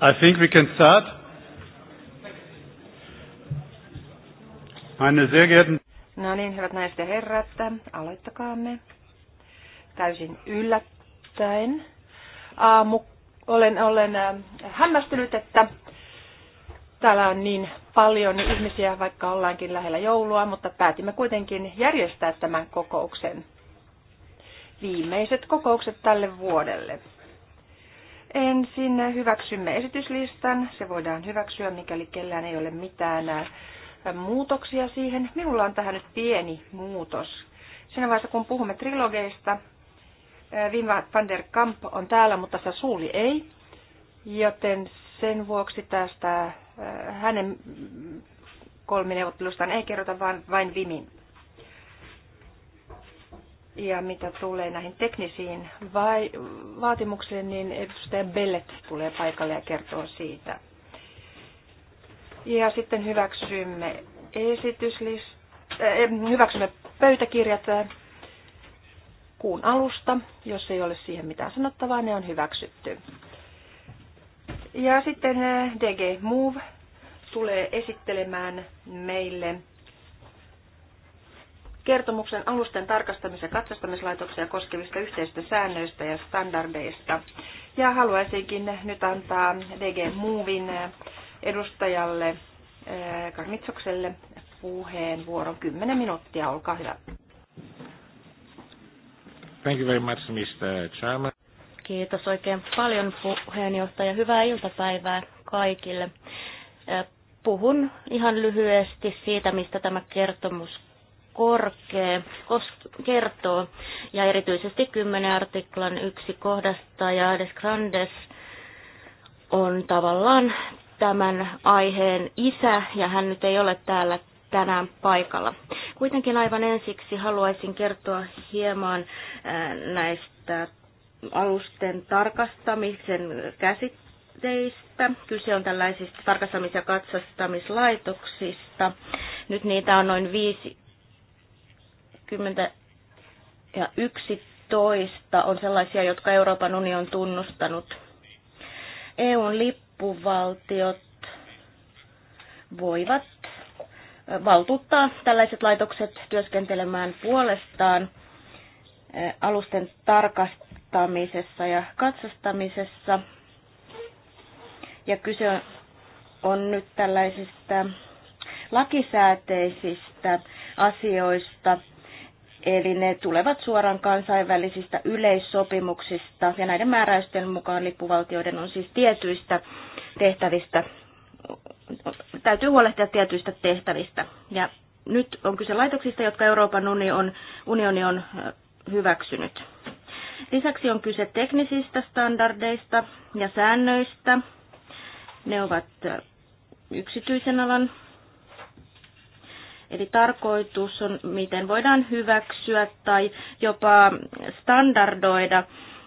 I think we can start. Meine sehr geehrten No niin, hyvät naiset ja herrat, aloittakaamme. Täysin yllättäen. Aamu, olen, olen äh, hämmästynyt, että täällä on niin paljon ihmisiä, vaikka ollaankin lähellä joulua, mutta päätimme kuitenkin järjestää tämän kokouksen. Viimeiset kokoukset tälle vuodelle. Ensin hyväksymme esityslistan. Se voidaan hyväksyä, mikäli kellään ei ole mitään äh, muutoksia siihen. Minulla on tähän nyt pieni muutos. Siinä vaiheessa, kun puhumme trilogeista, äh, Wim van der Kamp on täällä, mutta se suuli ei. Joten sen vuoksi tästä äh, hänen kolmineuvottelustaan ei kerrota, vaan vain Vimin ja mitä tulee näihin teknisiin vai- vaatimuksiin, niin edustaja Bellet tulee paikalle ja kertoo siitä. Ja sitten hyväksymme esityslist, äh, hyväksymme pöytäkirjat äh, kuun alusta. Jos ei ole siihen mitään sanottavaa, ne on hyväksytty. Ja sitten äh, DG Move tulee esittelemään meille kertomuksen alusten tarkastamis- ja katsastamislaitoksia koskevista yhteistä säännöistä ja standardeista. Ja haluaisinkin nyt antaa DG Movin eh, edustajalle eh, Karmitsokselle puheenvuoron. 10 minuuttia, olkaa hyvä. Thank you very much, Mr. Chairman. Kiitos oikein paljon puheenjohtaja. Hyvää iltapäivää kaikille. Eh, puhun ihan lyhyesti siitä, mistä tämä kertomus korkea, kertoo, ja erityisesti 10 artiklan yksi kohdasta, ja Des Grandes on tavallaan tämän aiheen isä, ja hän nyt ei ole täällä tänään paikalla. Kuitenkin aivan ensiksi haluaisin kertoa hieman näistä alusten tarkastamisen käsitteistä. Kyse on tällaisista tarkastamis- ja katsastamislaitoksista. Nyt niitä on noin viisi 20 ja 11 on sellaisia, jotka Euroopan unioni on tunnustanut. EUn lippuvaltiot voivat valtuuttaa tällaiset laitokset työskentelemään puolestaan eh, alusten tarkastamisessa ja katsastamisessa. Ja kyse on nyt tällaisista lakisääteisistä asioista, Eli ne tulevat suoraan kansainvälisistä yleissopimuksista ja näiden määräysten mukaan lippuvaltioiden on siis tietyistä tehtävistä, täytyy huolehtia tietyistä tehtävistä. Ja nyt on kyse laitoksista, jotka Euroopan union, unioni on hyväksynyt. Lisäksi on kyse teknisistä standardeista ja säännöistä. Ne ovat yksityisen alan Eli tarkoitus on, miten voidaan hyväksyä tai jopa standardoida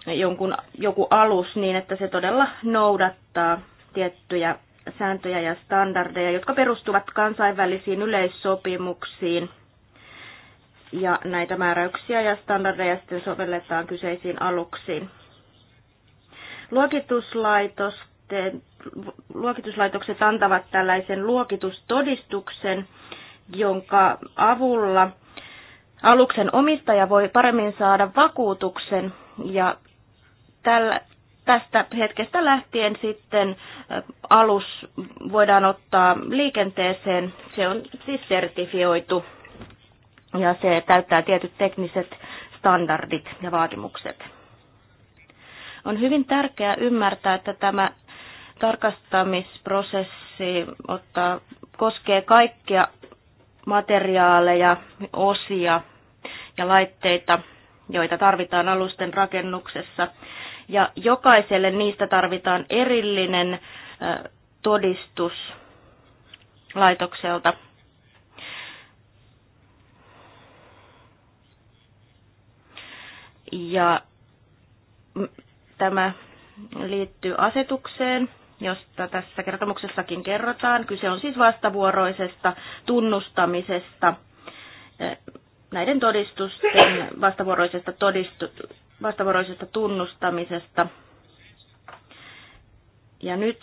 jonkun, joku alus niin, että se todella noudattaa tiettyjä sääntöjä ja standardeja, jotka perustuvat kansainvälisiin yleissopimuksiin. Ja näitä määräyksiä ja standardeja sitten sovelletaan kyseisiin aluksiin. luokituslaitokset antavat tällaisen luokitustodistuksen, jonka avulla aluksen omistaja voi paremmin saada vakuutuksen ja tällä, tästä hetkestä lähtien sitten alus voidaan ottaa liikenteeseen. Se on siis sertifioitu ja se täyttää tietyt tekniset standardit ja vaatimukset. On hyvin tärkeää ymmärtää, että tämä tarkastamisprosessi ottaa, koskee kaikkia materiaaleja, osia ja laitteita, joita tarvitaan alusten rakennuksessa. Ja jokaiselle niistä tarvitaan erillinen todistus laitokselta. Ja tämä liittyy asetukseen josta tässä kertomuksessakin kerrotaan. Kyse on siis vastavuoroisesta tunnustamisesta, eh, näiden todistusten vastavuoroisesta, todistu, vastavuoroisesta tunnustamisesta. Ja nyt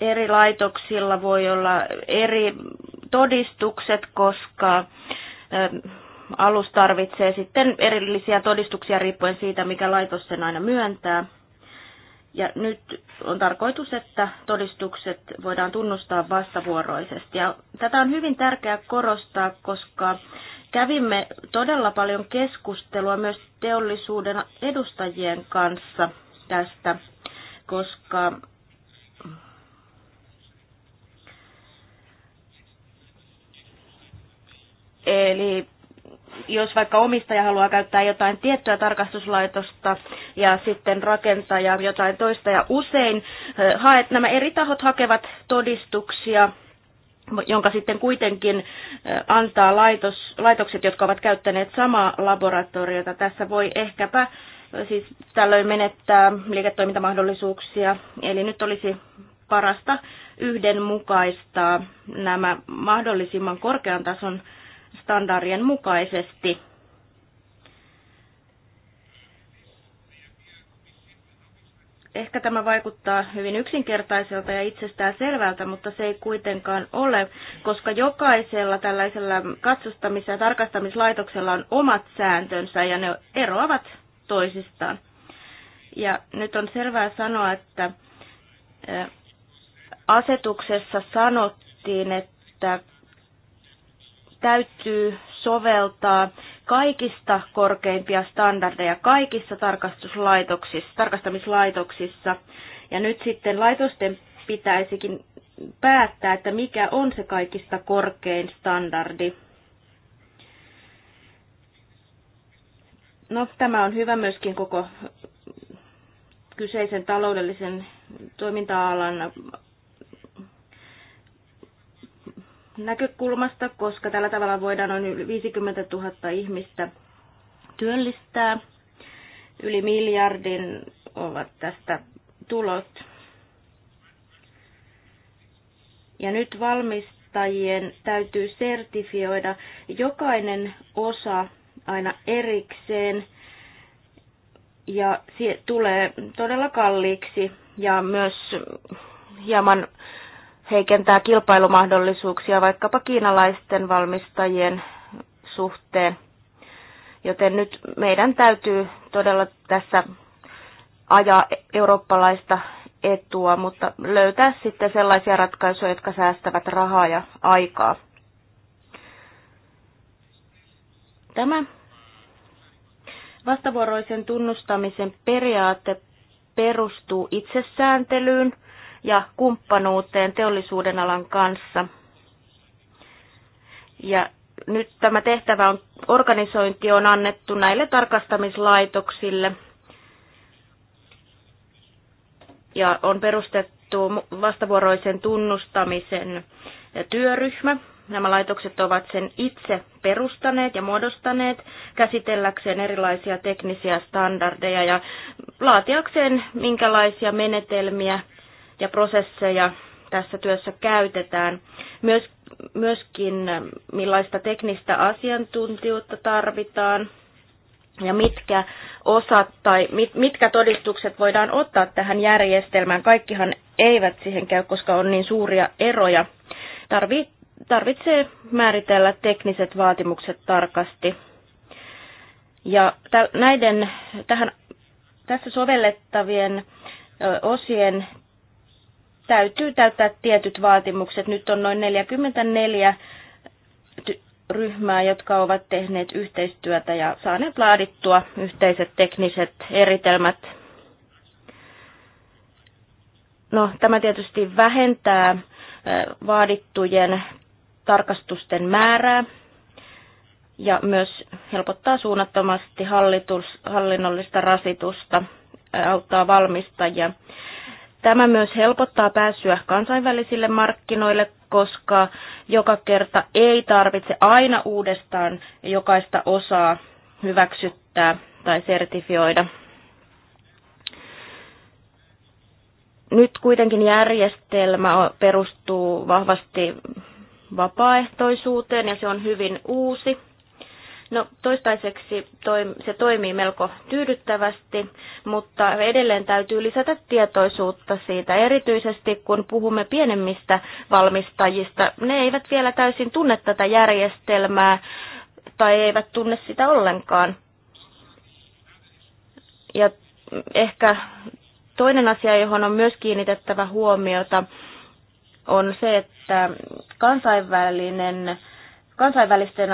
eri laitoksilla voi olla eri todistukset, koska eh, alus tarvitsee sitten erillisiä todistuksia riippuen siitä, mikä laitos sen aina myöntää. Ja nyt on tarkoitus, että todistukset voidaan tunnustaa vastavuoroisesti. Ja tätä on hyvin tärkeää korostaa, koska kävimme todella paljon keskustelua myös teollisuuden edustajien kanssa tästä, koska Eli jos vaikka omistaja haluaa käyttää jotain tiettyä tarkastuslaitosta ja sitten rakentaja jotain toista ja usein haet, nämä eri tahot hakevat todistuksia jonka sitten kuitenkin antaa laitos, laitokset, jotka ovat käyttäneet samaa laboratoriota. Tässä voi ehkäpä siis tällöin menettää liiketoimintamahdollisuuksia, eli nyt olisi parasta yhdenmukaistaa nämä mahdollisimman korkean tason standardien mukaisesti. Ehkä tämä vaikuttaa hyvin yksinkertaiselta ja itsestään selvältä, mutta se ei kuitenkaan ole, koska jokaisella tällaisella katsostamis- ja tarkastamislaitoksella on omat sääntönsä ja ne eroavat toisistaan. Ja nyt on selvää sanoa, että eh, asetuksessa sanottiin, että täytyy soveltaa kaikista korkeimpia standardeja kaikissa tarkastuslaitoksissa, tarkastamislaitoksissa. Ja nyt sitten laitosten pitäisikin päättää, että mikä on se kaikista korkein standardi. No, tämä on hyvä myöskin koko kyseisen taloudellisen toiminta-alan näkökulmasta, koska tällä tavalla voidaan noin 50 000 ihmistä työllistää. Yli miljardin ovat tästä tulot. Ja nyt valmistajien täytyy sertifioida jokainen osa aina erikseen ja se tulee todella kalliiksi ja myös hieman heikentää kilpailumahdollisuuksia vaikkapa kiinalaisten valmistajien suhteen. Joten nyt meidän täytyy todella tässä ajaa eurooppalaista etua, mutta löytää sitten sellaisia ratkaisuja, jotka säästävät rahaa ja aikaa. Tämä vastavuoroisen tunnustamisen periaate perustuu itsesääntelyyn – ja kumppanuuteen teollisuuden alan kanssa. Ja nyt tämä tehtävä on, organisointi on annettu näille tarkastamislaitoksille ja on perustettu vastavuoroisen tunnustamisen työryhmä. Nämä laitokset ovat sen itse perustaneet ja muodostaneet käsitelläkseen erilaisia teknisiä standardeja ja laatiakseen minkälaisia menetelmiä ja prosesseja tässä työssä käytetään. Myös, myöskin millaista teknistä asiantuntijuutta tarvitaan ja mitkä osat tai mit, mitkä todistukset voidaan ottaa tähän järjestelmään. Kaikkihan eivät siihen käy, koska on niin suuria eroja. Tarvi, tarvitsee määritellä tekniset vaatimukset tarkasti. Ja näiden tähän, tässä sovellettavien osien täytyy täyttää tietyt vaatimukset. Nyt on noin 44 ryhmää, jotka ovat tehneet yhteistyötä ja saaneet laadittua yhteiset tekniset eritelmät. No, tämä tietysti vähentää vaadittujen tarkastusten määrää ja myös helpottaa suunnattomasti hallitus, hallinnollista rasitusta, auttaa valmistajia. Tämä myös helpottaa pääsyä kansainvälisille markkinoille, koska joka kerta ei tarvitse aina uudestaan jokaista osaa hyväksyttää tai sertifioida. Nyt kuitenkin järjestelmä perustuu vahvasti vapaaehtoisuuteen ja se on hyvin uusi No toistaiseksi se toimii melko tyydyttävästi, mutta edelleen täytyy lisätä tietoisuutta siitä, erityisesti kun puhumme pienemmistä valmistajista. Ne eivät vielä täysin tunne tätä järjestelmää tai eivät tunne sitä ollenkaan. Ja ehkä toinen asia, johon on myös kiinnitettävä huomiota, on se, että kansainvälinen kansainvälisten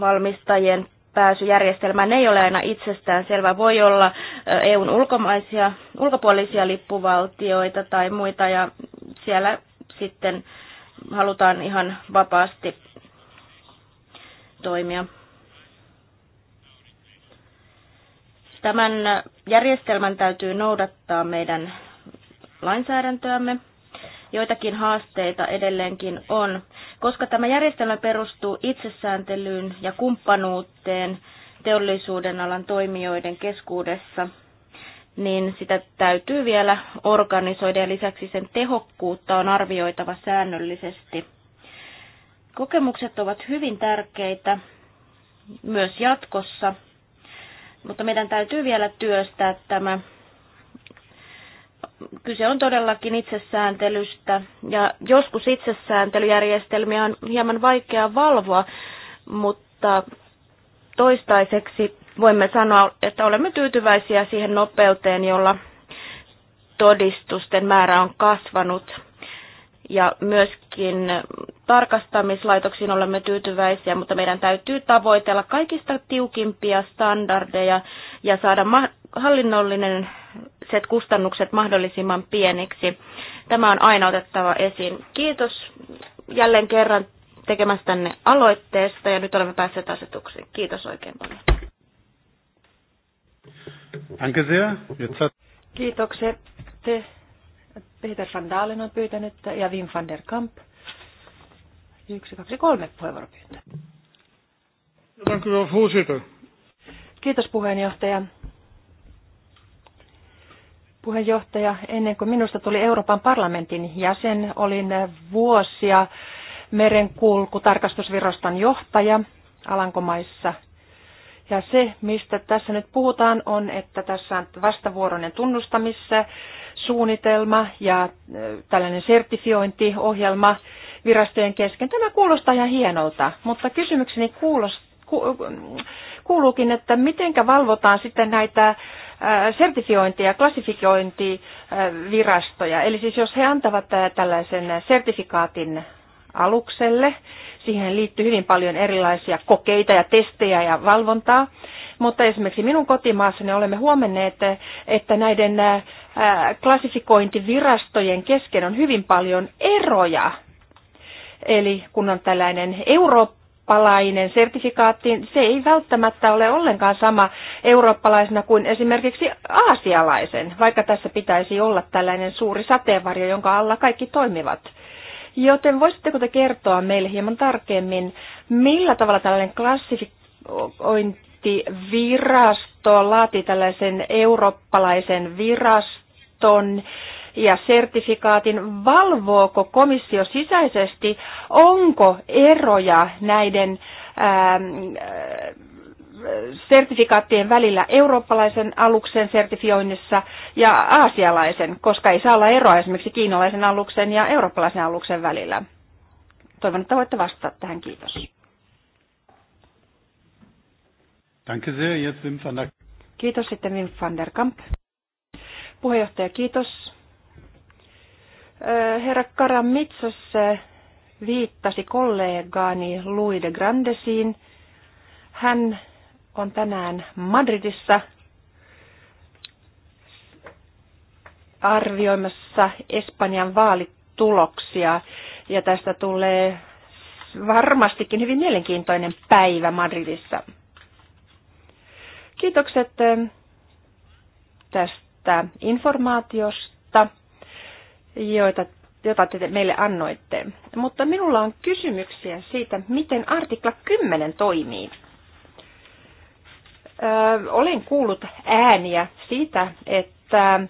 valmistajien pääsy järjestelmään ei ole aina itsestään selvä. Voi olla EUn ulkomaisia, ulkopuolisia lippuvaltioita tai muita ja siellä sitten halutaan ihan vapaasti toimia. Tämän järjestelmän täytyy noudattaa meidän lainsäädäntöämme joitakin haasteita edelleenkin on. Koska tämä järjestelmä perustuu itsesääntelyyn ja kumppanuuteen teollisuuden alan toimijoiden keskuudessa, niin sitä täytyy vielä organisoida ja lisäksi sen tehokkuutta on arvioitava säännöllisesti. Kokemukset ovat hyvin tärkeitä myös jatkossa, mutta meidän täytyy vielä työstää tämä kyse on todellakin itsesääntelystä ja joskus itsesääntelyjärjestelmiä on hieman vaikea valvoa, mutta toistaiseksi voimme sanoa, että olemme tyytyväisiä siihen nopeuteen, jolla todistusten määrä on kasvanut ja myöskin tarkastamislaitoksiin olemme tyytyväisiä, mutta meidän täytyy tavoitella kaikista tiukimpia standardeja ja saada hallinnollinen set kustannukset mahdollisimman pieniksi. Tämä on aina otettava esiin. Kiitos jälleen kerran tekemästänne aloitteesta ja nyt olemme päässeet asetuksiin. Kiitos oikein paljon. Kiitoksia. Te Peter van Dalen on pyytänyt ja Wim van der Kamp. Yksi, kaksi, kolme puheenvuoropyyntöä. Dank u wel, voorzitter. Kiitos puheenjohtaja. Puheenjohtaja, ennen kuin minusta tuli Euroopan parlamentin jäsen, olin vuosia merenkulkutarkastusviraston johtaja Alankomaissa. Ja se, mistä tässä nyt puhutaan, on, että tässä on vastavuoroinen tunnustamissa suunnitelma ja äh, tällainen sertifiointiohjelma virastojen kesken. Tämä kuulostaa ihan hienolta, mutta kysymykseni ku, äh, kuuluukin, että miten valvotaan sitten näitä äh, sertifiointi- ja klassifikointivirastoja. Eli siis jos he antavat tällaisen sertifikaatin alukselle. Siihen liittyy hyvin paljon erilaisia kokeita ja testejä ja valvontaa. Mutta esimerkiksi minun kotimaassani olemme huomenneet, että näiden klassifikointivirastojen kesken on hyvin paljon eroja. Eli kun on tällainen eurooppalainen sertifikaatti, se ei välttämättä ole ollenkaan sama eurooppalaisena kuin esimerkiksi aasialaisen, vaikka tässä pitäisi olla tällainen suuri sateenvarjo, jonka alla kaikki toimivat. Joten voisitteko te kertoa meille hieman tarkemmin, millä tavalla tällainen klassifikointivirasto laatii tällaisen eurooppalaisen viraston ja sertifikaatin, valvooko komissio sisäisesti, onko eroja näiden ää, sertifikaattien välillä eurooppalaisen aluksen sertifioinnissa ja aasialaisen, koska ei saa olla eroa esimerkiksi kiinalaisen aluksen ja eurooppalaisen aluksen välillä. Toivon, että voitte vastata tähän. Kiitos. Danke sehr, jetzt Wim van der... Kiitos sitten Wim van der Kamp. Puheenjohtaja, kiitos. Herra Karamitsos viittasi kollegaani Louis de Grandesiin. Hän on tänään Madridissa arvioimassa Espanjan vaalituloksia ja tästä tulee varmastikin hyvin mielenkiintoinen päivä Madridissa. Kiitokset eh, tästä informaatiosta, joita, jota te meille annoitte. Mutta minulla on kysymyksiä siitä, miten artikla 10 toimii olen kuullut ääniä siitä, että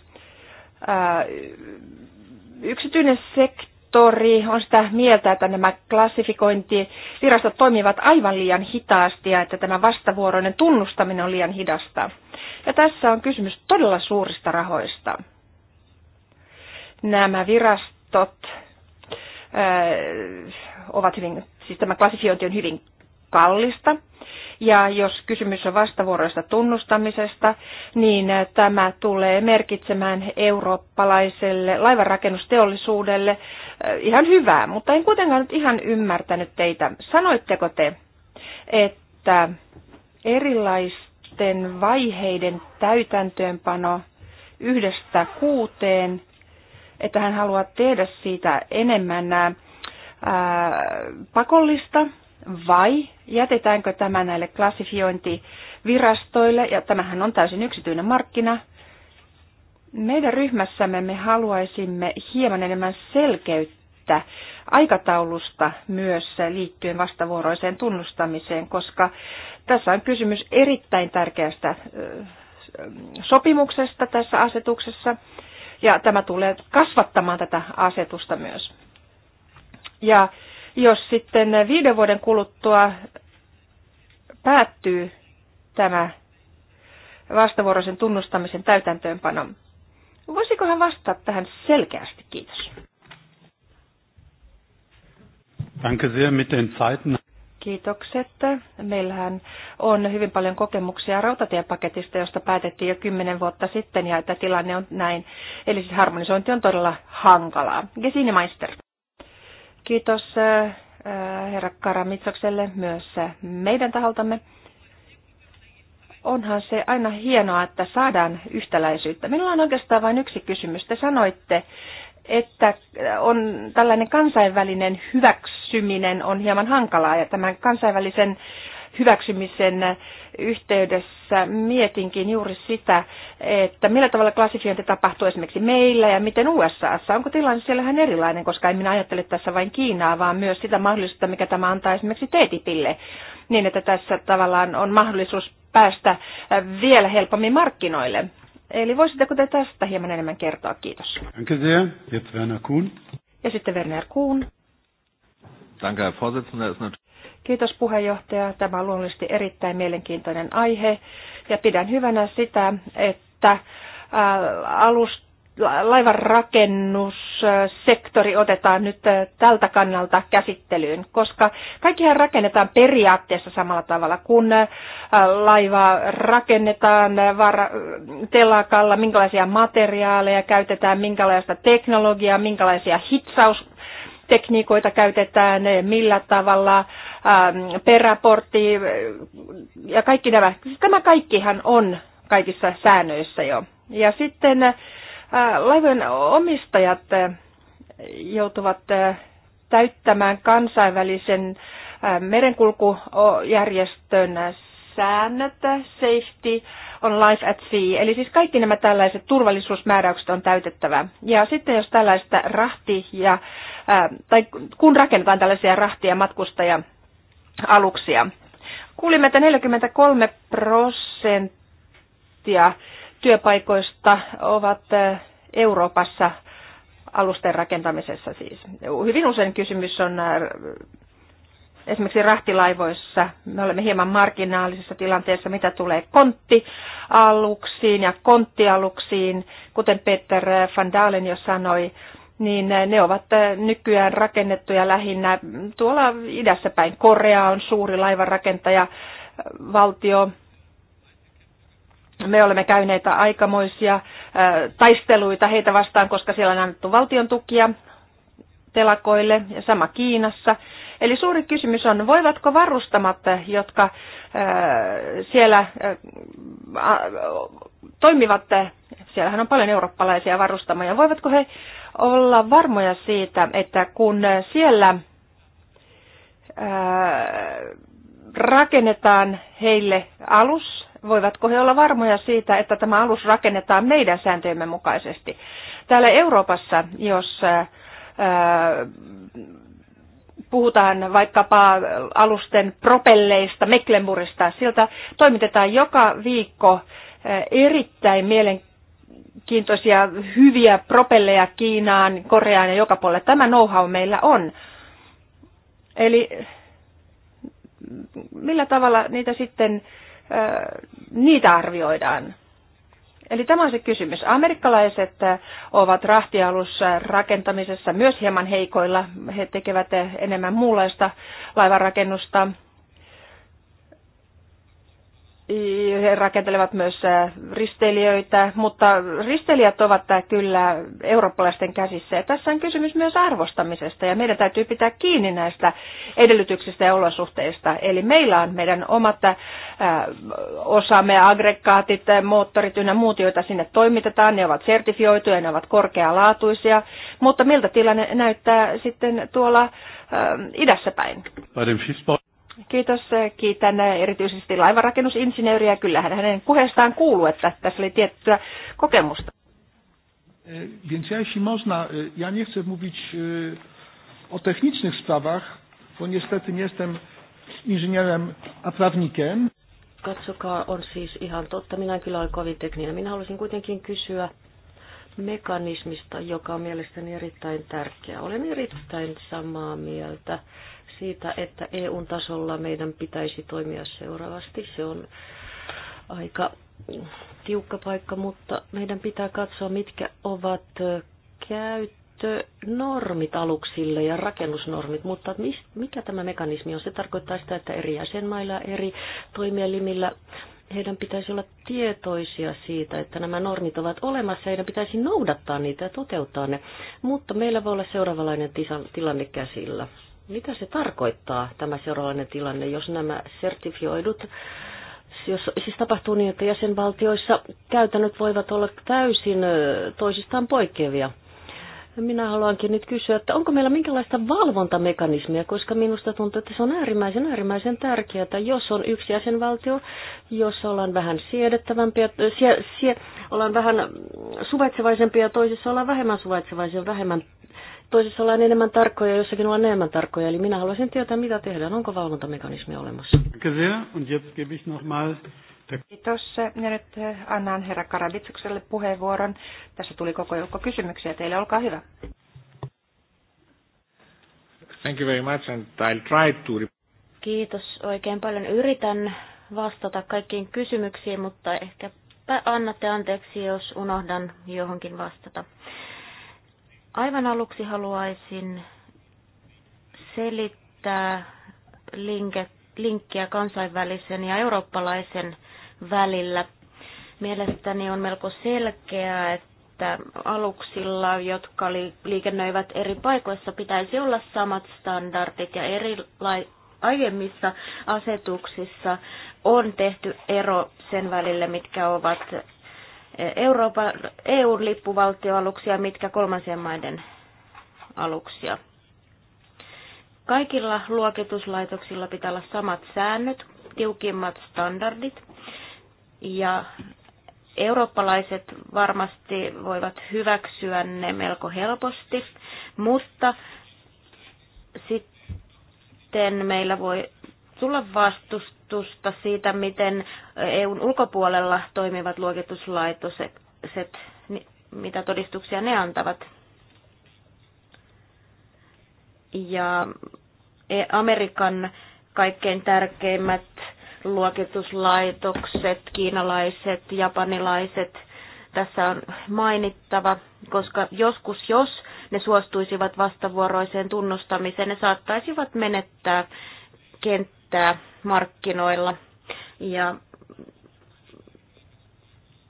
yksityinen sektori on sitä mieltä, että nämä klassifikointivirastot toimivat aivan liian hitaasti ja että tämä vastavuoroinen tunnustaminen on liian hidasta. Ja tässä on kysymys todella suurista rahoista. Nämä virastot ovat hyvin, siis tämä klassifiointi on hyvin kallista. Ja jos kysymys on vastavuoroista tunnustamisesta, niin tämä tulee merkitsemään eurooppalaiselle laivanrakennusteollisuudelle eh, ihan hyvää, mutta en kuitenkaan nyt ihan ymmärtänyt teitä. Sanoitteko te, että erilaisten vaiheiden täytäntöönpano yhdestä kuuteen, että hän haluaa tehdä siitä enemmän ää, eh, pakollista vai jätetäänkö tämä näille klassifiointivirastoille, ja tämähän on täysin yksityinen markkina. Meidän ryhmässämme me haluaisimme hieman enemmän selkeyttä aikataulusta myös liittyen vastavuoroiseen tunnustamiseen, koska tässä on kysymys erittäin tärkeästä sopimuksesta tässä asetuksessa, ja tämä tulee kasvattamaan tätä asetusta myös. Ja jos sitten viiden vuoden kuluttua päättyy tämä vastavuoroisen tunnustamisen täytäntöönpano, voisiko hän vastata tähän selkeästi? Kiitos. Danke sehr mit den Zeiten. Kiitokset. Meillähän on hyvin paljon kokemuksia rautatiepaketista, josta päätettiin jo kymmenen vuotta sitten ja että tilanne on näin. Eli siis harmonisointi on todella hankalaa. Gesine Meister. Kiitos äh, äh, herra Karamitsokselle myös äh, meidän taholtamme. Onhan se aina hienoa, että saadaan yhtäläisyyttä. Minulla on oikeastaan vain yksi kysymys. Te sanoitte, että on tällainen kansainvälinen hyväksyminen on hieman hankalaa ja tämän kansainvälisen hyväksymisen yhteydessä mietinkin juuri sitä, että millä tavalla klassifiointi tapahtuu esimerkiksi meillä ja miten USAssa. Onko tilanne siellä ihan erilainen, koska en minä ajattele tässä vain Kiinaa, vaan myös sitä mahdollisuutta, mikä tämä antaa esimerkiksi TTIPille, niin että tässä tavallaan on mahdollisuus päästä vielä helpommin markkinoille. Eli voisitteko te tästä hieman enemmän kertoa? Kiitos. Ja sitten Werner Kuhn. Danke, Herr Vorsitzender. Kiitos puheenjohtaja. Tämä on luonnollisesti erittäin mielenkiintoinen aihe ja pidän hyvänä sitä, että äh, laivan rakennussektori otetaan nyt äh, tältä kannalta käsittelyyn, koska kaikkihan rakennetaan periaatteessa samalla tavalla, kun äh, laiva rakennetaan telakalla, minkälaisia materiaaleja käytetään, minkälaista teknologiaa, minkälaisia hitsaus tekniikoita käytetään, millä tavalla ähm, peräportti ja kaikki nämä. Siis tämä kaikkihan on kaikissa säännöissä jo. Ja sitten äh, laivojen omistajat äh, joutuvat äh, täyttämään kansainvälisen merenkulkujärjestön säännöt, safety on life at sea, eli siis kaikki nämä tällaiset turvallisuusmääräykset on täytettävä. Ja sitten jos tällaista rahti- ja tai kun rakennetaan tällaisia rahtia matkustaja aluksia. Kuulimme, että 43 prosenttia työpaikoista ovat Euroopassa alusten rakentamisessa siis. Hyvin usein kysymys on esimerkiksi rahtilaivoissa. Me olemme hieman marginaalisessa tilanteessa, mitä tulee konttialuksiin ja konttialuksiin. Kuten Peter van Dalen jo sanoi, niin eh, ne ovat eh, nykyään rakennettuja lähinnä tuolla idässä päin. Korea on suuri laivanrakentaja, eh, valtio. Me olemme käyneet aikamoisia taisteluita heitä vastaan, koska siellä on annettu valtion tukia telakoille ja sama Kiinassa. Eli suuri kysymys on, voivatko varustamat, jotka siellä toimivat, siellähän on paljon eurooppalaisia varustamoja, voivatko he olla varmoja siitä, että kun siellä rakennetaan heille alus, voivatko he olla varmoja siitä, että tämä alus rakennetaan meidän sääntöjemme mukaisesti. Täällä Euroopassa, jos puhutaan vaikkapa alusten propelleista, Mecklenburgista, siltä toimitetaan joka viikko erittäin mielen, mielenkiintoisia hyviä propelleja Kiinaan, Koreaan ja joka puolella. Tämä know-how meillä on. Eli millä tavalla niitä sitten, niitä arvioidaan? Eli tämä on se kysymys. Amerikkalaiset ovat rahtialussa rakentamisessa myös hieman heikoilla. He tekevät enemmän muunlaista laivanrakennusta he rakentelevat myös äh, risteilijöitä, mutta risteilijät ovat äh, kyllä eurooppalaisten käsissä. Ja tässä on kysymys myös arvostamisesta ja meidän täytyy pitää kiinni näistä edellytyksistä ja olosuhteista. Eli meillä on meidän omat äh, osamme, aggregaatit, moottorit ynnä muut, joita sinne toimitetaan. Ne ovat sertifioituja, ne ovat korkealaatuisia, mutta miltä tilanne näyttää sitten tuolla idässä päin? Kiitos. Kiitän erityisesti laivarakennusinsinööriä. Kyllähän hänen puheestaan kuuluu, että tässä oli tiettyä kokemusta. E, więc ja jeśli można, e, ja nie chcę mówić e, o technicznych sprawach, bo niestety nie jestem inżynierem, a prawnikiem. Katsokaa, on siis ihan totta. Minä kyllä ole kovin tekninen. Minä haluaisin kuitenkin kysyä mekanismista, joka on mielestäni erittäin tärkeä. Olen erittäin samaa mieltä siitä, että EUn tasolla meidän pitäisi toimia seuraavasti. Se on aika tiukka paikka, mutta meidän pitää katsoa, mitkä ovat käyttönormit aluksille ja rakennusnormit, mutta mikä tämä mekanismi on? Se tarkoittaa sitä, että eri jäsenmailla ja eri toimielimillä heidän pitäisi olla tietoisia siitä, että nämä normit ovat olemassa, ja heidän pitäisi noudattaa niitä ja toteuttaa ne. Mutta meillä voi olla seuraavanlainen tilanne käsillä. Mitä se tarkoittaa, tämä seuraavainen tilanne, jos nämä sertifioidut, jos, siis tapahtuu niin, että jäsenvaltioissa käytännöt voivat olla täysin toisistaan poikkeavia? Minä haluankin nyt kysyä, että onko meillä minkälaista valvontamekanismia, koska minusta tuntuu, että se on äärimmäisen äärimmäisen tärkeää, että jos on yksi jäsenvaltio, jossa ollaan vähän siedettävämpiä, sie, sie, ollaan vähän suvaitsevaisempia ja toisessa ollaan vähemmän suvaitsevaisia, vähemmän toisissa ollaan enemmän tarkkoja, jossakin ollaan enemmän tarkkoja. Eli minä haluaisin tietää, mitä tehdään. Onko valvontamekanismi olemassa? Kiitos. Ja nyt eh, annan herra Karaditsukselle puheenvuoron. Tässä tuli koko joukko kysymyksiä teille. Olkaa hyvä. Thank you very much and I'll try to... Kiitos oikein paljon. Yritän vastata kaikkiin kysymyksiin, mutta ehkä annatte anteeksi, jos unohdan johonkin vastata. Aivan aluksi haluaisin selittää linkkiä kansainvälisen ja eurooppalaisen välillä. Mielestäni on melko selkeää, että aluksilla, jotka liikennöivät eri paikoissa, pitäisi olla samat standardit ja erilaiset aiemmissa asetuksissa on tehty ero sen välille, mitkä ovat Euroopan, eu lippuvaltioaluksia, mitkä kolmansien maiden aluksia. Kaikilla luokituslaitoksilla pitää olla samat säännöt, tiukimmat standardit ja eurooppalaiset varmasti voivat hyväksyä ne melko helposti, mutta sitten meillä voi tulla vastustusta siitä, miten EUn ulkopuolella toimivat luokituslaitokset, mitä todistuksia ne antavat. Ja e- Amerikan kaikkein tärkeimmät luokituslaitokset, kiinalaiset, japanilaiset, tässä on mainittava, koska joskus jos ne suostuisivat vastavuoroiseen tunnustamiseen, ne saattaisivat menettää kenttä riittää markkinoilla. Ja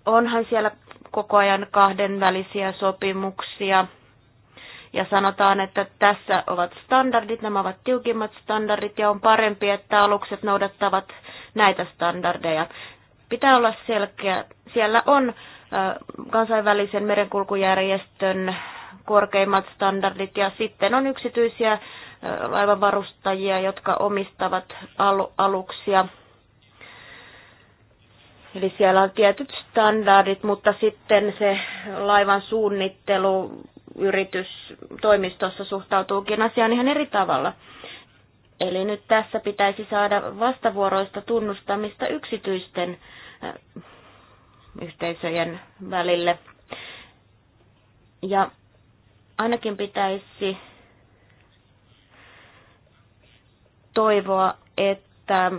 onhan siellä koko ajan kahdenvälisiä sopimuksia. Ja sanotaan, että tässä ovat standardit, nämä ovat tiukimmat standardit ja on parempi, että alukset noudattavat näitä standardeja. Pitää olla selkeä. Siellä on kansainvälisen merenkulkujärjestön korkeimmat standardit ja sitten on yksityisiä laivavarustajia, jotka omistavat aluksia. Eli siellä on tietyt standardit, mutta sitten se laivan suunnittelu yritys toimistossa suhtautuukin asiaan ihan eri tavalla. Eli nyt tässä pitäisi saada vastavuoroista tunnustamista yksityisten äh, yhteisöjen välille. Ja ainakin pitäisi toivoa, että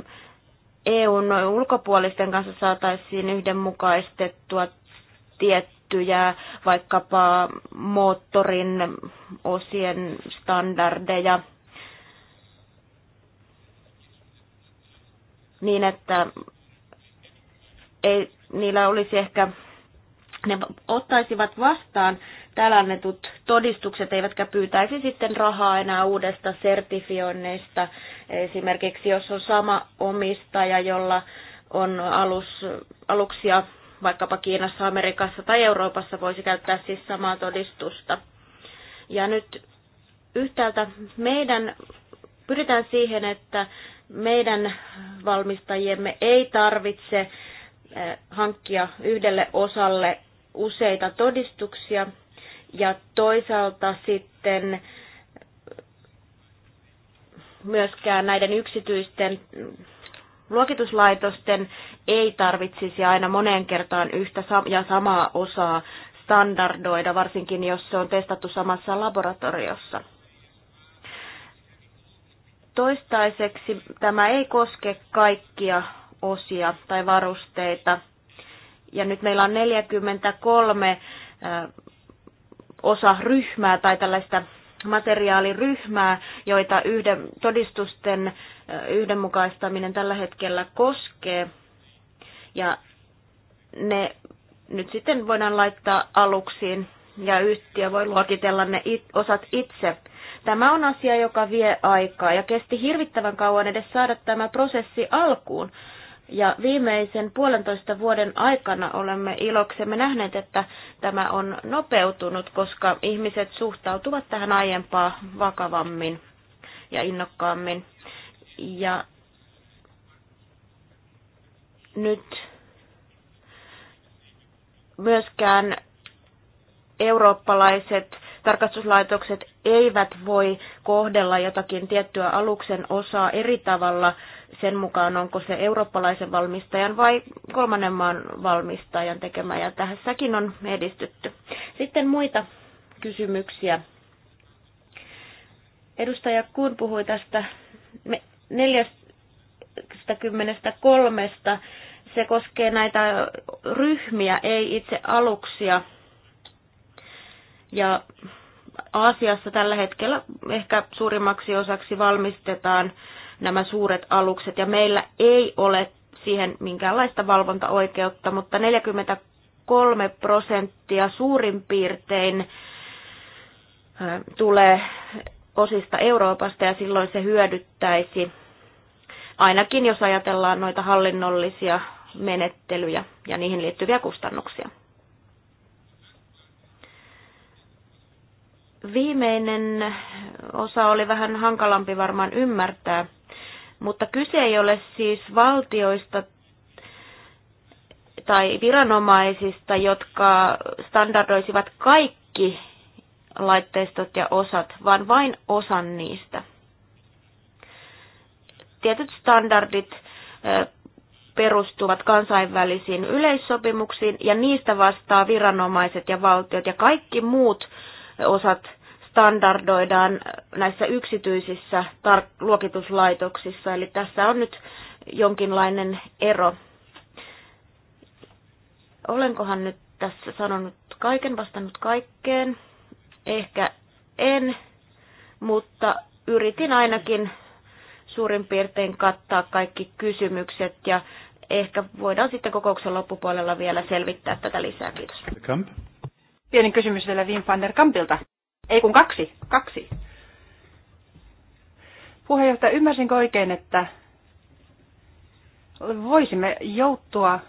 EUn ulkopuolisten kanssa saataisiin yhdenmukaistettua tiettyjä vaikkapa moottorin osien standardeja niin, että ei, niillä olisi ehkä, ne ottaisivat vastaan täällä annetut todistukset eivätkä pyytäisi sitten rahaa enää uudesta sertifioinneista. Esimerkiksi jos on sama omistaja, jolla on alus, aluksia vaikkapa Kiinassa, Amerikassa tai Euroopassa, voisi käyttää siis samaa todistusta. Ja nyt yhtäältä meidän pyritään siihen, että meidän valmistajiemme ei tarvitse eh, hankkia yhdelle osalle useita todistuksia, ja toisaalta sitten myöskään näiden yksityisten luokituslaitosten ei tarvitsisi aina moneen kertaan yhtä ja samaa osaa standardoida, varsinkin jos se on testattu samassa laboratoriossa. Toistaiseksi tämä ei koske kaikkia osia tai varusteita. Ja nyt meillä on 43 osa ryhmää tai tällaista materiaaliryhmää, joita yhden, todistusten yhdenmukaistaminen tällä hetkellä koskee. Ja ne nyt sitten voidaan laittaa aluksiin ja yhtiö voi luokitella ne it, osat itse. Tämä on asia, joka vie aikaa ja kesti hirvittävän kauan edes saada tämä prosessi alkuun. Ja viimeisen puolentoista vuoden aikana olemme iloksemme nähneet, että tämä on nopeutunut, koska ihmiset suhtautuvat tähän aiempaa vakavammin ja innokkaammin. Ja nyt myöskään eurooppalaiset tarkastuslaitokset eivät voi kohdella jotakin tiettyä aluksen osaa eri tavalla sen mukaan, onko se eurooppalaisen valmistajan vai kolmannen maan valmistajan tekemä, ja tässäkin on edistytty. Sitten muita kysymyksiä. Edustaja Kuun puhui tästä 43. Se koskee näitä ryhmiä, ei itse aluksia. Ja Aasiassa tällä hetkellä ehkä suurimmaksi osaksi valmistetaan nämä suuret alukset ja meillä ei ole siihen minkäänlaista valvontaoikeutta, mutta 43 prosenttia suurin piirtein tulee osista Euroopasta ja silloin se hyödyttäisi ainakin jos ajatellaan noita hallinnollisia menettelyjä ja niihin liittyviä kustannuksia. Viimeinen osa oli vähän hankalampi varmaan ymmärtää – mutta kyse ei ole siis valtioista tai viranomaisista, jotka standardoisivat kaikki laitteistot ja osat, vaan vain osan niistä. Tietyt standardit perustuvat kansainvälisiin yleissopimuksiin ja niistä vastaa viranomaiset ja valtiot ja kaikki muut osat standardoidaan näissä yksityisissä tar- luokituslaitoksissa. Eli tässä on nyt jonkinlainen ero. Olenkohan nyt tässä sanonut kaiken, vastannut kaikkeen? Ehkä en, mutta yritin ainakin suurin piirtein kattaa kaikki kysymykset ja ehkä voidaan sitten kokouksen loppupuolella vielä selvittää tätä lisää. Kiitos. Pieni kysymys vielä Wim van der Kampilta. Ei kun kaksi, kaksi. Puheenjohtaja, ymmärsinkö oikein, että voisimme joutua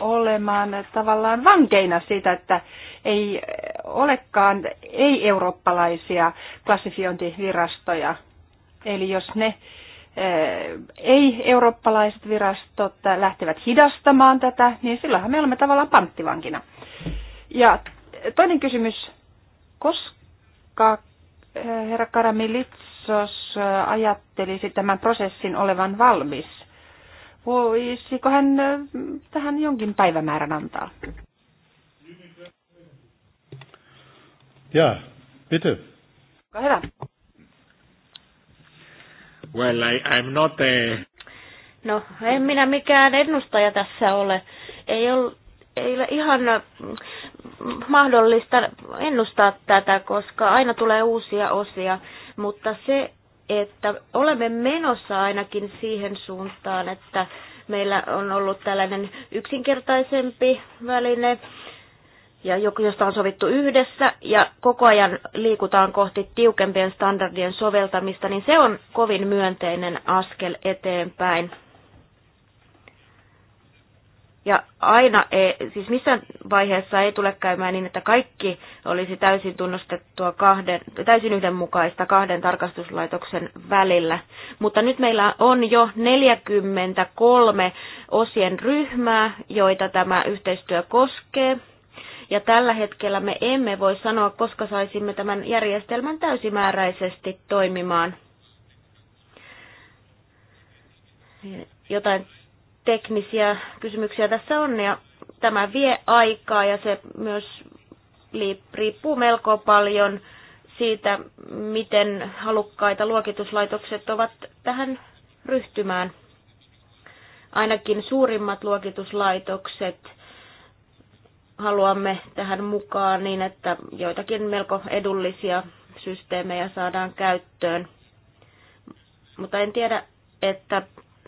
olemaan tavallaan vankeina siitä, että ei olekaan ei-eurooppalaisia klassifiointivirastoja. Eli jos ne eh, ei-eurooppalaiset virastot lähtevät hidastamaan tätä, niin silloinhan me olemme tavallaan panttivankina. Ja toinen kysymys, koska Eh, herra Karamilitsos eh, ajattelisi tämän prosessin olevan valmis. Voisiko hän eh, tähän jonkin päivämäärän antaa? Ja, bitte. Olkaa hyvä. Well, I, I'm not a... No, en minä mikään ennustaja tässä ole. Ei ole, ei ole ihan mahdollista ennustaa tätä, koska aina tulee uusia osia, mutta se, että olemme menossa ainakin siihen suuntaan, että meillä on ollut tällainen yksinkertaisempi väline, ja josta on sovittu yhdessä, ja koko ajan liikutaan kohti tiukempien standardien soveltamista, niin se on kovin myönteinen askel eteenpäin. Ja aina, ei, siis missään vaiheessa ei tule käymään niin, että kaikki olisi täysin tunnustettua kahden, täysin yhdenmukaista kahden tarkastuslaitoksen välillä. Mutta nyt meillä on jo 43 osien ryhmää, joita tämä yhteistyö koskee. Ja tällä hetkellä me emme voi sanoa, koska saisimme tämän järjestelmän täysimääräisesti toimimaan. Jotain teknisiä kysymyksiä tässä on ja tämä vie aikaa ja se myös riippuu melko paljon siitä, miten halukkaita luokituslaitokset ovat tähän ryhtymään. Ainakin suurimmat luokituslaitokset haluamme tähän mukaan niin, että joitakin melko edullisia systeemejä saadaan käyttöön. Mutta en tiedä, että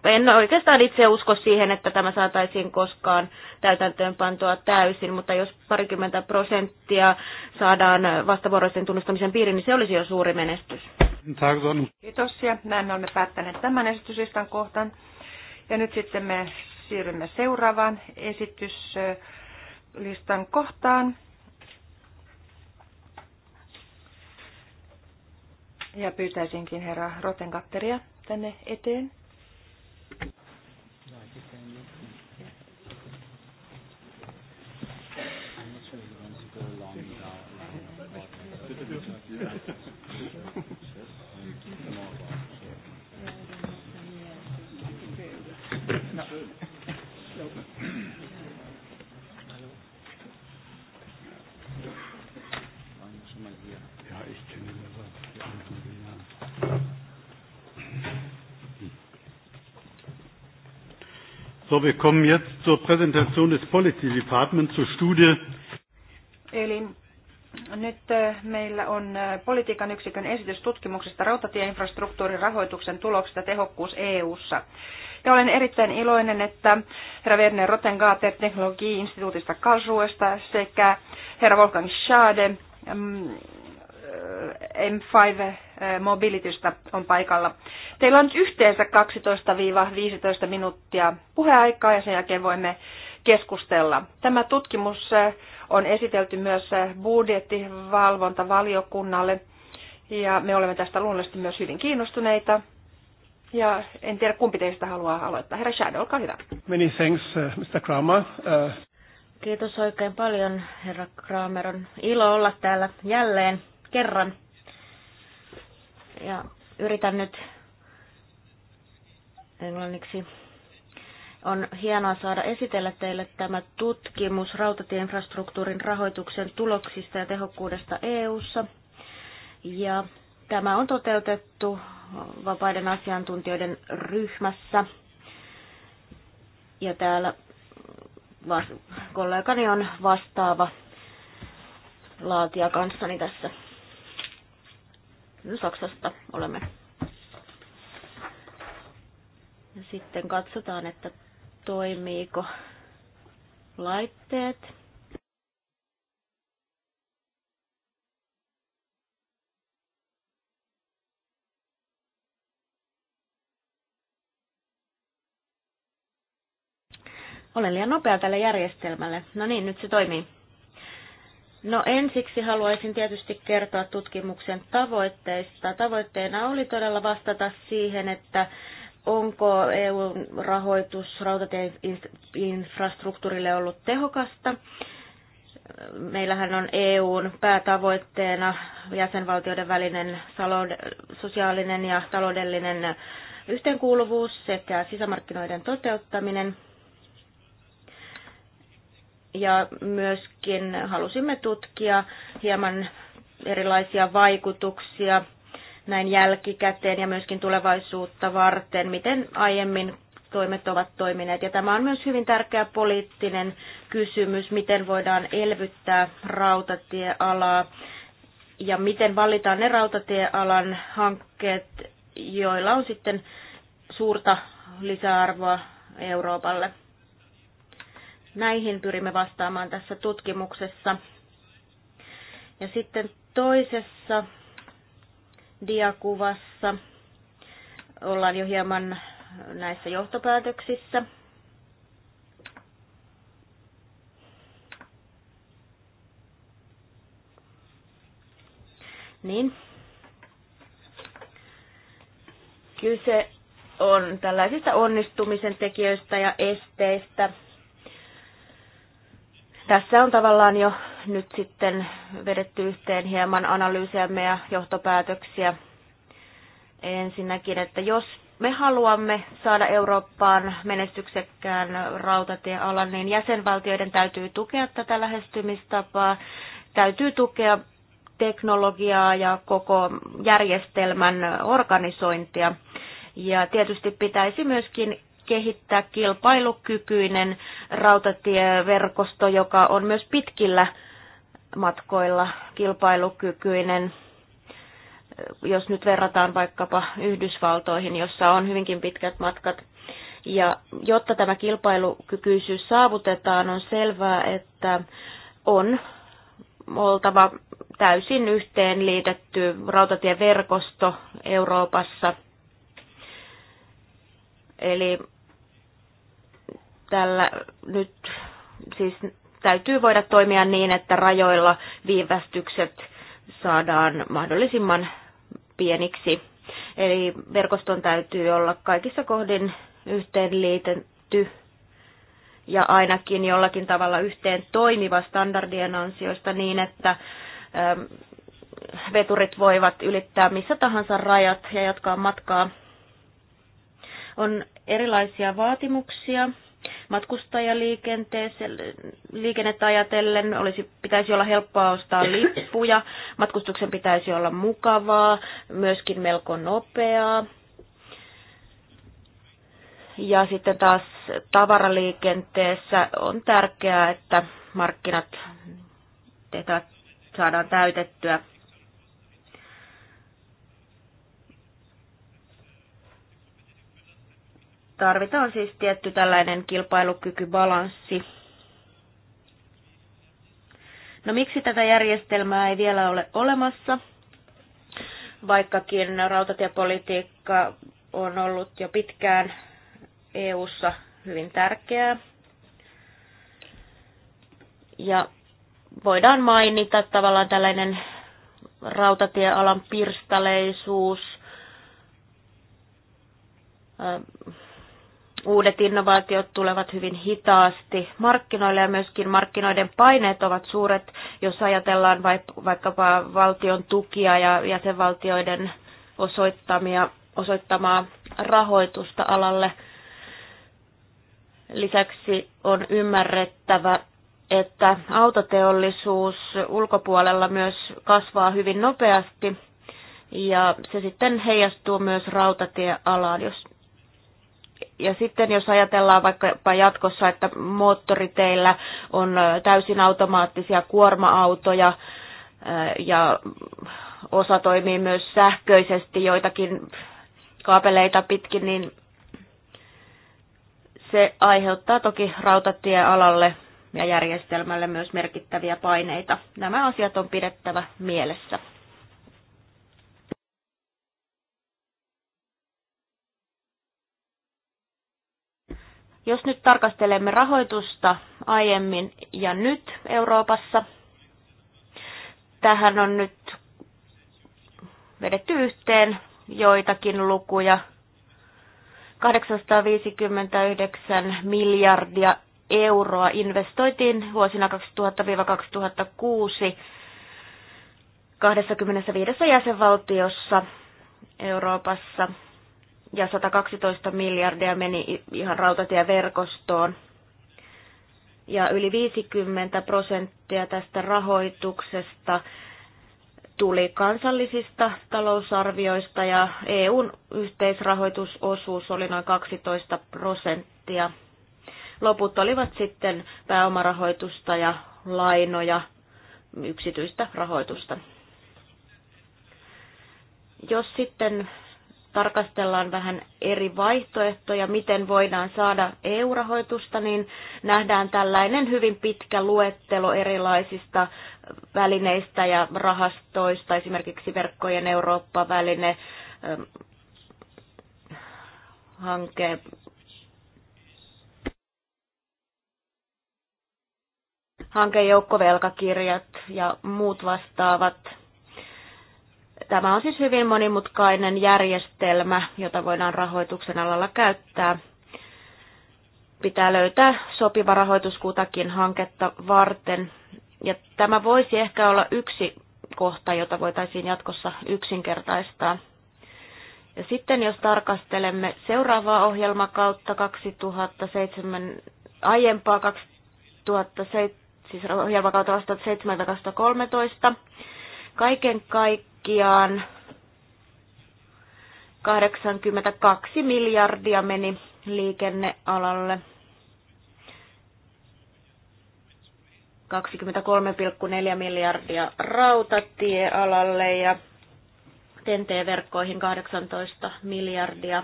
en oikeastaan itse usko siihen, että tämä saataisiin koskaan täytäntöönpantoa täysin, mutta jos parikymmentä prosenttia saadaan vastavuoroisen tunnustamisen piiriin, niin se olisi jo suuri menestys. Kiitos ja näin olemme päättäneet tämän esityslistan kohtan. Ja nyt sitten me siirrymme seuraavaan esityslistan kohtaan. Ja pyytäisinkin herra Rotenkatteria tänne eteen. So, wir kommen jetzt zur Präsentation des Policy Departments zur Studie meillä on äh, politiikan yksikön esitys tutkimuksesta rautatieinfrastruktuurin rahoituksen tuloksista tehokkuus EU-ssa. Ja olen erittäin iloinen, että herra Werner Rottengater teknologiinstituutista Karlsruesta sekä herra Wolfgang Schade M5 äh, äh, Mobilitystä on paikalla. Teillä on nyt yhteensä 12-15 minuuttia puheaikaa ja sen jälkeen voimme keskustella. Tämä tutkimus on esitelty myös budjettivalvontavaliokunnalle. Ja me olemme tästä luonnollisesti myös hyvin kiinnostuneita. Ja en tiedä, kumpi teistä haluaa aloittaa. Herra Shadow, olkaa hyvä. Many thanks, uh, Mr. Kramer. Uh... Kiitos oikein paljon, herra Kramer. On ilo olla täällä jälleen kerran. Ja yritän nyt englanniksi on hienoa saada esitellä teille tämä tutkimus rautatieinfrastruktuurin rahoituksen tuloksista ja tehokkuudesta EU:ssa. Ja tämä on toteutettu vapaiden asiantuntijoiden ryhmässä. Ja täällä kollegani on vastaava laatija kanssani tässä. Saksasta olemme. Ja sitten katsotaan, että toimiiko laitteet. Olen liian nopea tälle järjestelmälle. No niin, nyt se toimii. No ensiksi haluaisin tietysti kertoa tutkimuksen tavoitteista. Tavoitteena oli todella vastata siihen, että onko EU-rahoitus rautatieinfrastruktuurille ollut tehokasta. Meillähän on EUn päätavoitteena jäsenvaltioiden välinen sosiaalinen ja taloudellinen yhteenkuuluvuus sekä sisämarkkinoiden toteuttaminen. Ja myöskin halusimme tutkia hieman erilaisia vaikutuksia näin jälkikäteen ja myöskin tulevaisuutta varten, miten aiemmin toimet ovat toimineet. Ja tämä on myös hyvin tärkeä poliittinen kysymys, miten voidaan elvyttää rautatiealaa ja miten valitaan ne rautatiealan hankkeet, joilla on sitten suurta lisäarvoa Euroopalle. Näihin pyrimme vastaamaan tässä tutkimuksessa. Ja sitten toisessa diakuvassa ollaan jo hieman näissä johtopäätöksissä. Niin. Kyse on tällaisista onnistumisen tekijöistä ja esteistä. Tässä on tavallaan jo nyt sitten vedetty yhteen hieman analyysiämme ja johtopäätöksiä. Ensinnäkin, että jos me haluamme saada Eurooppaan menestyksekkään rautatiealan, niin jäsenvaltioiden täytyy tukea tätä lähestymistapaa, täytyy tukea teknologiaa ja koko järjestelmän organisointia. Ja tietysti pitäisi myöskin kehittää kilpailukykyinen rautatieverkosto, joka on myös pitkillä matkoilla kilpailukykyinen. Jos nyt verrataan vaikkapa Yhdysvaltoihin, jossa on hyvinkin pitkät matkat, ja jotta tämä kilpailukykyisyys saavutetaan, on selvää, että on oltava täysin yhteen liitetty rautatieverkosto Euroopassa. Eli tällä nyt siis täytyy voida toimia niin, että rajoilla viivästykset saadaan mahdollisimman pieniksi. Eli verkoston täytyy olla kaikissa kohdin yhteenliitetty ja ainakin jollakin tavalla yhteen toimiva standardien ansioista niin, että ähm, veturit voivat ylittää missä tahansa rajat ja jatkaa matkaa. On erilaisia vaatimuksia liikennettä ajatellen olisi, pitäisi olla helppoa ostaa lippuja, matkustuksen pitäisi olla mukavaa, myöskin melko nopeaa. Ja sitten taas tavaraliikenteessä on tärkeää, että markkinat tehtävät saadaan täytettyä. tarvitaan siis tietty tällainen kilpailukykybalanssi. No miksi tätä järjestelmää ei vielä ole olemassa, vaikkakin rautatiepolitiikka on ollut jo pitkään EU:ssa hyvin tärkeää. Ja voidaan mainita tavallaan tällainen rautatiealan pirstaleisuus, uudet innovaatiot tulevat hyvin hitaasti markkinoille ja myöskin markkinoiden paineet ovat suuret, jos ajatellaan vaikkapa valtion tukia ja jäsenvaltioiden osoittamia, osoittamaa rahoitusta alalle. Lisäksi on ymmärrettävä, että autoteollisuus ulkopuolella myös kasvaa hyvin nopeasti ja se sitten heijastuu myös rautatiealaan. Jos ja sitten jos ajatellaan vaikkapa jatkossa, että moottoriteillä on täysin automaattisia kuorma-autoja ja osa toimii myös sähköisesti joitakin kaapeleita pitkin, niin se aiheuttaa toki rautatiealalle ja järjestelmälle myös merkittäviä paineita. Nämä asiat on pidettävä mielessä. Jos nyt tarkastelemme rahoitusta aiemmin ja nyt Euroopassa, tähän on nyt vedetty yhteen joitakin lukuja. 859 miljardia euroa investoitiin vuosina 2000-2006 25 jäsenvaltiossa Euroopassa ja 112 miljardia meni ihan rautatieverkostoon. Ja yli 50 prosenttia tästä rahoituksesta tuli kansallisista talousarvioista ja EUn yhteisrahoitusosuus oli noin 12 prosenttia. Loput olivat sitten pääomarahoitusta ja lainoja, yksityistä rahoitusta. Jos sitten tarkastellaan vähän eri vaihtoehtoja, miten voidaan saada EU-rahoitusta, niin nähdään tällainen hyvin pitkä luettelo erilaisista välineistä ja rahastoista, esimerkiksi verkkojen Eurooppa-väline, ähm, hanke, hankejoukkovelkakirjat ja muut vastaavat Tämä on siis hyvin monimutkainen järjestelmä, jota voidaan rahoituksen alalla käyttää. Pitää löytää sopiva rahoitus kutakin hanketta varten. Ja tämä voisi ehkä olla yksi kohta, jota voitaisiin jatkossa yksinkertaistaa. Ja sitten jos tarkastelemme seuraavaa ohjelmakautta 2007, aiempaa 2007, siis ohjelmakautta 2007-2013, kaiken kaikkiaan kaikkiaan 82 miljardia meni liikennealalle. 23,4 miljardia rautatiealalle ja TNT-verkkoihin 18 miljardia.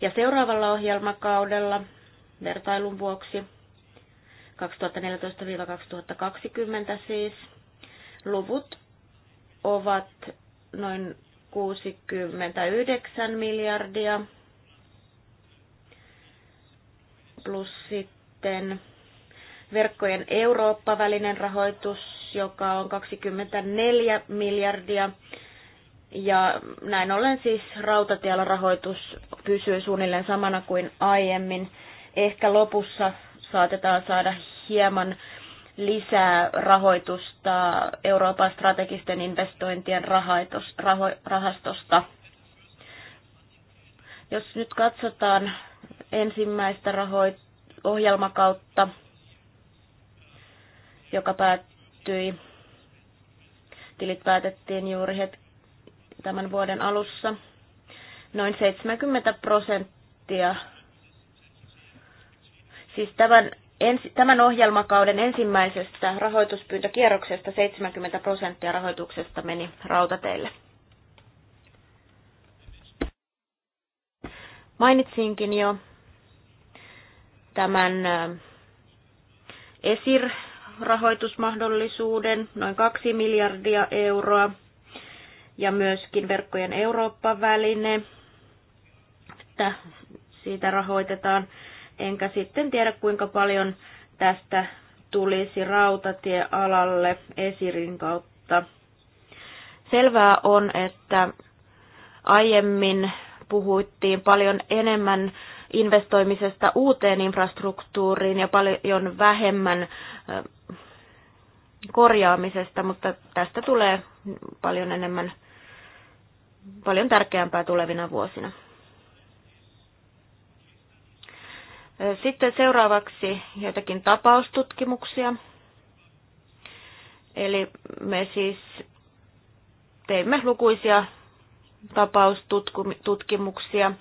Ja seuraavalla ohjelmakaudella vertailun vuoksi 2014-2020 siis luvut ovat noin 69 miljardia plus sitten verkkojen Eurooppa-välinen rahoitus, joka on 24 miljardia. Ja näin ollen siis rautatiellä rahoitus pysyy suunnilleen samana kuin aiemmin. Ehkä lopussa saatetaan saada hieman lisää rahoitusta Euroopan strategisten investointien rahastosta. Jos nyt katsotaan ensimmäistä rahoit- ohjelmakautta, joka päättyi, tilit päätettiin juuri het- tämän vuoden alussa, noin 70 prosenttia, siis tämän ensi, tämän ohjelmakauden ensimmäisestä rahoituspyyntökierroksesta 70 prosenttia rahoituksesta meni rautateille. Mainitsinkin jo tämän ESIR-rahoitusmahdollisuuden, noin 2 miljardia euroa, ja myöskin verkkojen Eurooppa-väline, että siitä rahoitetaan enkä sitten tiedä kuinka paljon tästä tulisi rautatiealalle esirin kautta. Selvää on, että aiemmin puhuttiin paljon enemmän investoimisesta uuteen infrastruktuuriin ja paljon vähemmän korjaamisesta, mutta tästä tulee paljon enemmän, paljon tärkeämpää tulevina vuosina. Sitten seuraavaksi joitakin tapaustutkimuksia. Eli me siis teimme lukuisia tapaustutkimuksia.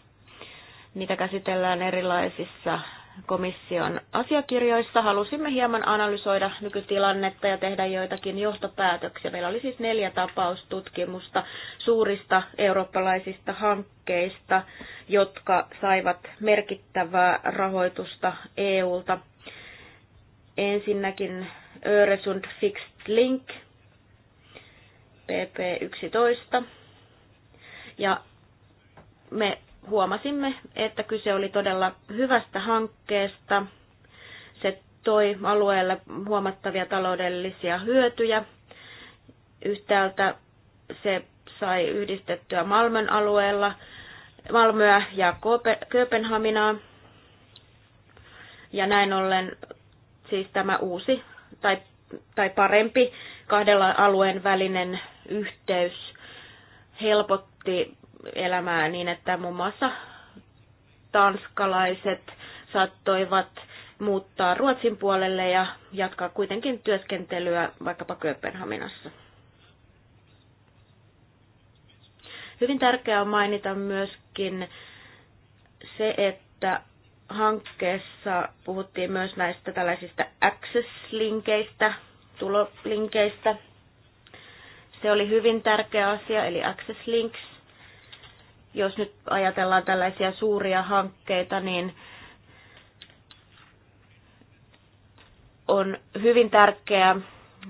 Niitä käsitellään erilaisissa komission asiakirjoissa. Halusimme hieman analysoida nykytilannetta ja tehdä joitakin johtopäätöksiä. Meillä oli siis neljä tapaustutkimusta suurista eurooppalaisista hankkeista, jotka saivat merkittävää rahoitusta EUlta. Ensinnäkin Öresund Fixed Link, PP11. Ja me huomasimme, että kyse oli todella hyvästä hankkeesta. Se toi alueelle huomattavia taloudellisia hyötyjä. Yhtäältä se sai yhdistettyä Malmön alueella Malmöä ja Kööpenhaminaa. Ja näin ollen siis tämä uusi tai, tai parempi kahdella alueen välinen yhteys helpotti elämää niin, että muun muassa tanskalaiset saattoivat muuttaa Ruotsin puolelle ja jatkaa kuitenkin työskentelyä vaikkapa Kööpenhaminassa. Hyvin tärkeää on mainita myöskin se, että hankkeessa puhuttiin myös näistä tällaisista access-linkeistä, tulolinkeistä. Se oli hyvin tärkeä asia, eli access links. Jos nyt ajatellaan tällaisia suuria hankkeita, niin on hyvin tärkeää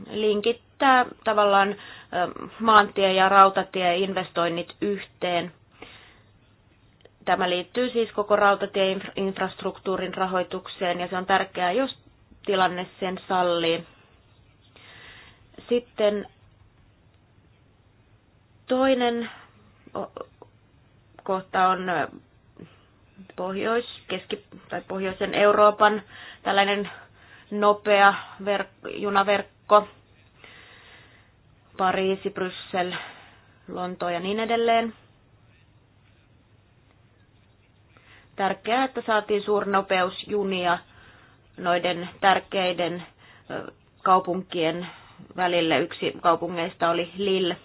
linkittää tavallaan ähm, maantie- ja rautatieinvestoinnit yhteen. Tämä liittyy siis koko rautatieinfrastruktuurin rahoitukseen ja se on tärkeää, jos tilanne sen sallii. Sitten toinen kohta on Pohjois, Keski- tai Pohjoisen Euroopan tällainen nopea verk- junaverkko, Pariisi, Bryssel, Lonto ja niin edelleen. Tärkeää, että saatiin suurnopeusjunia noiden tärkeiden kaupunkien välille. Yksi kaupungeista oli Lille.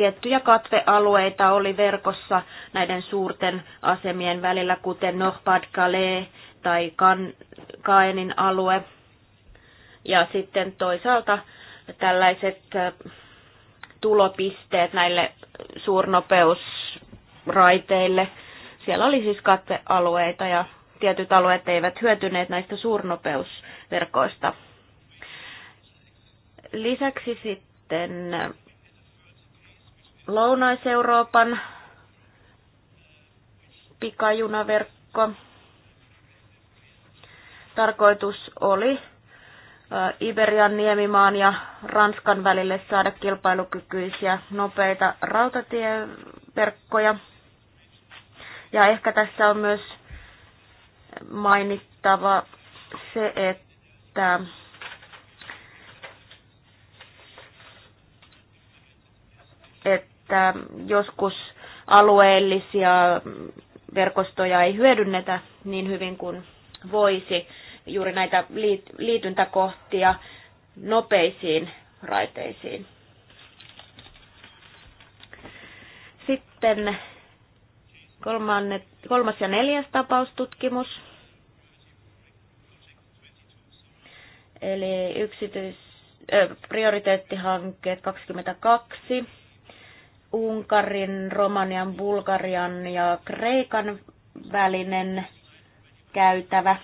tiettyjä katvealueita oli verkossa näiden suurten asemien välillä, kuten Nohbad calais tai Kaenin alue. Ja sitten toisaalta tällaiset tulopisteet näille suurnopeusraiteille. Siellä oli siis katvealueita ja tietyt alueet eivät hyötyneet näistä suurnopeusverkoista. Lisäksi sitten Lounais-Euroopan pikajunaverkko. Tarkoitus oli Iberian niemimaan ja Ranskan välille saada kilpailukykyisiä nopeita rautatieverkkoja. Ja ehkä tässä on myös mainittava se, että että että joskus alueellisia verkostoja ei hyödynnetä niin hyvin kuin voisi juuri näitä liityntäkohtia nopeisiin raiteisiin. Sitten kolmas ja neljäs tapaustutkimus. Eli yksityis, ö, prioriteettihankkeet 22 Unkarin, Romanian, Bulgarian ja Kreikan välinen käytävä.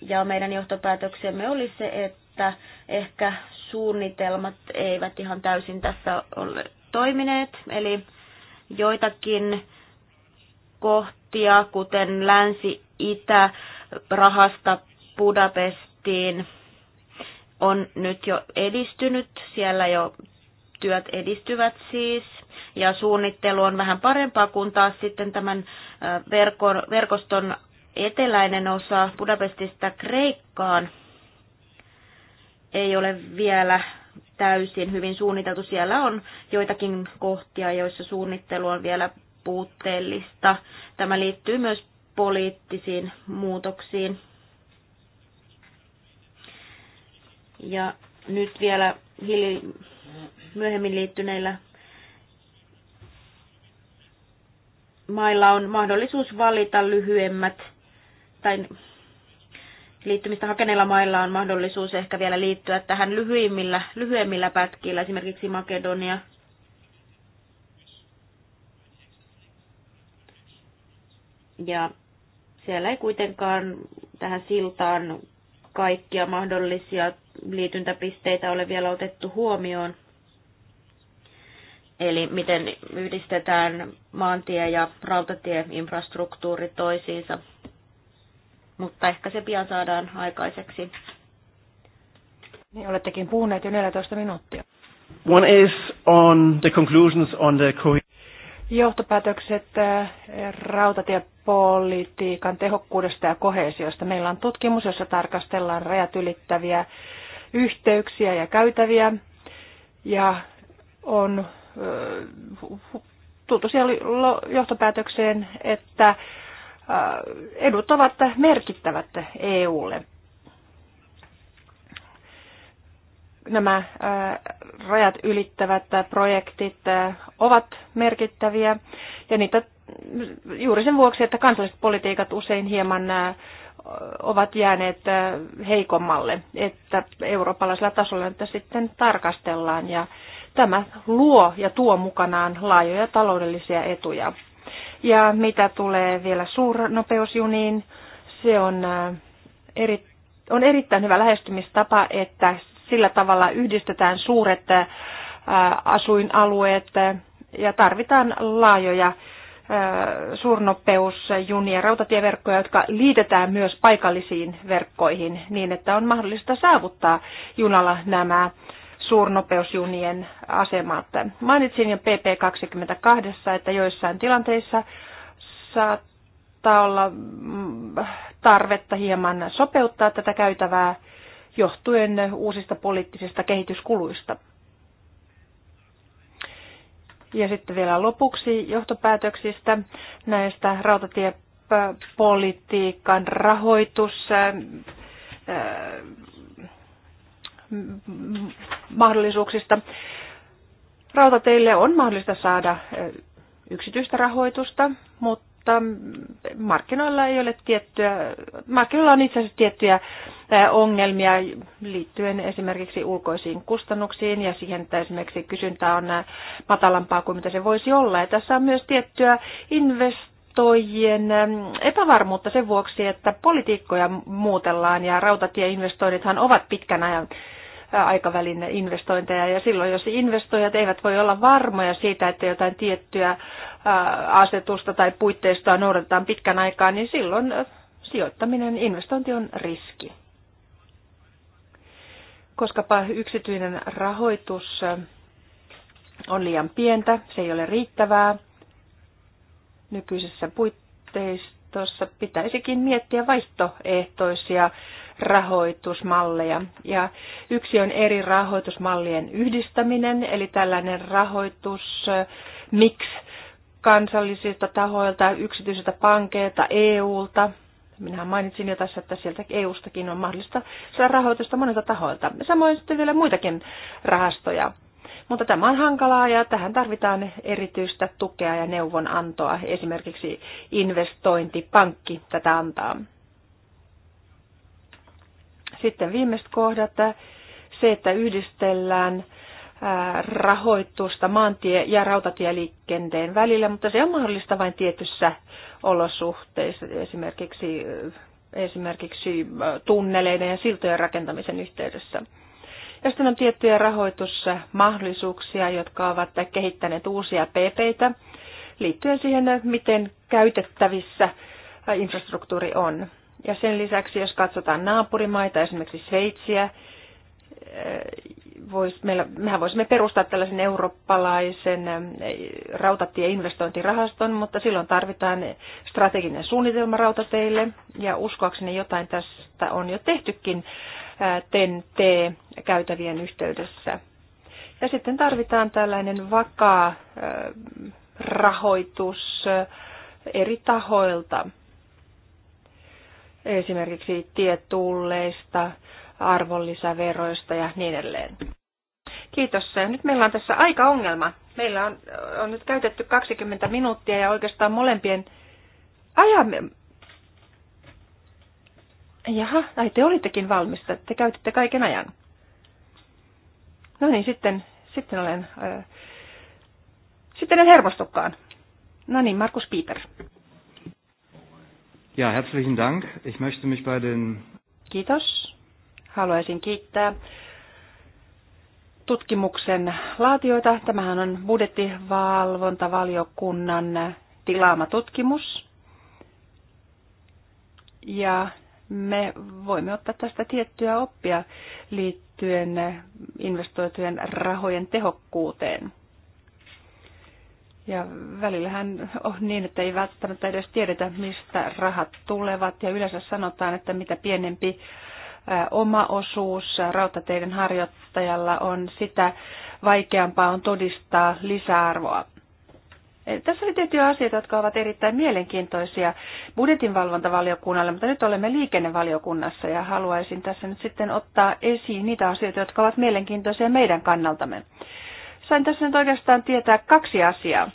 Ja meidän johtopäätöksemme oli se, että ehkä suunnitelmat eivät ihan täysin tässä ole toimineet. Eli joitakin kohtia, kuten Länsi-Itä, rahasta Budapestiin, on nyt jo edistynyt. Siellä jo työt edistyvät siis ja suunnittelu on vähän parempaa kuin taas sitten tämän verkoston eteläinen osa Budapestista Kreikkaan ei ole vielä täysin hyvin suunniteltu. Siellä on joitakin kohtia, joissa suunnittelu on vielä puutteellista. Tämä liittyy myös poliittisiin muutoksiin. Ja nyt vielä myöhemmin liittyneillä mailla on mahdollisuus valita lyhyemmät, tai liittymistä hakeneilla mailla on mahdollisuus ehkä vielä liittyä tähän lyhyimmillä, lyhyemmillä pätkillä, esimerkiksi Makedonia. Ja siellä ei kuitenkaan tähän siltaan kaikkia mahdollisia liityntäpisteitä ole vielä otettu huomioon. Eli miten yhdistetään maantie- ja rautatieinfrastruktuuri toisiinsa. Mutta ehkä se pian saadaan aikaiseksi. Niin olettekin puhuneet jo 14 minuuttia. One is on the conclusions on the johtopäätökset eh, rautatiepolitiikan tehokkuudesta ja kohesiosta. Meillä on tutkimus, jossa tarkastellaan rajat ylittäviä yhteyksiä ja käytäviä ja on tultu siihen johtopäätökseen, että äh, edut ovat merkittävät EUlle. Nämä äh, rajat ylittävät projektit äh, ovat merkittäviä ja niitä juuri sen vuoksi, että kansalliset politiikat usein hieman ovat jääneet heikommalle, että eurooppalaisella tasolla nyt sitten tarkastellaan ja Tämä luo ja tuo mukanaan laajoja taloudellisia etuja. Ja mitä tulee vielä suurnopeusjuniin, se on, äh, eri, on erittäin hyvä lähestymistapa, että sillä tavalla yhdistetään suuret äh, asuinalueet äh, ja tarvitaan laajoja suurnopeusjunia rautatieverkkoja, jotka liitetään myös paikallisiin verkkoihin niin, että on mahdollista saavuttaa junalla nämä suurnopeusjunien asemat. Mainitsin jo PP22, että joissain tilanteissa saattaa olla mm, tarvetta hieman sopeuttaa tätä käytävää johtuen uusista poliittisista kehityskuluista. Ja sitten vielä lopuksi johtopäätöksistä näistä rautatiepolitiikan rahoitus äh, äh, mahdollisuuksista. Rautateille on mahdollista saada yksityistä rahoitusta, mutta markkinoilla ei ole tiettyä, markkinoilla on itse asiassa tiettyjä ongelmia liittyen esimerkiksi ulkoisiin kustannuksiin ja siihen, että esimerkiksi kysyntä on matalampaa kuin mitä se voisi olla. Ja tässä on myös tiettyä investointia investoijien epävarmuutta sen vuoksi, että politiikkoja muutellaan ja rautatieinvestoinnithan ovat pitkän ajan aikavälin investointeja. Ja silloin, jos investoijat eivät voi olla varmoja siitä, että jotain tiettyä asetusta tai puitteistoa noudatetaan pitkän aikaa, niin silloin sijoittaminen, investointi on riski. Koskapa yksityinen rahoitus on liian pientä, se ei ole riittävää nykyisessä puitteissa tuossa pitäisikin miettiä vaihtoehtoisia rahoitusmalleja. Ja yksi on eri rahoitusmallien yhdistäminen, eli tällainen rahoitus, eh, miksi kansallisilta tahoilta, yksityisiltä pankeilta, EUlta. Minä mainitsin jo tässä, että sieltä EUstakin on mahdollista saada rahoitusta monilta tahoilta. Samoin sitten vielä muitakin rahastoja. Mutta tämä on hankalaa ja tähän tarvitaan erityistä tukea ja neuvonantoa. Esimerkiksi investointipankki tätä antaa. Sitten viimeiset kohdat, se, että yhdistellään rahoitusta maantie- ja rautatieliikenteen välillä, mutta se on mahdollista vain tietyssä olosuhteissa, esimerkiksi, esimerkiksi tunneleiden ja siltojen rakentamisen yhteydessä. Ja sitten on tiettyjä rahoitusmahdollisuuksia, jotka ovat kehittäneet uusia PPitä liittyen siihen, miten käytettävissä infrastruktuuri on. Ja sen lisäksi, jos katsotaan naapurimaita, esimerkiksi Sveitsiä, eh, vois, meillä, mehän voisimme perustaa tällaisen eurooppalaisen eh, rautatieinvestointirahaston, mutta silloin tarvitaan strateginen suunnitelma rautateille, ja uskoakseni jotain tästä on jo tehtykin TEN-T-käytävien yhteydessä. Ja sitten tarvitaan tällainen vakaa rahoitus eri tahoilta, esimerkiksi tietulleista, arvonlisäveroista ja niin edelleen. Kiitos. Nyt meillä on tässä aika ongelma. Meillä on, on nyt käytetty 20 minuuttia ja oikeastaan molempien ajamme Jaha, ai te olittekin valmista, te käytitte kaiken ajan. No niin, sitten, sitten olen, äh, sitten en hermostukaan. No niin, Markus Pieper. Ja, herzlichen Dank. Ich möchte mich bei den... Kiitos. Haluaisin kiittää tutkimuksen laatioita. Tämähän on budjettivalvontavaliokunnan tilaama tutkimus. Ja me voimme ottaa tästä tiettyä oppia liittyen investoitujen rahojen tehokkuuteen. Ja välillähän on niin, että ei välttämättä edes tiedetä, mistä rahat tulevat. Ja yleensä sanotaan, että mitä pienempi oma osuus rautateiden harjoittajalla on, sitä vaikeampaa on todistaa lisäarvoa. Tässä oli tiettyjä asioita, jotka ovat erittäin mielenkiintoisia budjetinvalvontavaliokunnalle, mutta nyt olemme liikennevaliokunnassa ja haluaisin tässä nyt sitten ottaa esiin niitä asioita, jotka ovat mielenkiintoisia meidän kannaltamme. Sain tässä nyt oikeastaan tietää kaksi asiaa.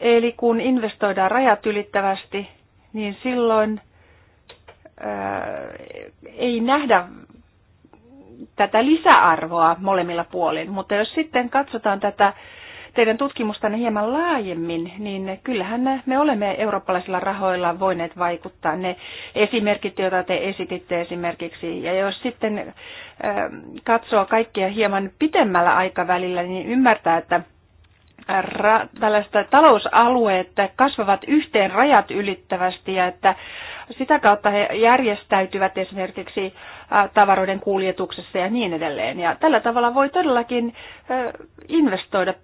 Eli kun investoidaan rajat ylittävästi, niin silloin äh, ei nähdä tätä lisäarvoa molemmilla puolin. Mutta jos sitten katsotaan tätä teidän tutkimustanne hieman laajemmin, niin kyllähän me olemme eurooppalaisilla rahoilla voineet vaikuttaa ne esimerkit, joita te esititte esimerkiksi. Ja jos sitten katsoo kaikkia hieman pitemmällä aikavälillä, niin ymmärtää, että ra- tällaista talousalueet kasvavat yhteen rajat ylittävästi ja että sitä kautta he järjestäytyvät esimerkiksi tavaroiden kuljetuksessa ja niin edelleen. Ja tällä tavalla voi todellakin investoida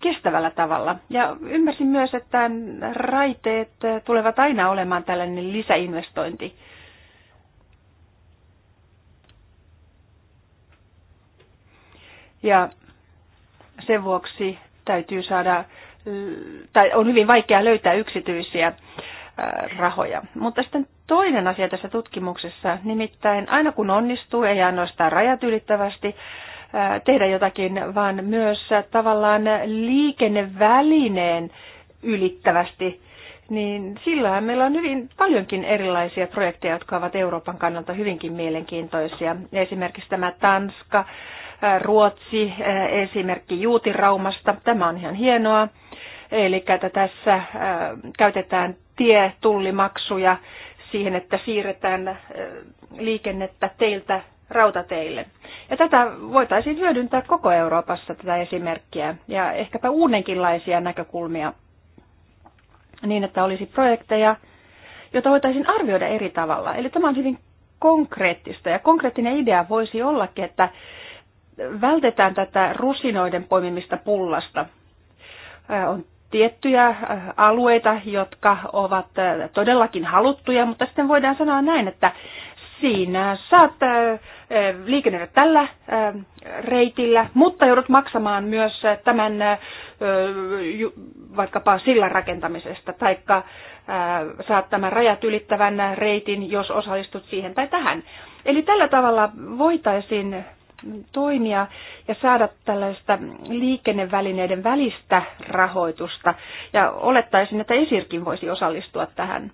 kestävällä tavalla. Ja ymmärsin myös, että raiteet tulevat aina olemaan tällainen lisäinvestointi. Ja sen vuoksi täytyy saada, tai on hyvin vaikea löytää yksityisiä rahoja. Mutta sitten toinen asia tässä tutkimuksessa, nimittäin aina kun onnistuu, ei ainoastaan rajat ylittävästi, tehdä jotakin, vaan myös tavallaan liikennevälineen ylittävästi, niin silloin meillä on hyvin paljonkin erilaisia projekteja, jotka ovat Euroopan kannalta hyvinkin mielenkiintoisia. Esimerkiksi tämä Tanska, Ruotsi, esimerkki Juutiraumasta. Tämä on ihan hienoa. Eli että tässä käytetään tietullimaksuja siihen, että siirretään liikennettä teiltä rautateille. Ja tätä voitaisiin hyödyntää koko Euroopassa tätä esimerkkiä ja ehkäpä uudenkinlaisia näkökulmia niin, että olisi projekteja, joita voitaisiin arvioida eri tavalla. Eli tämä on hyvin konkreettista ja konkreettinen idea voisi ollakin, että vältetään tätä rusinoiden poimimista pullasta. On tiettyjä alueita, jotka ovat todellakin haluttuja, mutta sitten voidaan sanoa näin, että siinä saat liikennellä tällä reitillä, mutta joudut maksamaan myös tämän vaikkapa sillan rakentamisesta, taikka saat tämän rajat ylittävän reitin, jos osallistut siihen tai tähän. Eli tällä tavalla voitaisiin toimia ja saada tällaista liikennevälineiden välistä rahoitusta. Ja olettaisin, että Esirkin voisi osallistua tähän.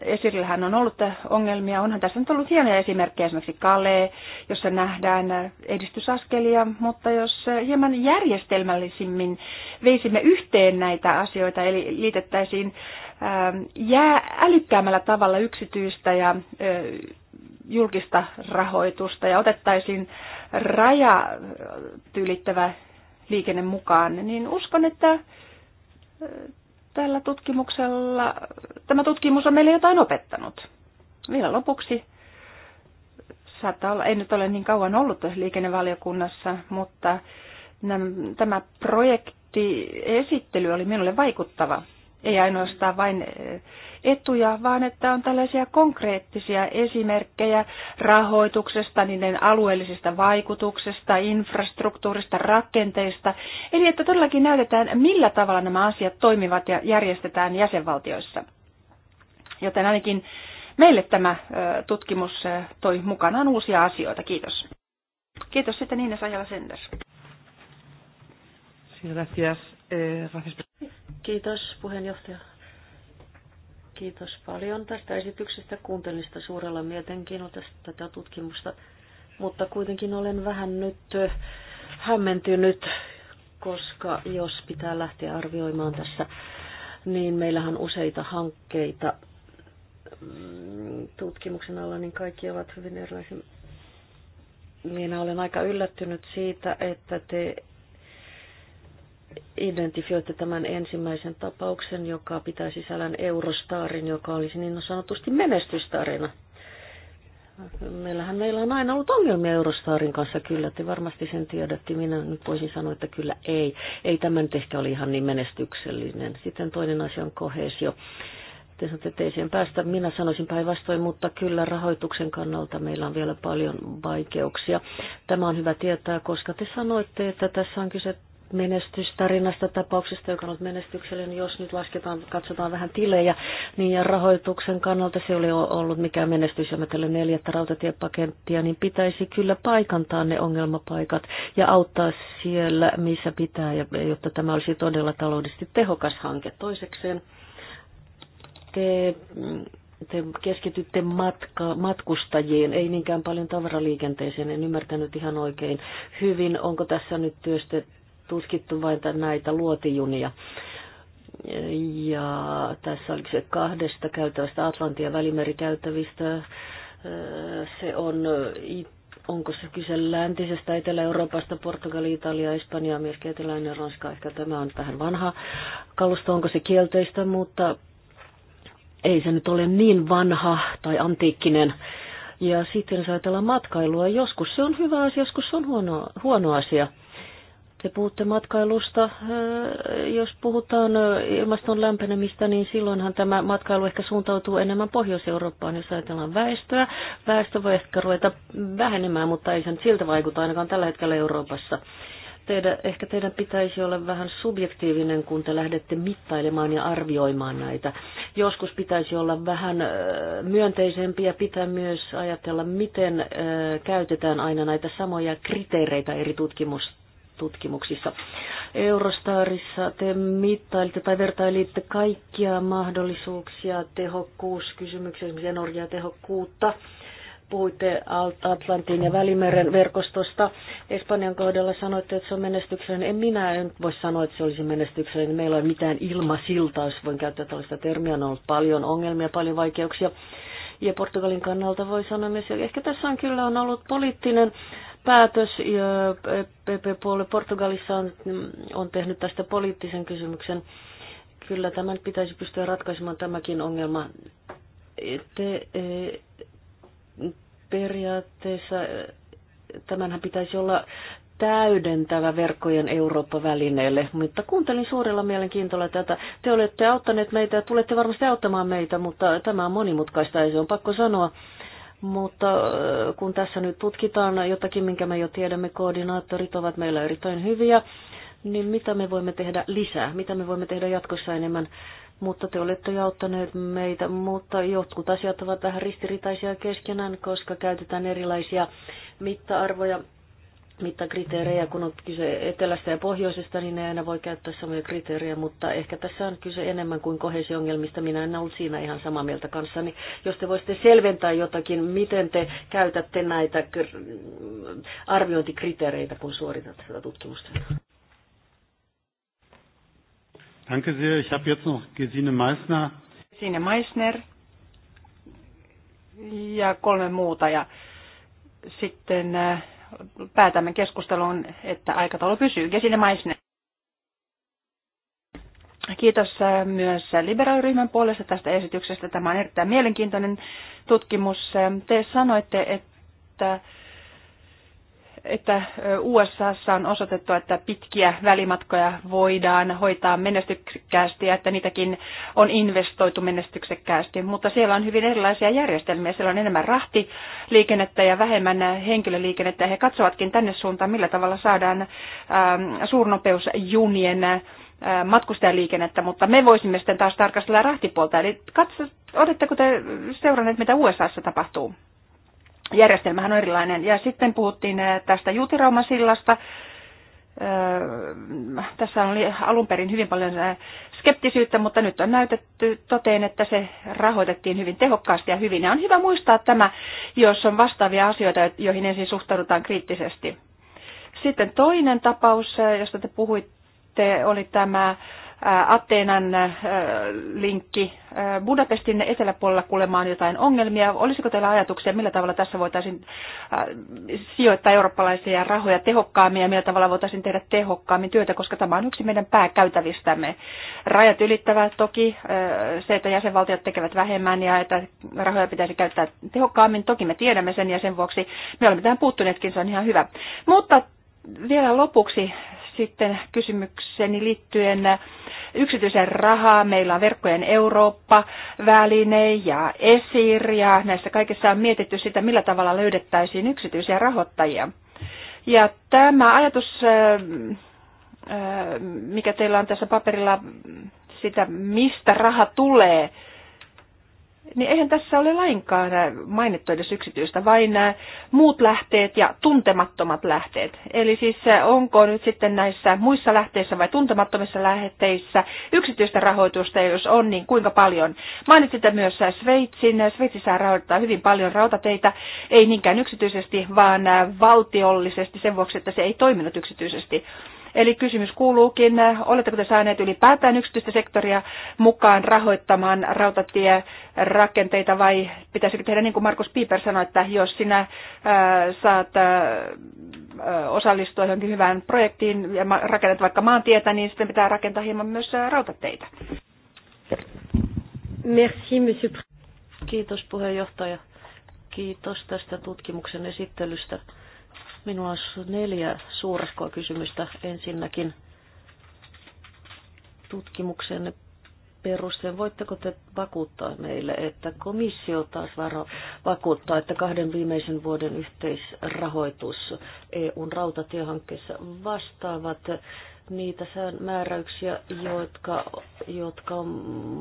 Esirillähän on ollut ongelmia. Onhan tässä nyt ollut hienoja esimerkkejä, esimerkiksi Kale, jossa nähdään edistysaskelia, mutta jos hieman järjestelmällisimmin veisimme yhteen näitä asioita, eli liitettäisiin ähm, jää älykkäämällä tavalla yksityistä ja äh, julkista rahoitusta ja otettaisiin raja ylittävä liikenne mukaan, niin uskon, että äh, tällä tutkimuksella, tämä tutkimus on meille jotain opettanut. Vielä lopuksi, saattaa olla, en nyt ole niin kauan ollut liikennevaliokunnassa, mutta tämä projektiesittely oli minulle vaikuttava. Ei ainoastaan vain etuja, vaan että on tällaisia konkreettisia esimerkkejä rahoituksesta, niiden alueellisista vaikutuksista, infrastruktuurista, rakenteista. Eli että todellakin näytetään, millä tavalla nämä asiat toimivat ja järjestetään jäsenvaltioissa. Joten ainakin meille tämä tutkimus toi mukanaan uusia asioita. Kiitos. Kiitos sitten Niina Sajala-Sender. Eh, gracias. Kiitos puheenjohtaja. Kiitos paljon tästä esityksestä. Kuuntelin sitä suurella mielenkiinnolla tätä tutkimusta, mutta kuitenkin olen vähän nyt hämmentynyt, koska jos pitää lähteä arvioimaan tässä, niin meillähän useita hankkeita mm, tutkimuksen alla, niin kaikki ovat hyvin erilaisia. Minä olen aika yllättynyt siitä, että te identifioitte tämän ensimmäisen tapauksen, joka pitää sisällään Eurostarin, joka olisi niin sanotusti menestystarina. Meillähän meillä on aina ollut ongelmia Eurostarin kanssa, kyllä, te varmasti sen tiedätte. Minä nyt voisin sanoa, että kyllä ei. Ei tämä nyt ehkä oli ihan niin menestyksellinen. Sitten toinen asia on kohesio. Te sanotte, että ei siihen päästä. Minä sanoisin päinvastoin, mutta kyllä rahoituksen kannalta meillä on vielä paljon vaikeuksia. Tämä on hyvä tietää, koska te sanoitte, että tässä on kyse menestystarinasta, tapauksesta, joka on ollut menestyksellinen, niin jos nyt lasketaan, katsotaan vähän tilejä, niin ja rahoituksen kannalta se oli ollut mikään menestys, ja mä tällä neljättä rautatiepakettia, niin pitäisi kyllä paikantaa ne ongelmapaikat ja auttaa siellä, missä pitää, jotta tämä olisi todella taloudellisesti tehokas hanke. Toisekseen te te keskitytte matka, matkustajien, ei niinkään paljon tavaraliikenteeseen, en ymmärtänyt ihan oikein hyvin. Onko tässä nyt työstetty tutkittu vain näitä luotijunia. Ja tässä oli se kahdesta käytävästä atlantia ja välimerikäytävistä. Se on, onko se kyse läntisestä Etelä-Euroopasta, Portugali, Italia, Espanja, myöskin Eteläinen Ranska. Ehkä tämä on vähän vanha kalusto, onko se kielteistä, mutta ei se nyt ole niin vanha tai antiikkinen. Ja sitten jos ajatellaan matkailua, joskus se on hyvä asia, joskus se on huono, huono asia. Te puhutte matkailusta. Äh, jos puhutaan äh, ilmaston lämpenemistä, niin silloinhan tämä matkailu ehkä suuntautuu enemmän Pohjois-Eurooppaan, jos ajatellaan väestöä. Väestö voi ehkä ruveta vähenemään, mutta ei sen siltä vaikuta ainakaan tällä hetkellä Euroopassa teidän, ehkä teidän pitäisi olla vähän subjektiivinen, kun te lähdette mittailemaan ja arvioimaan näitä. Joskus pitäisi olla vähän äh, myönteisempi ja pitää myös ajatella, miten käytetään aina näitä samoja kriteereitä eri tutkimusten tutkimuksissa. Eurostarissa te mittailitte tai vertailitte kaikkia mahdollisuuksia, tehokkuuskysymyksiä, esimerkiksi energiatehokkuutta, puhuitte Atlantin ja Välimeren verkostosta. Espanjan kohdalla sanoitte, että se on menestyksellinen. En minä en voi sanoa, että se olisi menestyksellinen. Meillä on mitään ilmasiltaa, jos voin käyttää tällaista termiä. On ollut paljon ongelmia, paljon vaikeuksia. Ja Portugalin kannalta voi sanoa myös, että ehkä tässä on kyllä on ollut poliittinen päätös ja PP-puolue Portugalissa on, on tehnyt tästä poliittisen kysymyksen. Kyllä tämän pitäisi pystyä ratkaisemaan tämäkin ongelma. Te, e, periaatteessa e, tämänhän pitäisi olla täydentävä verkkojen Eurooppa-välineelle, mutta kuuntelin suurella mielenkiintoilla tätä. Te olette auttaneet meitä ja tulette varmasti auttamaan meitä, mutta tämä on monimutkaista ja se on pakko sanoa. Mutta kun tässä nyt tutkitaan jotakin, minkä me jo tiedämme, koordinaattorit ovat meillä erittäin hyviä, niin mitä me voimme tehdä lisää, mitä me voimme tehdä jatkossa enemmän. Mutta te olette jo auttaneet meitä, mutta jotkut asiat ovat vähän ristiriitaisia keskenään, koska käytetään erilaisia mitta-arvoja mittakriteerejä, kun on kyse etelästä ja pohjoisesta, niin ne aina voi käyttää samoja kriteerejä, mutta ehkä tässä on kyse enemmän kuin kohesiongelmista. Minä en ollut siinä ihan samaa mieltä kanssani. Jos te voisitte selventää jotakin, miten te käytätte näitä arviointikriteereitä, kun suoritatte tätä tutkimusta. Danke sehr. Ich habe jetzt noch Gesine Meissner. Gesine Meissner ja kolme muuta ja sitten äh, päätämme keskusteluun, että aikataulu pysyy. Gesine Kiitos äh, myös liberaaliryhmän puolesta tästä esityksestä. Tämä on erittäin mielenkiintoinen tutkimus. Äh, te sanoitte, että että USA on osoitettu, että pitkiä välimatkoja voidaan hoitaa menestyksekkäästi ja että niitäkin on investoitu menestyksekkäästi, mutta siellä on hyvin erilaisia järjestelmiä. Siellä on enemmän rahtiliikennettä ja vähemmän henkilöliikennettä he katsovatkin tänne suuntaan, millä tavalla saadaan ähm, suurnopeusjunien äh, matkustajaliikennettä, mutta me voisimme sitten taas tarkastella rahtipuolta. Eli katso, oletteko te seuranneet, mitä USAssa tapahtuu? järjestelmähän on erilainen. Ja sitten puhuttiin eh, tästä Juutiraumasillasta. Eh, tässä oli alun perin hyvin paljon eh, skeptisyyttä, mutta nyt on näytetty toteen, että se rahoitettiin hyvin tehokkaasti ja hyvin. Ja on hyvä muistaa tämä, jos on vastaavia asioita, joihin ensin suhtaudutaan kriittisesti. Sitten toinen tapaus, josta te puhuitte, oli tämä Atteenan linkki Budapestin eteläpuolella kuulemaan jotain ongelmia. Olisiko teillä ajatuksia, millä tavalla tässä voitaisiin sijoittaa eurooppalaisia rahoja tehokkaammin ja millä tavalla voitaisiin tehdä tehokkaammin työtä, koska tämä on yksi meidän pääkäytävistämme. Rajat ylittävää toki, se, että jäsenvaltiot tekevät vähemmän ja että rahoja pitäisi käyttää tehokkaammin, toki me tiedämme sen ja sen vuoksi me olemme tähän puuttuneetkin, se on ihan hyvä. Mutta vielä lopuksi sitten kysymykseni liittyen yksityisen rahaa. Meillä on verkkojen Eurooppa-väline ja ESIR ja näissä kaikissa on mietitty sitä, millä tavalla löydettäisiin yksityisiä rahoittajia. Ja tämä ajatus, äh, äh, mikä teillä on tässä paperilla, sitä mistä raha tulee, niin eihän tässä ole lainkaan äh, mainittu edes yksityistä, vain nämä äh, muut lähteet ja tuntemattomat lähteet. Eli siis äh, onko nyt sitten näissä muissa lähteissä vai tuntemattomissa lähteissä yksityistä rahoitusta, ja jos on, niin kuinka paljon? Mainitsitte myös Sveitsin. Sveitsissä rahoittaa hyvin paljon rautateitä, ei niinkään yksityisesti, vaan valtiollisesti sen vuoksi, että se ei toiminut yksityisesti. Eli kysymys kuuluukin, äh, oletteko te saaneet ylipäätään yksityistä sektoria mukaan rahoittamaan rautatierakenteita vai pitäisikö tehdä niin kuin Markus Piper sanoi, että jos sinä ää, äh, saat ää, äh, osallistua johonkin hyvään projektiin ja rakennat vaikka maantietä, niin sitten pitää rakentaa hieman myös rautateitä. Merci, monsieur. Kiitos puheenjohtaja. Kiitos tästä tutkimuksen esittelystä. Minulla on neljä suurehkoa kysymystä. Ensinnäkin tutkimuksen perusteen. Voitteko te vakuuttaa meille, että komissio taas varo, vakuuttaa, että kahden viimeisen vuoden yhteisrahoitus EUn rautatiehankkeessa vastaavat niitä määräyksiä, jotka, jotka on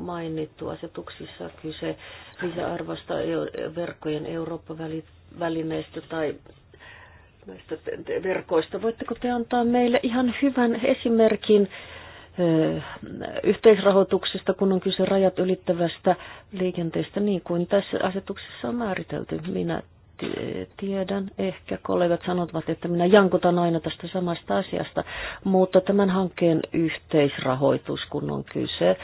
mainittu asetuksissa kyse lisäarvosta e-, verkkojen Eurooppa-välineistä tai näistä verkoista. Voitteko te antaa meille ihan hyvän esimerkin yhteisrahoituksesta, kun on kyse rajat ylittävästä liikenteestä, niin kuin tässä asetuksessa on määritelty. Minä tiedän, ehkä kollegat sanovat, että minä jankutan aina tästä samasta asiasta, mutta tämän hankkeen yhteisrahoitus, kun on kyse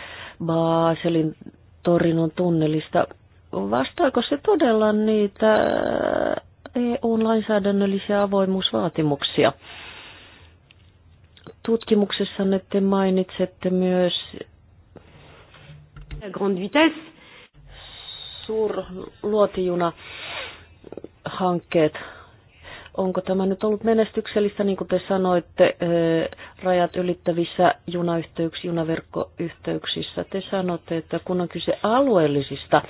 Baaselin torinon tunnelista, vastaako se todella niitä eu lainsäädännöllisiä avoimuusvaatimuksia. Tutkimuksessa te mainitsette myös Grand Vitesse suurluotijuna hankkeet Onko tämä nyt ollut menestyksellistä, niin kuin te sanoitte, rajat ylittävissä junayhteyksissä, junaverkkoyhteyksissä? Te sanotte, että kun on kyse alueellisista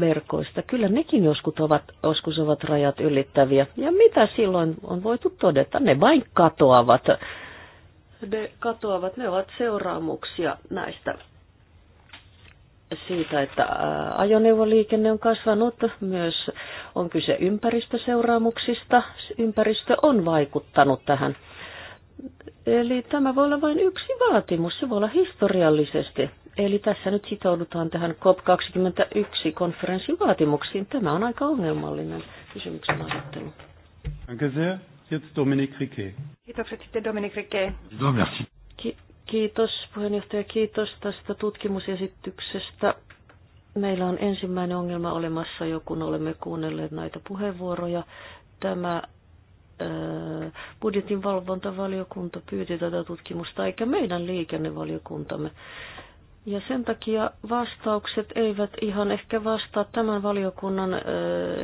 verkoista, kyllä nekin joskus ovat, joskus ovat rajat ylittäviä. Ja mitä silloin on voitu todeta? Ne vain katoavat. Ne katoavat, ne ovat seuraamuksia näistä siitä, että ajoneuvoliikenne on kasvanut, myös on kyse ympäristöseuraamuksista. Ympäristö on vaikuttanut tähän. Eli tämä voi olla vain yksi vaatimus, se voi olla historiallisesti. Eli tässä nyt sitoudutaan tähän COP21-konferenssin vaatimuksiin. Tämä on aika ongelmallinen kysymyksen asettelu. Kiitokset sitten Dominik Rike. Kiitos puheenjohtaja, kiitos tästä tutkimusesityksestä. Meillä on ensimmäinen ongelma olemassa jo, kun olemme kuunnelleet näitä puheenvuoroja. Tämä budjetin valvontavaliokunta pyyti tätä tutkimusta, eikä meidän liikennevaliokuntamme. Ja sen takia vastaukset eivät ihan ehkä vastaa tämän valiokunnan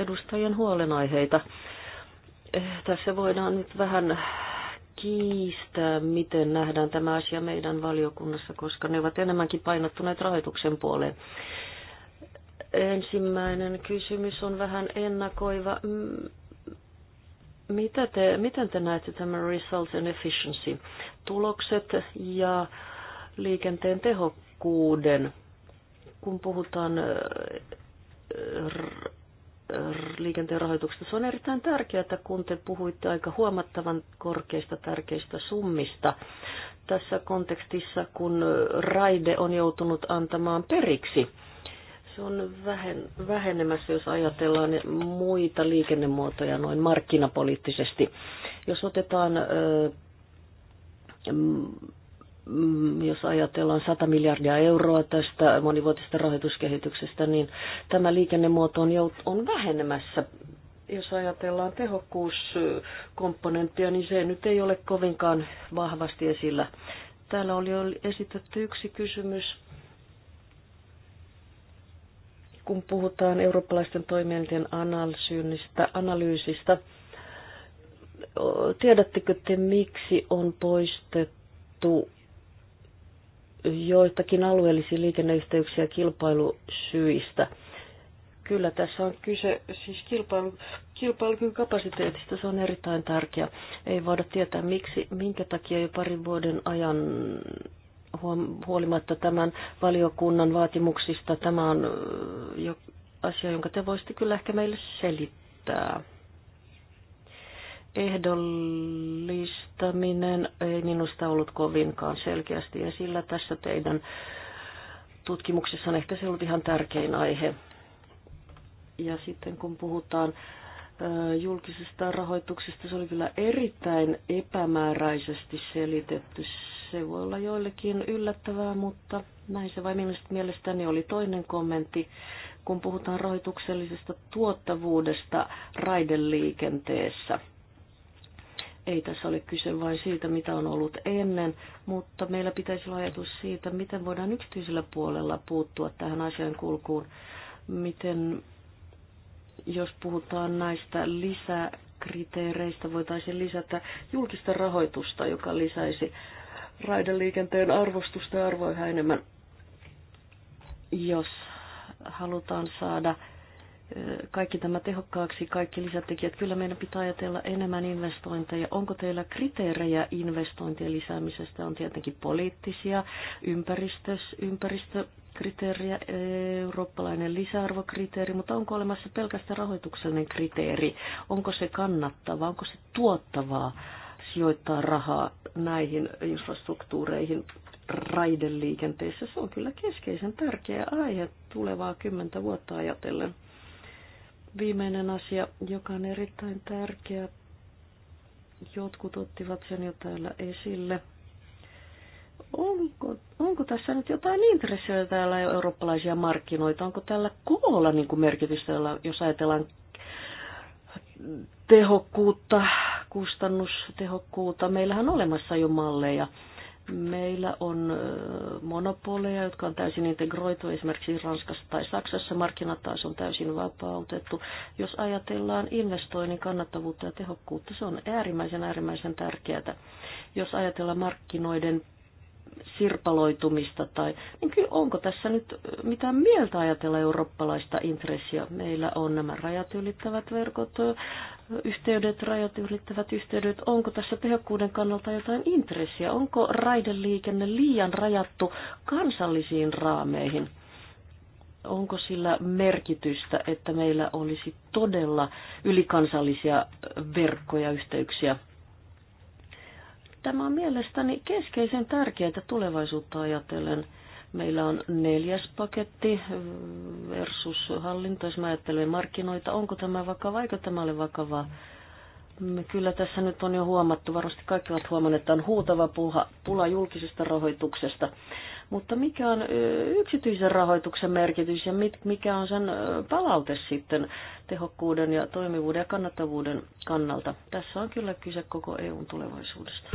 edustajien huolenaiheita. Eh, tässä voidaan nyt vähän kiistää, miten nähdään tämä asia meidän valiokunnassa, koska ne ovat enemmänkin painottuneet rahoituksen puoleen. Ensimmäinen kysymys on vähän ennakoiva. Mitä te, miten te näette tämän results and efficiency, tulokset ja liikenteen tehokkuuden, kun puhutaan äh, liikenteen rahoituksesta. Se on erittäin tärkeää, kun te puhuitte aika huomattavan korkeista tärkeistä summista tässä kontekstissa, kun raide on joutunut antamaan periksi. Se on vähen, vähenemässä, jos ajatellaan muita liikennemuotoja noin markkinapoliittisesti. Jos otetaan ö, Mm, jos ajatellaan 100 miljardia euroa tästä monivuotisesta rahoituskehityksestä, niin tämä liikennemuoto on, jout- on vähenemässä. Jos ajatellaan tehokkuuskomponenttia, niin se nyt ei ole kovinkaan vahvasti esillä. Täällä oli esitetty yksi kysymys kun puhutaan eurooppalaisten toimijoiden analyysistä, analyysistä, tiedättekö te, miksi on poistettu joitakin alueellisia liikenneyhteyksiä kilpailusyistä. Kyllä tässä on kyse siis kilpailu, kilpailukyvyn kapasiteetista, se on erittäin tärkeä. Ei voida tietää miksi, minkä takia jo parin vuoden ajan huolimatta tämän valiokunnan vaatimuksista, tämä on jo asia, jonka te voisitte kyllä ehkä meille selittää ehdollistaminen ei minusta ollut kovinkaan selkeästi esillä tässä teidän tutkimuksessa on ehkä se ollut ihan tärkein aihe. Ja sitten kun puhutaan julkisesta rahoituksesta, se oli kyllä erittäin epämääräisesti selitetty. Se voi olla joillekin yllättävää, mutta näin se vain mielestäni oli toinen kommentti. Kun puhutaan rahoituksellisesta tuottavuudesta raideliikenteessä – ei tässä ole kyse vain siitä, mitä on ollut ennen, mutta meillä pitäisi olla ajatus siitä, miten voidaan yksityisellä puolella puuttua tähän asian kulkuun. Miten, jos puhutaan näistä lisäkriteereistä, voitaisiin lisätä julkista rahoitusta, joka lisäisi raideliikenteen arvostusta ja arvoa enemmän, jos halutaan saada kaikki tämä tehokkaaksi, kaikki lisätekijät. Kyllä meidän pitää ajatella enemmän investointeja. Onko teillä kriteerejä investointien lisäämisestä? On tietenkin poliittisia, ympäristö, ympäristökriteeriä, eurooppalainen lisäarvokriteeri, mutta onko olemassa pelkästään rahoituksellinen kriteeri? Onko se kannattavaa, onko se tuottavaa sijoittaa rahaa näihin infrastruktuureihin? raideliikenteessä. Se on kyllä keskeisen tärkeä aihe tulevaa kymmentä vuotta ajatellen viimeinen asia, joka on erittäin tärkeä. Jotkut ottivat sen jo täällä esille. Onko, onko tässä nyt jotain intressejä täällä eurooppalaisia markkinoita? Onko tällä koolla niin kuin merkitystä, jos ajatellaan tehokkuutta, kustannustehokkuutta? Meillähän on olemassa jo malleja Meillä on monopoleja, jotka on täysin integroitu esimerkiksi Ranskassa tai Saksassa. Markkinat taas on täysin vapautettu. Jos ajatellaan investoinnin kannattavuutta ja tehokkuutta, se on äärimmäisen äärimmäisen tärkeää. Jos ajatellaan markkinoiden sirpaloitumista tai niin kyllä onko tässä nyt mitään mieltä ajatella eurooppalaista intressiä. Meillä on nämä rajat ylittävät verkot, yhteydet, rajat ylittävät yhteydet, onko tässä tehokkuuden kannalta jotain intressiä? Onko raideliikenne liian rajattu kansallisiin raameihin? Onko sillä merkitystä, että meillä olisi todella ylikansallisia verkkoja, yhteyksiä? Tämä on mielestäni keskeisen tärkeää tulevaisuutta ajatellen – Meillä on neljäs paketti versus hallinto, jos mä ajattelen markkinoita. Onko tämä vakava, eikö tämä ole vakava? Kyllä tässä nyt on jo huomattu, varmasti kaikki ovat huomanneet, että on huutava puha, pula julkisesta rahoituksesta. Mutta mikä on yksityisen rahoituksen merkitys ja mikä on sen palaute sitten tehokkuuden ja toimivuuden ja kannattavuuden kannalta? Tässä on kyllä kyse koko EUn tulevaisuudesta.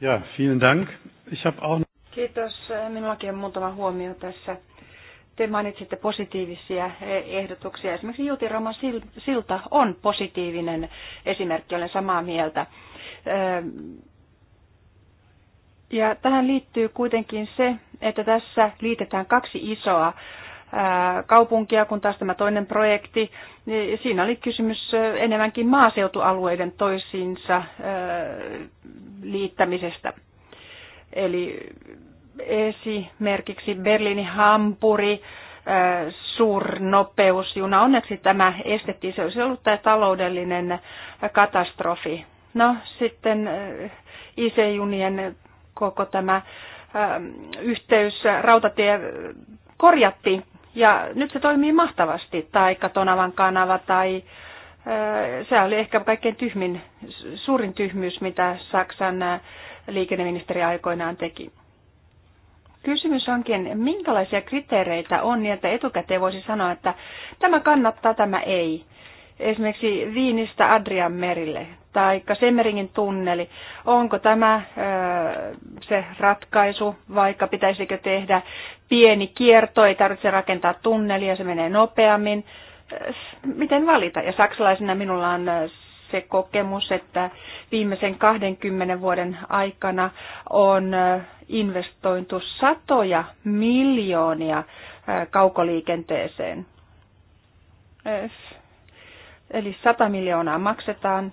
Ja, vielen Dank. Ich habe auch... Kiitos. Minullakin on muutama huomio tässä. Te mainitsitte positiivisia eh, ehdotuksia. Esimerkiksi Juutiroman silta on positiivinen esimerkki, olen samaa mieltä. Öö, ja tähän liittyy kuitenkin se, että tässä liitetään kaksi isoa kaupunkia, kun taas tämä toinen projekti, niin siinä oli kysymys enemmänkin maaseutualueiden toisiinsa liittämisestä. Eli esimerkiksi Berliini, Hampuri, suurnopeusjuna. Onneksi tämä estettiin, se olisi ollut tämä taloudellinen katastrofi. No sitten IC-junien koko tämä yhteys, rautatie korjattiin ja nyt se toimii mahtavasti, tai Tonavan kanava, tai se oli ehkä kaikkein tyhmin, suurin tyhmyys, mitä Saksan liikenneministeri aikoinaan teki. Kysymys onkin, minkälaisia kriteereitä on niin, että etukäteen voisi sanoa, että tämä kannattaa, tämä ei. Esimerkiksi Viinistä Adrian merille tai Semmeringin tunneli. Onko tämä se ratkaisu, vaikka pitäisikö tehdä pieni kierto, ei tarvitse rakentaa tunnelia, se menee nopeammin. Äh, miten valita? Ja saksalaisena minulla on äh, se kokemus, että viimeisen 20 vuoden aikana on äh, investointu satoja miljoonia kaukoliikenteeseen. Eli 100 miljoonaa maksetaan,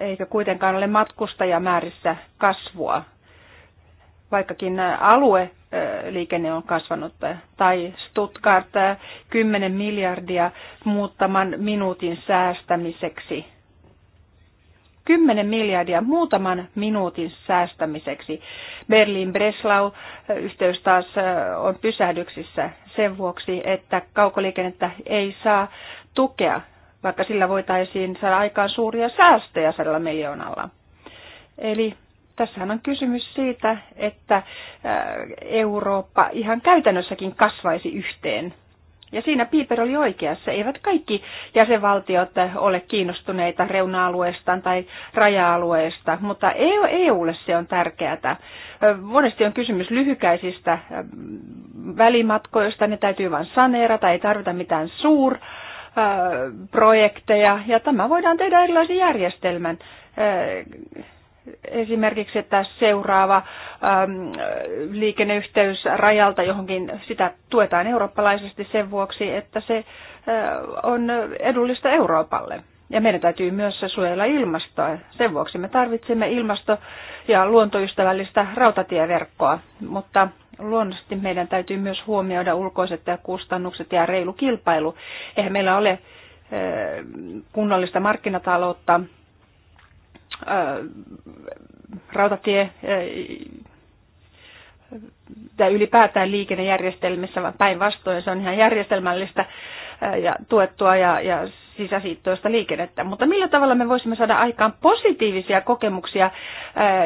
eikä kuitenkaan ole matkustajamäärissä kasvua vaikkakin äh, alue äh, liikenne on kasvanut, äh, tai Stuttgart 10 miljardia muutaman minuutin säästämiseksi. 10 miljardia muutaman minuutin säästämiseksi. Berliin-Breslau-yhteys taas on pysähdyksissä sen vuoksi, että kaukoliikennettä ei saa tukea, vaikka sillä voitaisiin saada aikaan suuria säästöjä sadalla miljoonalla. Eli Tässähän on kysymys siitä, että äh, Eurooppa ihan käytännössäkin kasvaisi yhteen. Ja siinä Piiper oli oikeassa. Eivät kaikki jäsenvaltiot ole kiinnostuneita reuna-alueestaan tai raja-alueesta, mutta EUlle e se on tärkeää. Monesti on kysymys lyhykäisistä välimatkoista, ne täytyy vain saneerata, ei tarvita mitään suur projekteja ja tämä voidaan tehdä erilaisen järjestelmän esimerkiksi, että seuraava ähm, liikenneyhteys rajalta johonkin, sitä tuetaan eurooppalaisesti sen vuoksi, että se äh, on edullista Euroopalle. Ja meidän täytyy myös suojella ilmastoa. Sen vuoksi me tarvitsemme ilmasto- ja luontoystävällistä rautatieverkkoa, mutta luonnollisesti meidän täytyy myös huomioida ulkoiset ja kustannukset ja reilu kilpailu. Eihän meillä ole kunnollista markkinataloutta Äh, rautatie äh, tai ylipäätään liikennejärjestelmissä, vaan päinvastoin se on ihan järjestelmällistä äh, ja tuettua ja, ja sisäsiittoista liikennettä. Mutta millä tavalla me voisimme saada aikaan positiivisia kokemuksia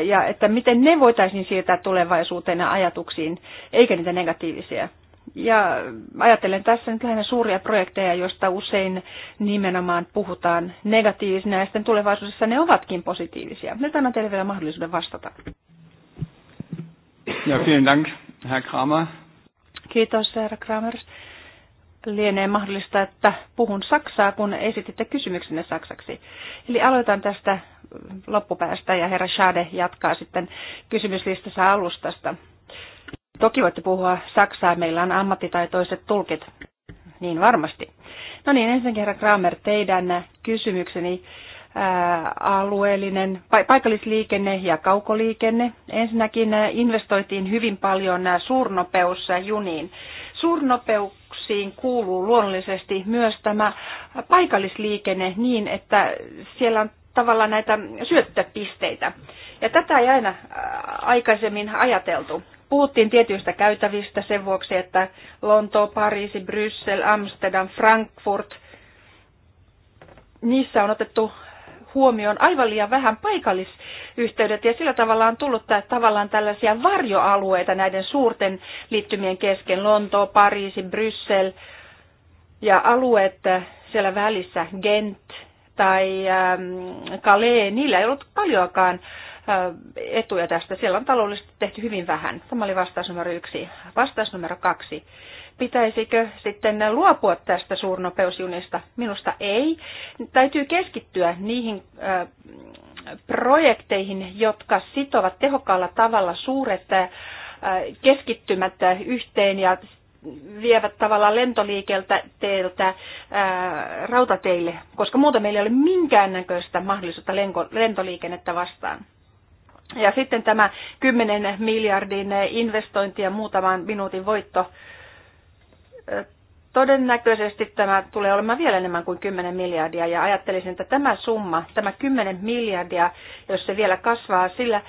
ja että miten ne voitaisiin siirtää tulevaisuuteen ja ajatuksiin, eikä niitä negatiivisia? Ja ajattelen tässä nyt lähinnä suuria projekteja, joista usein nimenomaan puhutaan negatiivisina ja sitten tulevaisuudessa ne ovatkin positiivisia. Nyt annan teille vielä mahdollisuuden vastata. Ja, vielen dank, Herr Kramer. Kiitos, herra Kramer. Lienee mahdollista, että puhun saksaa, kun esititte kysymyksenne saksaksi. Eli aloitan tästä loppupäästä ja herra Schade jatkaa sitten kysymyslistassa alustasta. Toki voitte puhua saksaa, meillä on ammattitaitoiset tulkit. Niin varmasti. No niin, ensin herra Kramer, teidän kysymykseni ää, alueellinen, paikallisliikenne ja kaukoliikenne. Ensinnäkin investoitiin hyvin paljon juniin. Suurnopeuksiin kuuluu luonnollisesti myös tämä paikallisliikenne niin, että siellä on tavallaan näitä syöttöpisteitä. Ja tätä ei aina aikaisemmin ajateltu. Puhuttiin tietyistä käytävistä sen vuoksi, että Lonto, Pariisi, Bryssel, Amsterdam, Frankfurt, niissä on otettu huomioon aivan liian vähän paikallisyhteydet ja sillä tavalla on tullut tää, tavallaan tällaisia varjoalueita näiden suurten liittymien kesken, Lonto, Pariisi, Bryssel ja alueet siellä välissä, Gent tai ähm, Calais, niillä ei ollut paljoakaan äh, etuja tästä. Siellä on taloudellisesti tehty hyvin vähän. Tämä oli vastaus numero yksi. Vastaus numero kaksi. Pitäisikö sitten luopua tästä suurnopeusjunista? Minusta ei. Täytyy keskittyä niihin projekteihin, jotka sitovat tehokkaalla tavalla suuret keskittymät yhteen ja vievät tavallaan lentoliikeltä rautateille, koska muuta meillä ei ole minkäännäköistä mahdollisuutta lentoliikennettä vastaan. Ja sitten tämä 10 miljardin investointi ja muutaman minuutin voitto. Todennäköisesti tämä tulee olemaan vielä enemmän kuin 10 miljardia ja ajattelisin, että tämä summa, tämä 10 miljardia, jos se vielä kasvaa, sillä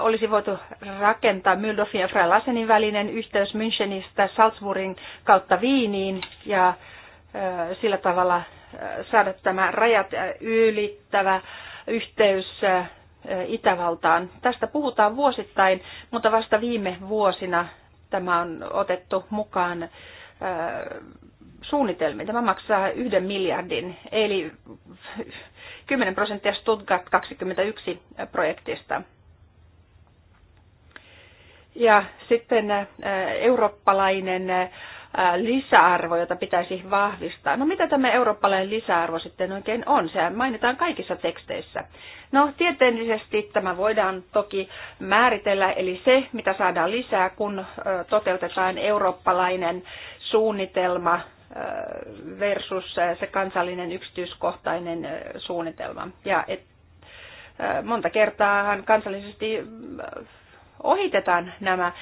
olisi voitu rakentaa Myldofin ja Freilassenin välinen yhteys Münchenistä Salzburgin kautta Viiniin ja sillä tavalla saada tämä rajat ylittävä yhteys Itävaltaan. Tästä puhutaan vuosittain, mutta vasta viime vuosina tämä on otettu mukaan suunnitelmiin. Tämä maksaa yhden miljardin, eli 10 prosenttia Stuttgart 21 projektista. Ja sitten eurooppalainen lisäarvo, jota pitäisi vahvistaa. No mitä tämä eurooppalainen lisäarvo sitten oikein on? Se mainitaan kaikissa teksteissä. No tieteellisesti tämä voidaan toki määritellä, eli se mitä saadaan lisää, kun toteutetaan eurooppalainen suunnitelma versus se kansallinen yksityiskohtainen suunnitelma. Ja et, monta kertaahan kansallisesti ohitetaan nämä äh,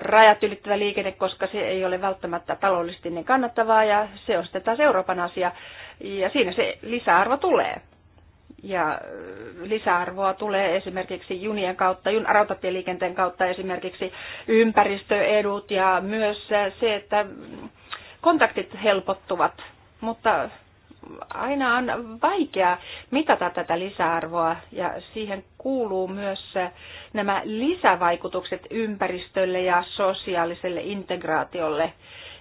rajat ylittävä liikenne, koska se ei ole välttämättä taloudellisesti niin kannattavaa ja se on sitten taas Euroopan asia ja siinä se lisäarvo tulee. Ja äh, lisäarvoa tulee esimerkiksi junien kautta, jun, rautatieliikenteen kautta esimerkiksi ympäristöedut ja myös se, että kontaktit helpottuvat, mutta aina on vaikea mitata tätä lisäarvoa ja siihen kuuluu myös nämä lisävaikutukset ympäristölle ja sosiaaliselle integraatiolle,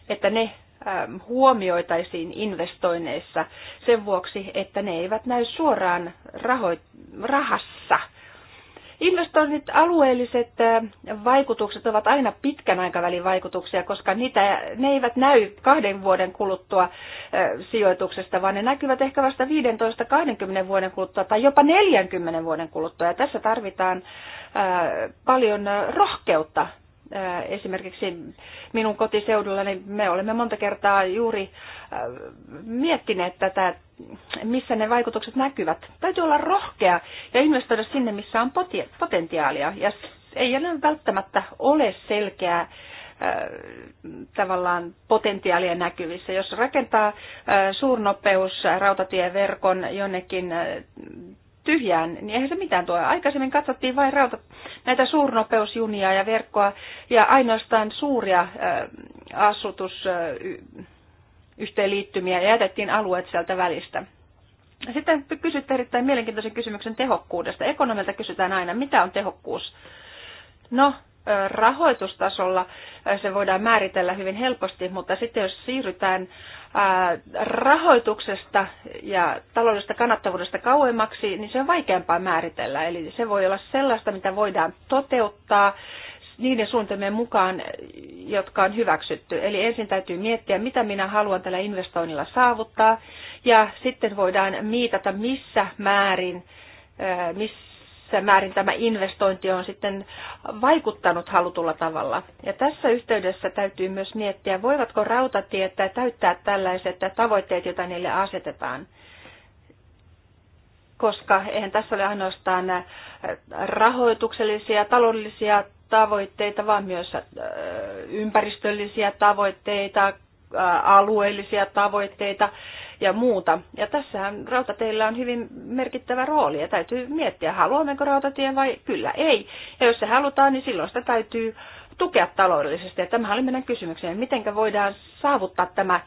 että ne ähm, huomioitaisiin investoinneissa sen vuoksi, että ne eivät näy suoraan rahassa – Investoinnit alueelliset vaikutukset ovat aina pitkän aikavälin vaikutuksia, koska niitä, ne eivät näy kahden vuoden kuluttua sijoituksesta, vaan ne näkyvät ehkä vasta 15-20 vuoden kuluttua tai jopa 40 vuoden kuluttua. Ja tässä tarvitaan paljon rohkeutta Äh, esimerkiksi minun kotiseudullani niin me olemme monta kertaa juuri äh, miettineet tätä, missä ne vaikutukset näkyvät. Täytyy olla rohkea ja investoida sinne, missä on potentiaalia. Ja ei enää välttämättä ole selkeää äh, tavallaan potentiaalia näkyvissä. Jos rakentaa suurnopeus rautatieverkon jonnekin tyhjään, niin eihän se mitään tuo. Aikaisemmin katsottiin vain rauta, näitä suurnopeusjunia ja verkkoa ja ainoastaan suuria asutus yhteenliittymiä ja jätettiin alueet sieltä välistä. Sitten kysytte erittäin mielenkiintoisen kysymyksen tehokkuudesta. Ekonomilta kysytään aina, mitä on tehokkuus? No, rahoitustasolla se voidaan määritellä hyvin helposti, mutta sitten jos siirrytään rahoituksesta ja taloudellisesta kannattavuudesta kauemmaksi, niin se on vaikeampaa määritellä. Eli se voi olla sellaista, mitä voidaan toteuttaa niiden suunnitelmien mukaan, jotka on hyväksytty. Eli ensin täytyy miettiä, mitä minä haluan tällä investoinnilla saavuttaa, ja sitten voidaan miitata, missä määrin, missä määrin tämä investointi on sitten vaikuttanut halutulla tavalla. Ja tässä yhteydessä täytyy myös miettiä, voivatko rautatiet täyttää tällaiset tavoitteet, joita niille asetetaan. Koska eihän tässä ole ainoastaan rahoituksellisia, taloudellisia tavoitteita, vaan myös äh, ympäristöllisiä tavoitteita, äh, alueellisia tavoitteita ja muuta. Ja tässähän rautateillä on hyvin merkittävä rooli ja täytyy miettiä, haluammeko rautatien vai kyllä ei. Ja jos se halutaan, niin silloin sitä täytyy tukea taloudellisesti. Ja tämähän oli meidän kysymykseen, miten voidaan saavuttaa tämä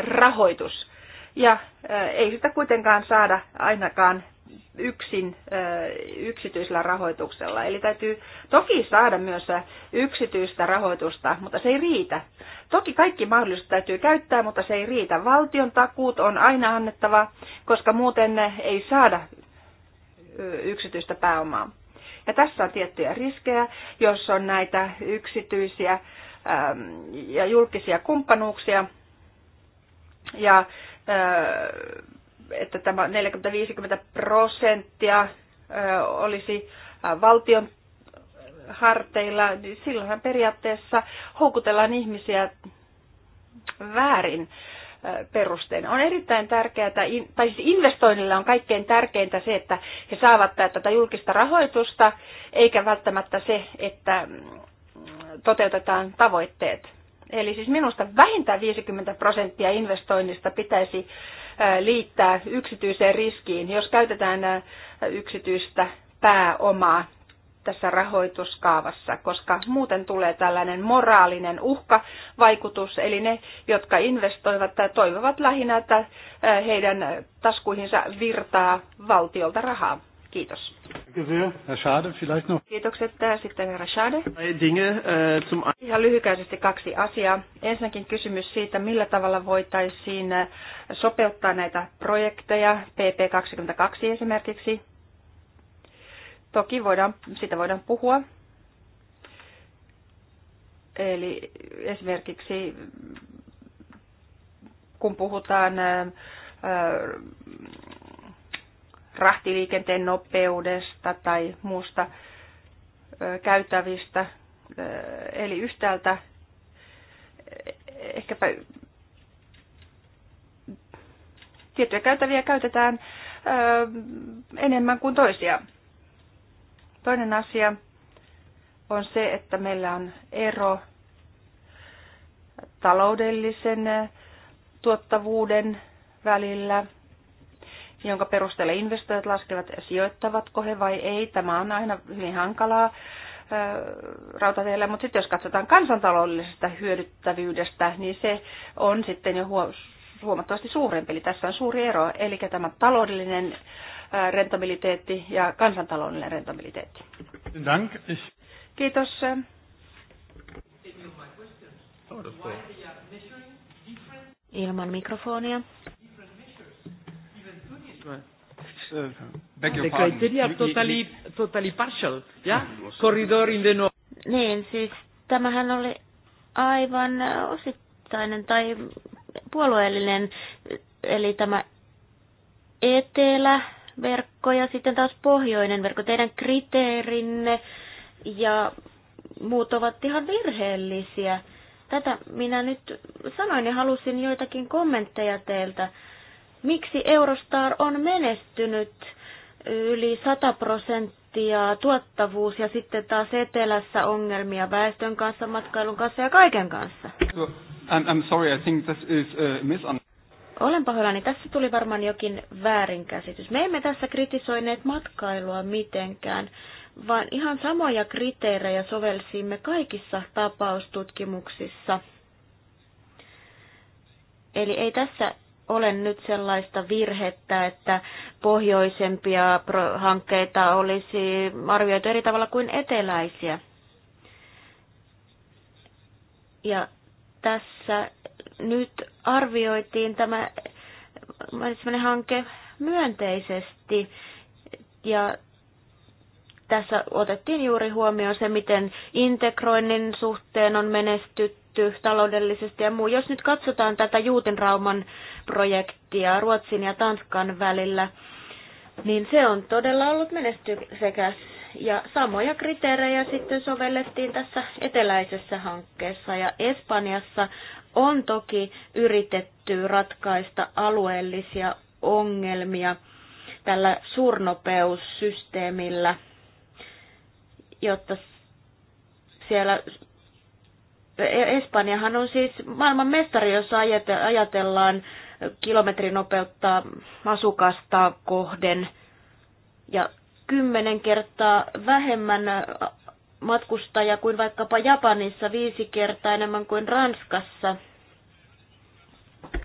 rahoitus. Ja ei sitä kuitenkaan saada ainakaan yksin yksityisellä rahoituksella. Eli täytyy toki saada myös yksityistä rahoitusta, mutta se ei riitä. Toki kaikki mahdollisuudet täytyy käyttää, mutta se ei riitä. Valtion takuut on aina annettava, koska muuten ei saada yksityistä pääomaa. Ja tässä on tiettyjä riskejä, jos on näitä yksityisiä ja julkisia kumppanuuksia. Ja että tämä 40-50 prosenttia olisi valtion harteilla, niin silloinhan periaatteessa houkutellaan ihmisiä väärin perusteena. On erittäin tärkeää, tai siis investoinnilla on kaikkein tärkeintä se, että he saavat tätä julkista rahoitusta, eikä välttämättä se, että mm, toteutetaan tavoitteet. Eli siis minusta vähintään 50 prosenttia investoinnista pitäisi liittää yksityiseen riskiin, jos käytetään yksityistä pääomaa tässä rahoituskaavassa, koska muuten tulee tällainen moraalinen uhkavaikutus, eli ne, jotka investoivat tai toivovat lähinnä, että heidän taskuihinsa virtaa valtiolta rahaa. Kiitos. Kiitokset. Äh, sitten herra Schade. Äh, Ihan lyhykäisesti kaksi asiaa. Ensinnäkin kysymys siitä, millä tavalla voitaisiin äh, sopeuttaa näitä projekteja, PP22 esimerkiksi. Toki voidaan, sitä voidaan puhua. Eli esimerkiksi kun puhutaan rahtiliikenteen nopeudesta tai muusta käytävistä. Eli yhtäältä e, ehkäpä tiettyjä käytäviä käytetään enemmän kuin toisia. Toinen asia on se, että meillä on ero taloudellisen tuottavuuden välillä – jonka perusteella investoijat laskevat, sijoittavatko he vai ei. Tämä on aina hyvin hankalaa rautateille, mutta sitten jos katsotaan kansantaloudellisesta hyödyttävyydestä, niin se on sitten jo huomattavasti suurempi. Eli tässä on suuri ero, eli tämä taloudellinen rentabiliteetti ja kansantaloudellinen rentabiliteetti. Kiitos. Oh, Ilman mikrofonia. Ah, the criteria totally, totally partial, ja? Corridor in the north. Niin, siis tämähän oli aivan äh, osittainen tai puolueellinen, eli tämä eteläverkko ja sitten taas pohjoinen verkko, teidän kriteerinne ja muut ovat ihan virheellisiä. Tätä minä nyt sanoin ja halusin joitakin kommentteja teiltä Miksi Eurostar on menestynyt yli 100 prosenttia tuottavuus ja sitten taas etelässä ongelmia väestön kanssa, matkailun kanssa ja kaiken kanssa? I'm, sorry, I think this is, Olen pahoillani, tässä tuli varmaan jokin väärinkäsitys. Me emme tässä kritisoineet matkailua mitenkään, vaan ihan samoja kriteerejä sovelsimme kaikissa tapaustutkimuksissa. Eli ei tässä ole nyt sellaista virhettä, että pohjoisempia hankkeita olisi arvioitu eri tavalla kuin eteläisiä. Ja tässä nyt arvioitiin tämä ensimmäinen hanke myönteisesti ja tässä otettiin juuri huomioon se, miten integroinnin suhteen on menestytty taloudellisesti ja muu. Jos nyt katsotaan tätä Juutinrauman pilottiprojektia Ruotsin ja Tanskan välillä, niin se on todella ollut menestyksekäs. Ja samoja kriteerejä sitten sovellettiin tässä eteläisessä hankkeessa ja Espanjassa on toki yritetty ratkaista alueellisia ongelmia tällä suurnopeussysteemillä, jotta siellä Espanjahan on siis maailman mestari, jos ajatellaan kilometrinopeutta asukasta kohden ja kymmenen kertaa vähemmän matkustaja kuin vaikkapa Japanissa, viisi kertaa enemmän kuin Ranskassa.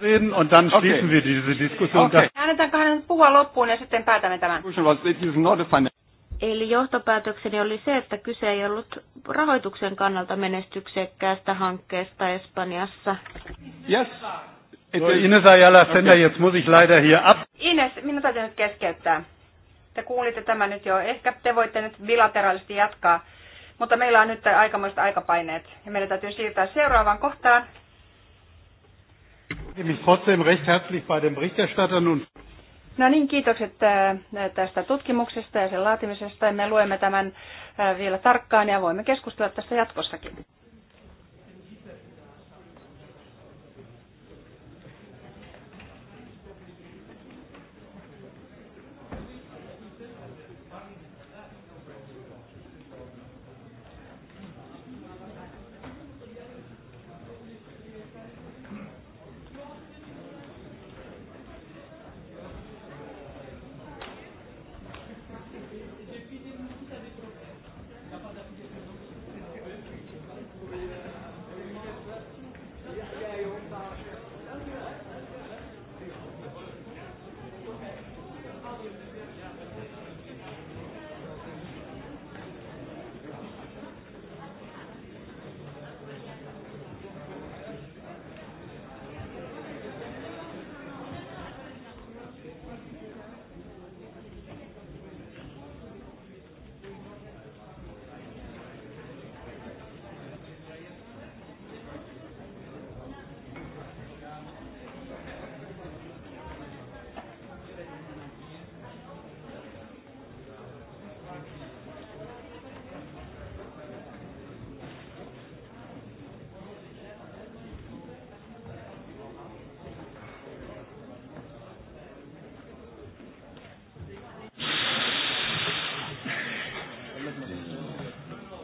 Reden und puhua loppuun ja sitten päätämme tämän. Eli johtopäätökseni oli se, että kyse ei ollut rahoituksen kannalta menestyksekkäästä hankkeesta Espanjassa. Yes. Ines Ajala sen okay. muss muusi leider hier ab. Ines, minun täytyy nyt keskeyttää. Te kuulitte tämän nyt jo. Ehkä te voitte nyt bilateraalisesti jatkaa. Mutta meillä on nyt aikamoiset aikapaineet ja meidän täytyy siirtää seuraavaan kohtaan. No niin, kiitokset äh, tästä tutkimuksesta ja sen laatimisesta. Me luemme tämän äh, vielä tarkkaan ja voimme keskustella tästä jatkossakin.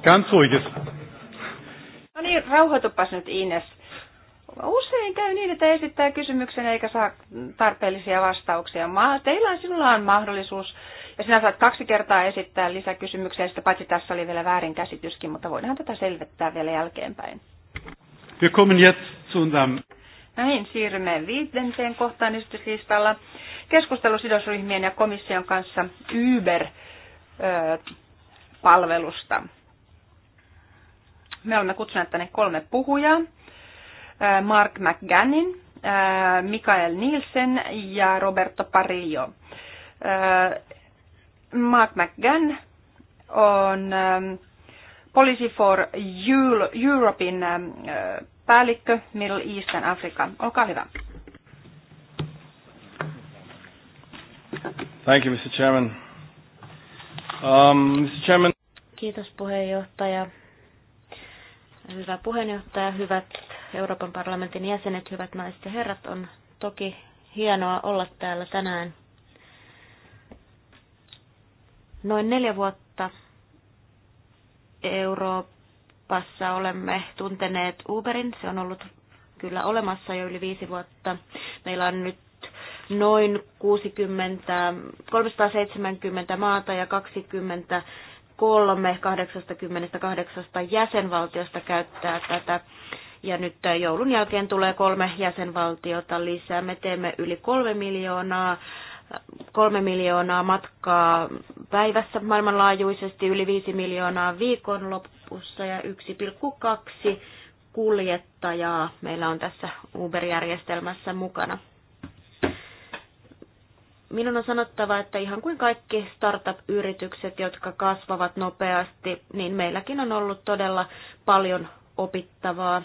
Ganz No niin, rauhoitupas nyt Ines. Usein käy niin, että esittää kysymyksen eikä saa tarpeellisia vastauksia. Teillä on, sinulla on mahdollisuus, ja sinä saat kaksi kertaa esittää lisäkysymyksiä, sitä paitsi tässä oli vielä käsityskin, mutta voidaan tätä selvittää vielä jälkeenpäin. Wir kommen jetzt zu unserem Näin no niin, siirrymme viidenteen kohtaan esityslistalla. Keskustelu sidosryhmien ja komission kanssa Uber-palvelusta. Me olemme kutsuneet tänne kolme puhujaa. Äh, Mark McGannin, äh, Mikael Nielsen ja Roberto Parillo. Äh, Mark McGann on ähm, Policy for Europein ähm, päällikkö Middle East and Africa. Olkaa hyvä. Thank you, Mr. Chairman. Um, Mr. Chairman. Kiitos puheenjohtaja. Hyvä puheenjohtaja, hyvät Euroopan parlamentin jäsenet, hyvät naiset ja herrat, on toki hienoa olla täällä tänään. Noin neljä vuotta Euroopassa olemme tunteneet Uberin. Se on ollut kyllä olemassa jo yli viisi vuotta. Meillä on nyt noin 60, 370 maata ja 20 kolme 88 jäsenvaltiosta käyttää tätä. Ja nyt joulun jälkeen tulee kolme jäsenvaltiota lisää. Me teemme yli kolme miljoonaa kolme miljoonaa matkaa päivässä maailmanlaajuisesti, yli viisi miljoonaa viikon lopussa ja 1,2 kuljettajaa meillä on tässä Uber-järjestelmässä mukana. Minun on sanottava, että ihan kuin kaikki startup-yritykset, jotka kasvavat nopeasti, niin meilläkin on ollut todella paljon opittavaa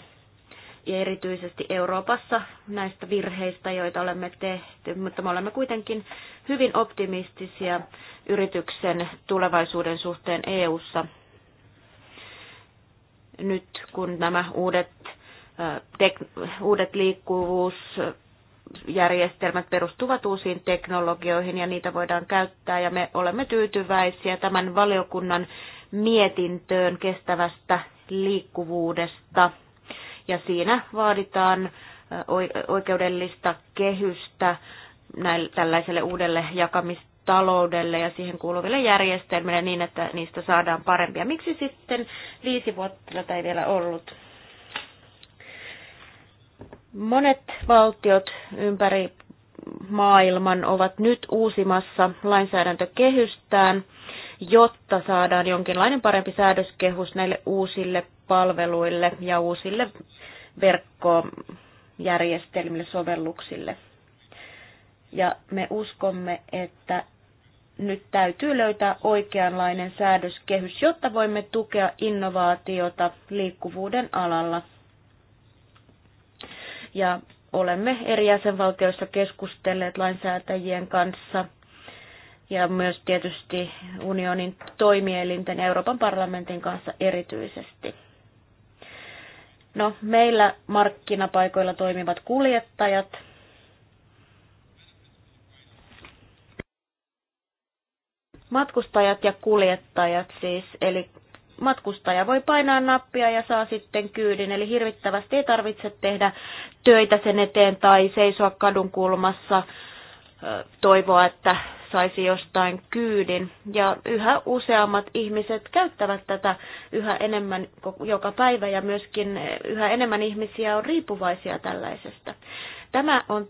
ja erityisesti Euroopassa näistä virheistä, joita olemme tehty, mutta me olemme kuitenkin hyvin optimistisia yrityksen tulevaisuuden suhteen EU:ssa. Nyt kun nämä uudet, tek, uudet liikkuvuus, järjestelmät perustuvat uusiin teknologioihin ja niitä voidaan käyttää ja me olemme tyytyväisiä tämän valiokunnan mietintöön kestävästä liikkuvuudesta. Ja siinä vaaditaan oikeudellista kehystä näille, tällaiselle uudelle jakamistaloudelle ja siihen kuuluville järjestelmille niin, että niistä saadaan parempia. Miksi sitten viisi vuotta tätä ei vielä ollut? Monet valtiot ympäri maailman ovat nyt uusimassa lainsäädäntökehystään, jotta saadaan jonkinlainen parempi säädöskehus näille uusille palveluille ja uusille verkkojärjestelmille, sovelluksille. Ja me uskomme, että nyt täytyy löytää oikeanlainen säädöskehys, jotta voimme tukea innovaatiota liikkuvuuden alalla – ja olemme eri jäsenvaltioissa keskustelleet lainsäätäjien kanssa ja myös tietysti unionin toimielinten Euroopan parlamentin kanssa erityisesti. No, meillä markkinapaikoilla toimivat kuljettajat. Matkustajat ja kuljettajat siis, eli matkustaja voi painaa nappia ja saa sitten kyydin, eli hirvittävästi ei tarvitse tehdä töitä sen eteen tai seisoa kadun kulmassa toivoa, että saisi jostain kyydin. Ja yhä useammat ihmiset käyttävät tätä yhä enemmän joka päivä ja myöskin yhä enemmän ihmisiä on riippuvaisia tällaisesta. Tämä on,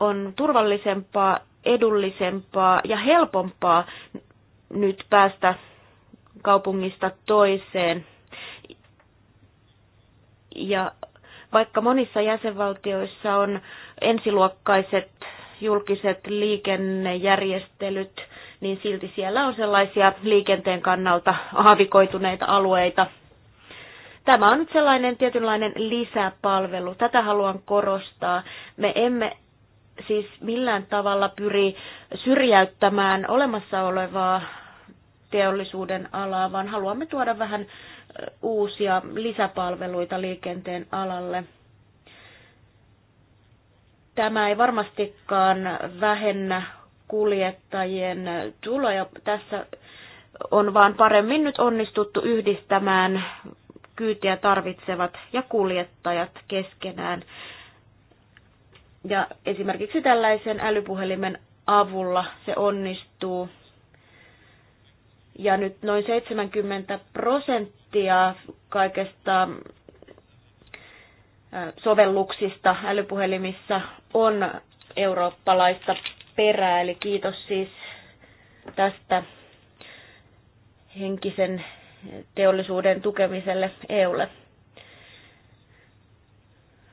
on turvallisempaa, edullisempaa ja helpompaa nyt päästä kaupungista toiseen. Ja vaikka monissa jäsenvaltioissa on ensiluokkaiset julkiset liikennejärjestelyt, niin silti siellä on sellaisia liikenteen kannalta aavikoituneita alueita. Tämä on nyt sellainen tietynlainen lisäpalvelu. Tätä haluan korostaa. Me emme siis millään tavalla pyri syrjäyttämään olemassa olevaa teollisuuden alaa, vaan haluamme tuoda vähän uusia lisäpalveluita liikenteen alalle. Tämä ei varmastikaan vähennä kuljettajien tuloja. Tässä on vaan paremmin nyt onnistuttu yhdistämään kyytiä tarvitsevat ja kuljettajat keskenään. Ja esimerkiksi tällaisen älypuhelimen avulla se onnistuu. Ja nyt noin 70 prosenttia kaikesta sovelluksista älypuhelimissa on eurooppalaista perää. Eli kiitos siis tästä henkisen teollisuuden tukemiselle EUlle.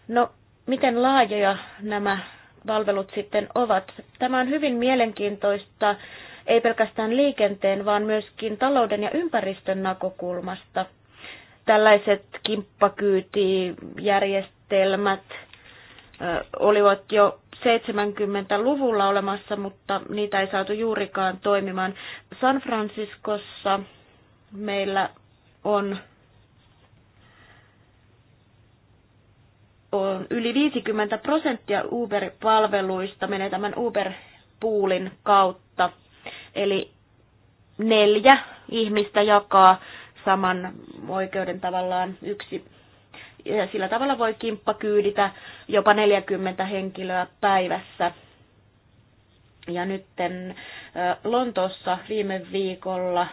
No, miten laajoja nämä palvelut sitten ovat? Tämä on hyvin mielenkiintoista ei pelkästään liikenteen, vaan myöskin talouden ja ympäristön näkökulmasta. Tällaiset kimppakyytijärjestelmät olivat jo 70-luvulla olemassa, mutta niitä ei saatu juurikaan toimimaan. San Franciscossa meillä on, on yli 50 prosenttia Uber-palveluista menee tämän Uber-puulin kautta. Eli neljä ihmistä jakaa saman oikeuden tavallaan yksi. Ja sillä tavalla voi kimppa kyyditä jopa 40 henkilöä päivässä. Ja nyt Lontoossa viime viikolla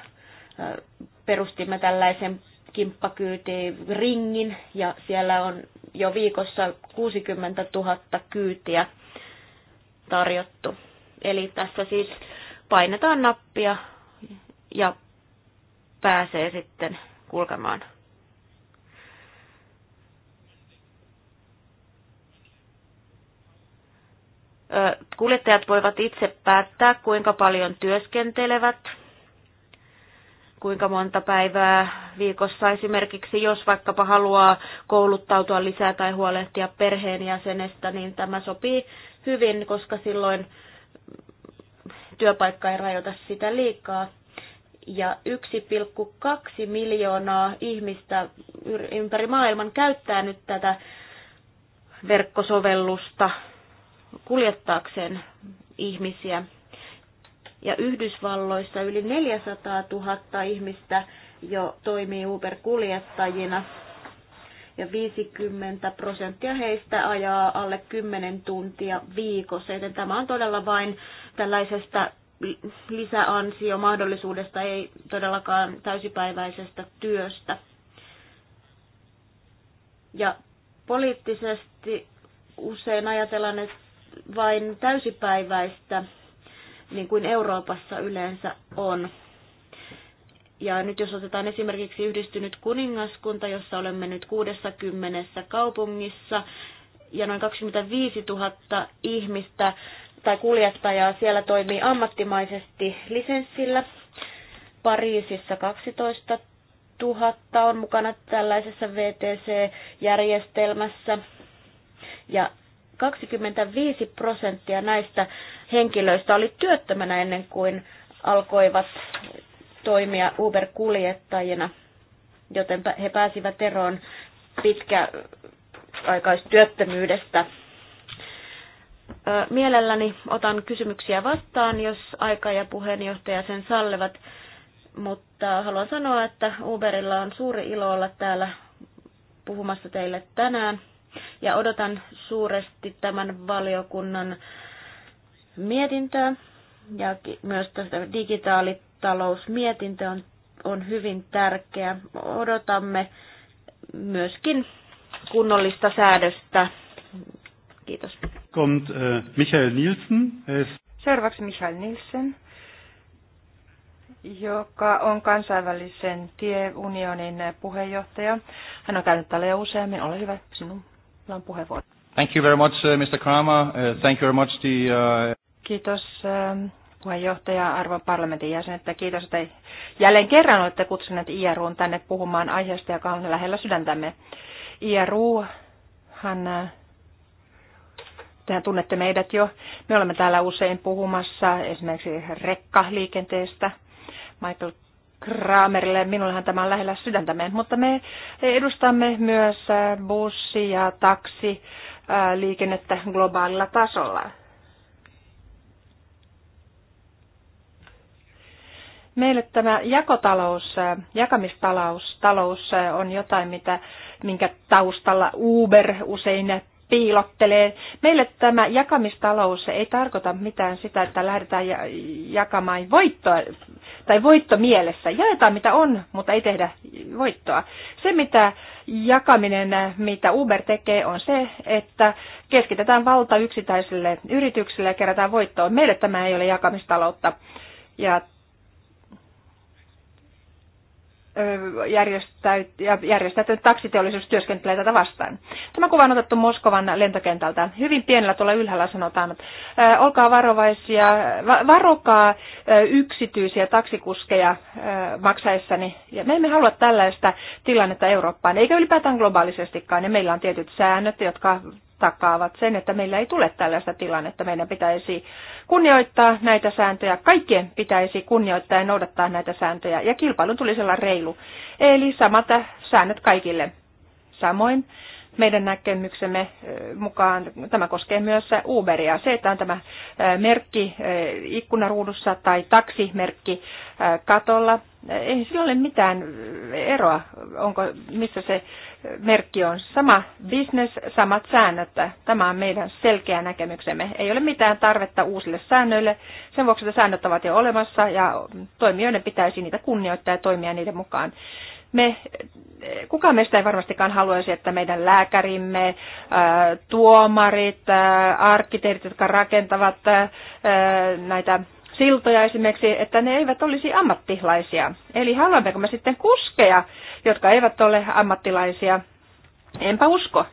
perustimme tällaisen ringin ja siellä on jo viikossa 60 000 kyytiä tarjottu. Eli tässä siis painetaan nappia ja pääsee sitten kulkemaan. Kuljettajat voivat itse päättää, kuinka paljon työskentelevät, kuinka monta päivää viikossa esimerkiksi, jos vaikkapa haluaa kouluttautua lisää tai huolehtia perheenjäsenestä, niin tämä sopii hyvin, koska silloin työpaikka ei rajoita sitä liikaa. Ja 1,2 miljoonaa ihmistä ympäri maailman käyttää nyt tätä verkkosovellusta kuljettaakseen ihmisiä. Ja Yhdysvalloissa yli 400 000 ihmistä jo toimii Uber-kuljettajina ja 50 prosenttia heistä ajaa alle 10 tuntia viikossa, joten tämä on todella vain tällaisesta lisäansiomahdollisuudesta, ei todellakaan täysipäiväisestä työstä. Ja poliittisesti usein ajatellaan, että vain täysipäiväistä, niin kuin Euroopassa yleensä on. Ja nyt jos otetaan esimerkiksi yhdistynyt kuningaskunta, jossa olemme nyt 60 kaupungissa ja noin 25 000 ihmistä tai kuljettajaa. Siellä toimii ammattimaisesti lisenssillä. Pariisissa 12 000 on mukana tällaisessa VTC-järjestelmässä. Ja 25 prosenttia näistä henkilöistä oli työttömänä ennen kuin alkoivat toimia Uber-kuljettajina, joten he pääsivät eroon pitkäaikaistyöttömyydestä Mielelläni otan kysymyksiä vastaan, jos aika ja puheenjohtaja sen sallevat, mutta haluan sanoa, että Uberilla on suuri ilo olla täällä puhumassa teille tänään ja odotan suuresti tämän valiokunnan mietintöä ja myös tästä digitaalitalousmietintö on, on hyvin tärkeä. Odotamme myöskin kunnollista säädöstä. Kiitos kommt äh, Michael Nielsen. Er Seuraavaksi Michael Nielsen, joka on kansainvälisen tieunionin puheenjohtaja. Hän on käynyt täällä jo useammin. Ole hyvä, sinun on puheenvuoro. Thank you very much, uh, Mr. Kramer. Uh, thank you very much the, uh... Kiitos uh, puheenjohtaja, arvon parlamentin jäsen, että kiitos, että jälleen kerran olette kutsuneet IRUn tänne puhumaan aiheesta, joka on lähellä sydäntämme. IRU hän uh, Tehän tunnette meidät jo. Me olemme täällä usein puhumassa esimerkiksi rekkaliikenteestä. Michael Kramerille. minullahan tämä on lähellä sydäntämme, mutta me edustamme myös äh, bussi- ja taksiliikennettä äh, globaalilla tasolla. Meille tämä jakotalous, äh, jakamistalous talous on jotain, mitä, minkä taustalla Uber usein piilottelee. Meille tämä jakamistalous ei tarkoita mitään sitä, että lähdetään jakamaan voittoa tai voitto mielessä. Jaetaan mitä on, mutta ei tehdä voittoa. Se mitä jakaminen, mitä Uber tekee, on se, että keskitetään valta yksittäisille yrityksille ja kerätään voittoa. Meille tämä ei ole jakamistaloutta. Ja järjestäytynyt taksiteollisuus työskentelee tätä vastaan. Tämä kuva on otettu Moskovan lentokentältä. Hyvin pienellä tuolla ylhäällä sanotaan, että olkaa varovaisia, varokaa yksityisiä taksikuskeja maksaessani. Ja me emme halua tällaista tilannetta Eurooppaan, eikä ylipäätään globaalisestikaan. Ja meillä on tietyt säännöt, jotka takaavat sen, että meillä ei tule tällaista tilannetta. Meidän pitäisi kunnioittaa näitä sääntöjä, kaikkien pitäisi kunnioittaa ja noudattaa näitä sääntöjä, ja kilpailun tulisi olla reilu. Eli samat säännöt kaikille. Samoin meidän näkemyksemme mukaan tämä koskee myös Uberia. Se, että on tämä merkki ikkunaruudussa tai taksimerkki katolla, ei sillä ole mitään eroa, onko, missä se merkki on. Sama business, samat säännöt. Tämä on meidän selkeä näkemyksemme. Ei ole mitään tarvetta uusille säännöille. Sen vuoksi, että säännöt ovat jo olemassa ja toimijoiden pitäisi niitä kunnioittaa ja toimia niiden mukaan. Me, kukaan meistä ei varmastikaan haluaisi, että meidän lääkärimme, tuomarit, arkkitehdit, jotka rakentavat näitä siltoja esimerkiksi, että ne eivät olisi ammattilaisia. Eli haluammeko me sitten kuskeja, jotka eivät ole ammattilaisia? Enpä usko.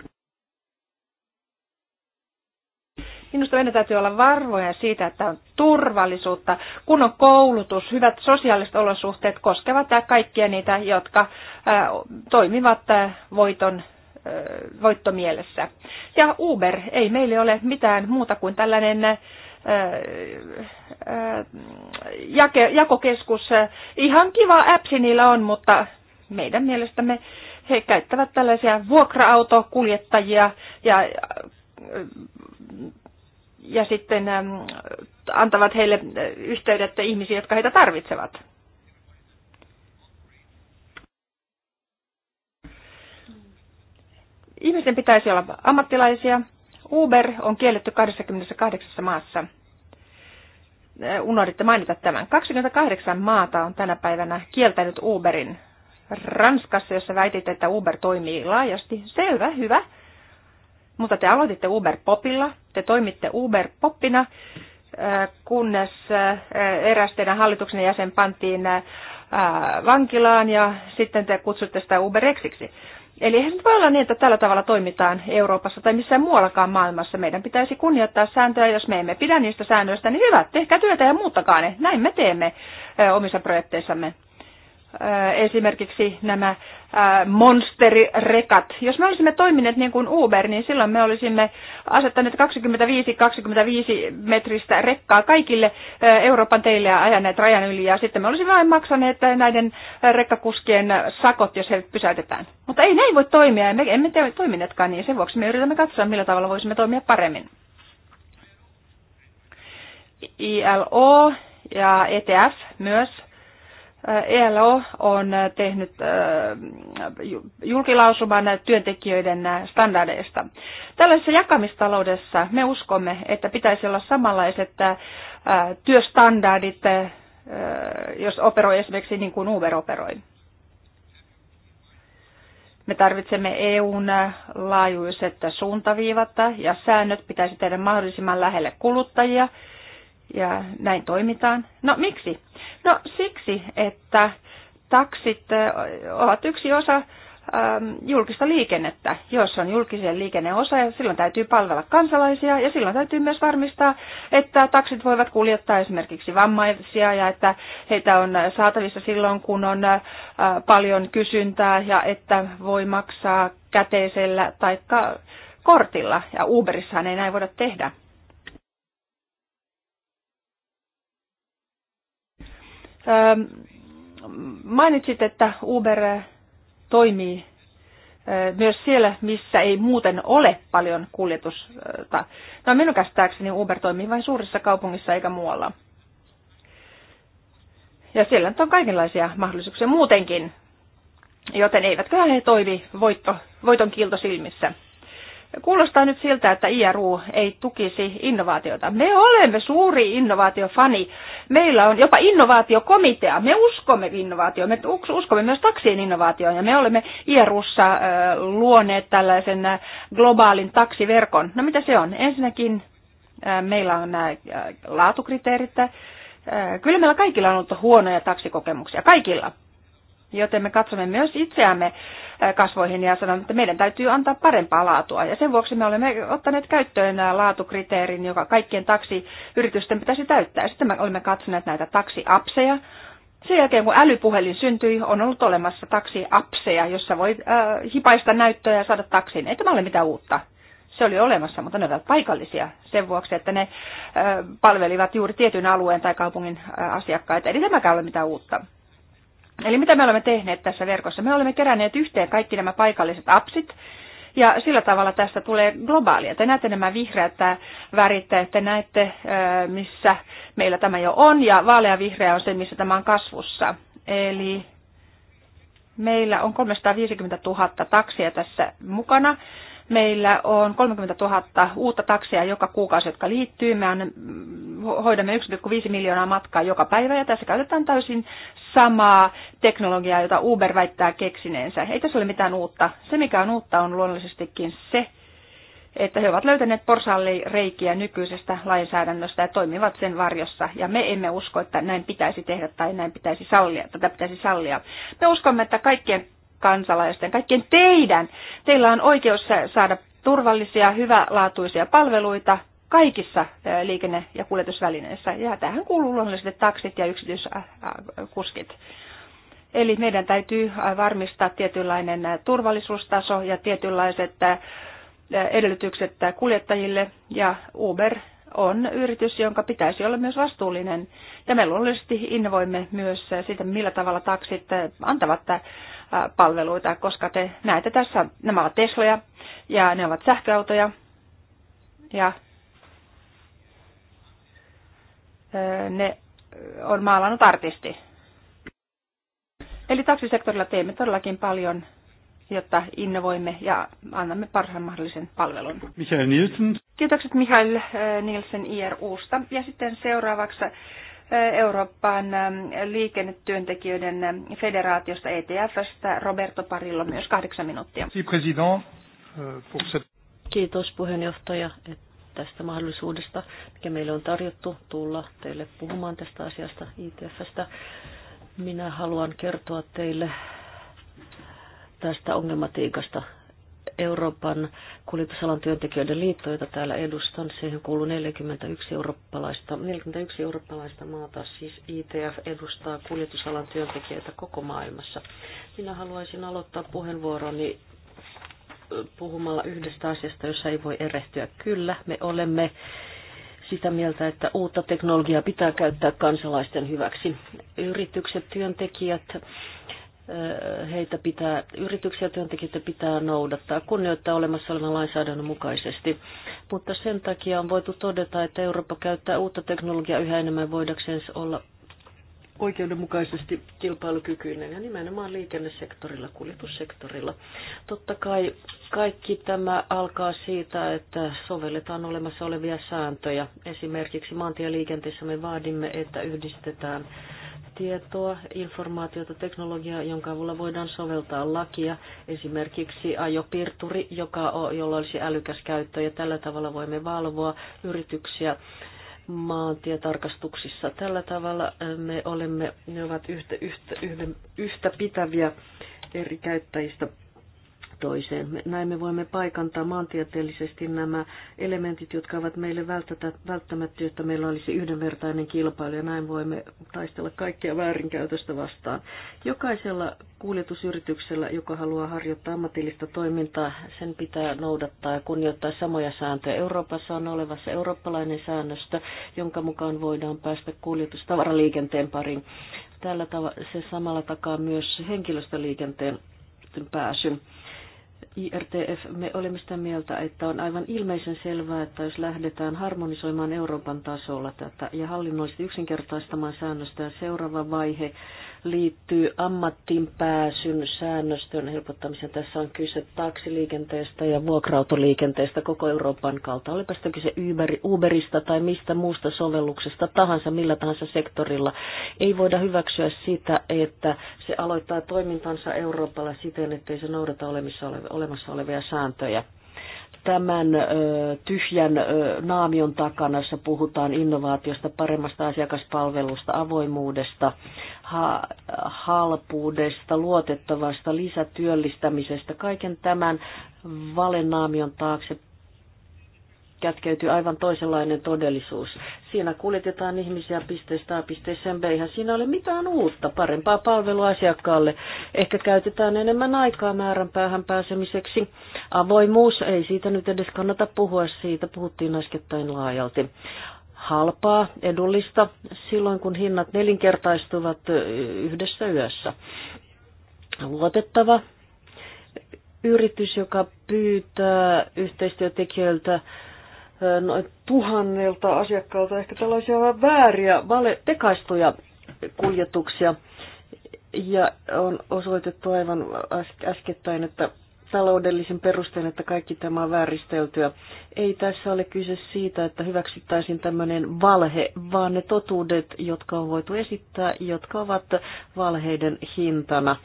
Minusta meidän täytyy olla varvoja siitä, että on turvallisuutta, kun on koulutus, hyvät sosiaaliset olosuhteet koskevat ja kaikkia niitä, jotka toimivat voiton voittomielessä. Ja Uber ei meille ole mitään muuta kuin tällainen jake, jakokeskus. Ihan kiva appsi niillä on, mutta meidän mielestämme he käyttävät tällaisia vuokra-autokuljettajia ja ja sitten ähm, antavat heille äh, yhteydettä ihmisiä, jotka heitä tarvitsevat. Ihmisten pitäisi olla ammattilaisia. Uber on kielletty 28 maassa. Äh, unohditte mainita tämän. 28 maata on tänä päivänä kieltänyt Uberin. Ranskassa, jossa väitit, että Uber toimii laajasti. Selvä, hyvä. Mutta te aloititte Uber Popilla, te toimitte Uber Poppina, äh, kunnes äh, eräs teidän hallituksen jäsen pantiin äh, vankilaan ja sitten te kutsutte sitä Uberexiksi. Eli eihän voi olla niin, että tällä tavalla toimitaan Euroopassa tai missään muuallakaan maailmassa. Meidän pitäisi kunnioittaa sääntöjä, jos me emme pidä niistä säännöistä, niin hyvä, tehkää työtä ja muuttakaa ne. Näin me teemme omissa projekteissamme esimerkiksi nämä monsterirekat. Jos me olisimme toimineet niin kuin Uber, niin silloin me olisimme asettaneet 25-25 metristä rekkaa kaikille Euroopan teille ja ajaneet rajan yli. Ja sitten me olisimme vain maksaneet näiden rekkakuskien sakot, jos he pysäytetään. Mutta ei näin voi toimia, ja me emme te- toimineetkaan niin. Sen vuoksi me yritämme katsoa, millä tavalla voisimme toimia paremmin. ILO ja ETF myös ELO on tehnyt julkilausuman työntekijöiden standardeista. Tällaisessa jakamistaloudessa me uskomme, että pitäisi olla samanlaiset työstandardit, jos operoi esimerkiksi niin kuin Uber operoi. Me tarvitsemme EUn laajuiset suuntaviivat ja säännöt pitäisi tehdä mahdollisimman lähelle kuluttajia – ja näin toimitaan. No miksi? No siksi, että taksit ovat yksi osa julkista liikennettä. Jos on julkisen liikenneosa, ja silloin täytyy palvella kansalaisia ja silloin täytyy myös varmistaa, että taksit voivat kuljettaa esimerkiksi vammaisia ja että heitä on saatavissa silloin, kun on paljon kysyntää ja että voi maksaa käteisellä tai kortilla. Ja Uberissahan ei näin voida tehdä. Ähm, mainitsit, että Uber toimii äh, myös siellä, missä ei muuten ole paljon kuljetusta. No minun käsittääkseni Uber toimii vain suurissa kaupungissa eikä muualla. Ja siellä on kaikenlaisia mahdollisuuksia muutenkin, joten eivätkö he toimi voitto, voiton kilto silmissä. Kuulostaa nyt siltä, että IRU ei tukisi innovaatiota. Me olemme suuri innovaatiofani. Meillä on jopa innovaatiokomitea. Me uskomme innovaatioon. Me uskomme myös taksien innovaatioon. Ja me olemme IRUssa luoneet tällaisen globaalin taksiverkon. No mitä se on? Ensinnäkin meillä on nämä laatukriteerit. Kyllä meillä kaikilla on ollut huonoja taksikokemuksia. Kaikilla. Joten me katsomme myös itseämme kasvoihin ja sanomme, että meidän täytyy antaa parempaa laatua. Ja sen vuoksi me olemme ottaneet käyttöön laatukriteerin, joka kaikkien taksiyritysten pitäisi täyttää. Sitten me olemme katsoneet näitä taksiapseja. Sen jälkeen kun älypuhelin syntyi, on ollut olemassa taksiapseja, jossa voi äh, hipaista näyttöä ja saada taksin. Ei tämä ole mitään uutta se oli olemassa, mutta ne olivat paikallisia sen vuoksi, että ne palvelivat juuri tietyn alueen tai kaupungin asiakkaita. Eli tämäkään ole mitään uutta. Eli mitä me olemme tehneet tässä verkossa? Me olemme keränneet yhteen kaikki nämä paikalliset appsit, ja sillä tavalla tästä tulee globaalia. Te näette nämä vihreät värit, te näette, missä meillä tämä jo on, ja vaalea vihreä on se, missä tämä on kasvussa. Eli meillä on 350 000 taksia tässä mukana. Meillä on 30 000 uutta taksia joka kuukausi, jotka liittyy. Me hoidamme 1,5 miljoonaa matkaa joka päivä ja tässä käytetään täysin samaa teknologiaa, jota Uber väittää keksineensä. Ei tässä ole mitään uutta. Se, mikä on uutta, on luonnollisestikin se, että he ovat löytäneet reikiä nykyisestä lainsäädännöstä ja toimivat sen varjossa. Ja me emme usko, että näin pitäisi tehdä tai näin pitäisi sallia, tätä pitäisi sallia. Me uskomme, että kaikkien kansalaisten, kaikkien teidän. Teillä on oikeus saada turvallisia, hyvälaatuisia palveluita kaikissa liikenne- ja kuljetusvälineissä. Ja tähän kuuluu luonnollisesti taksit ja yksityiskuskit. Eli meidän täytyy varmistaa tietynlainen turvallisuustaso ja tietynlaiset edellytykset kuljettajille. Ja Uber on yritys, jonka pitäisi olla myös vastuullinen. Ja me luonnollisesti innovoimme myös sitä, millä tavalla taksit antavat palveluita, koska te näette tässä, nämä ovat Tesloja ja ne ovat sähköautoja ja ne on maalannut artisti. Eli taksisektorilla teemme todellakin paljon, jotta innovoimme ja annamme parhaan mahdollisen palvelun. Michael Nielsen. Kiitokset Michael Nielsen IRUsta. Ja sitten seuraavaksi Euroopan ähm, liikennetyöntekijöiden ähm, federaatiosta ETFstä Roberto Parillo myös kahdeksan minuuttia. Euh, Kiitos puheenjohtaja tästä mahdollisuudesta, mikä meille on tarjottu tulla teille puhumaan tästä asiasta ITFstä. E Minä haluan kertoa teille tästä ongelmatiikasta, Euroopan kuljetusalan työntekijöiden liitto, jota täällä edustan. Siihen kuuluu 41 eurooppalaista, 41 eurooppalaista maata, siis ITF edustaa kuljetusalan työntekijöitä koko maailmassa. Minä haluaisin aloittaa puheenvuoroni puhumalla yhdestä asiasta, jossa ei voi erehtyä. Kyllä, me olemme sitä mieltä, että uutta teknologiaa pitää käyttää kansalaisten hyväksi. Yritykset, työntekijät, heitä pitää, yrityksiä työntekijöitä pitää noudattaa, kunnioittaa olemassa olevan lainsäädännön mukaisesti. Mutta sen takia on voitu todeta, että Eurooppa käyttää uutta teknologiaa yhä enemmän voidakseen olla oikeudenmukaisesti kilpailukykyinen ja nimenomaan liikennesektorilla, kuljetussektorilla. Totta kai kaikki tämä alkaa siitä, että sovelletaan olemassa olevia sääntöjä. Esimerkiksi maantieliikenteessä me vaadimme, että yhdistetään tietoa, informaatiota, teknologiaa, jonka avulla voidaan soveltaa lakia, esimerkiksi ajopiirturi, joka on, jolla olisi älykäs käyttö, ja tällä tavalla voimme valvoa yrityksiä maantietarkastuksissa. Tällä tavalla me olemme, ne ovat yhtä, yhtä, yhden, yhtä pitäviä eri käyttäjistä toiseen. Näin me voimme paikantaa maantieteellisesti nämä elementit, jotka ovat meille välttämättä, jotta meillä olisi yhdenvertainen kilpailu ja näin voimme taistella kaikkia väärinkäytöstä vastaan. Jokaisella kuljetusyrityksellä, joka haluaa harjoittaa ammatillista toimintaa, sen pitää noudattaa ja kunnioittaa samoja sääntöjä. Euroopassa on olevassa eurooppalainen säännöstä, jonka mukaan voidaan päästä kuljetustavaraliikenteen pariin. Tällä tavalla se samalla takaa myös henkilöstöliikenteen pääsyn. IRTF, me olemme sitä mieltä, että on aivan ilmeisen selvää, että jos lähdetään harmonisoimaan Euroopan tasolla tätä ja hallinnollisesti yksinkertaistamaan säännöstä ja seuraava vaihe liittyy ammattiin pääsyn säännöstön helpottamiseen. Tässä on kyse taksiliikenteestä ja vuokrautoliikenteestä koko Euroopan kautta. Olipa sitten kyse Uberista tai mistä muusta sovelluksesta tahansa, millä tahansa sektorilla. Ei voida hyväksyä sitä, että se aloittaa toimintansa Euroopalla siten, ei se noudata olemassa olevia sääntöjä tämän ö, tyhjän ö, naamion takana, jossa puhutaan innovaatiosta, paremmasta asiakaspalvelusta, avoimuudesta, ha- halpuudesta, luotettavasta lisätyöllistämisestä. Kaiken tämän valenaamion taakse kätkeytyy aivan toisenlainen todellisuus. Siinä kuljetetaan ihmisiä pisteestä A pisteeseen B. Eihän siinä ole mitään uutta, parempaa palvelua asiakkaalle. Ehkä käytetään enemmän aikaa määränpäähän pääsemiseksi. Avoimuus, ei siitä nyt edes kannata puhua, siitä puhuttiin äskettäin laajalti halpaa, edullista silloin, kun hinnat nelinkertaistuvat yhdessä yössä. Luotettava yritys, joka pyytää yhteistyötekijöiltä noin tuhannelta asiakkaalta ehkä tällaisia vääriä, vale, tekaistuja kuljetuksia. Ja on osoitettu aivan äskettäin, että taloudellisen perusteen, että kaikki tämä on vääristeltyä. Ei tässä ole kyse siitä, että hyväksyttäisiin tämmöinen valhe, vaan ne totuudet, jotka on voitu esittää, jotka ovat valheiden hintana.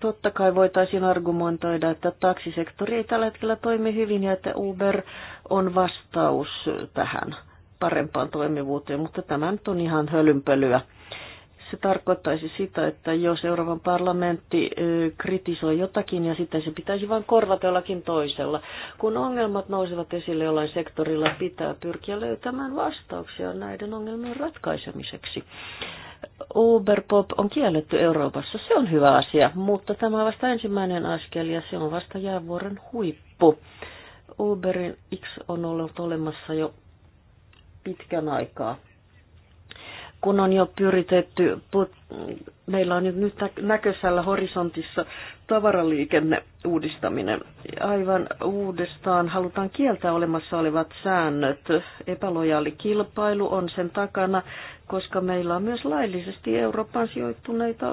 Totta kai voitaisiin argumentoida, että taksisektori ei tällä hetkellä toimi hyvin ja että Uber on vastaus tähän parempaan toimivuuteen, mutta tämä nyt on ihan hölynpölyä. Se tarkoittaisi sitä, että jos Euroopan parlamentti kritisoi jotakin ja sitten se pitäisi vain korvata jollakin toisella. Kun ongelmat nousevat esille jollain sektorilla, pitää pyrkiä löytämään vastauksia näiden ongelmien ratkaisemiseksi. Uberpop on kielletty Euroopassa, se on hyvä asia, mutta tämä on vasta ensimmäinen askel ja se on vasta jäävuoren huippu. Uberin X on ollut olemassa jo pitkän aikaa kun on jo pyritetty, meillä on nyt näköisellä horisontissa tavaraliikenne uudistaminen. Aivan uudestaan halutaan kieltää olemassa olevat säännöt. Epälojaali kilpailu on sen takana, koska meillä on myös laillisesti Euroopan sijoittuneita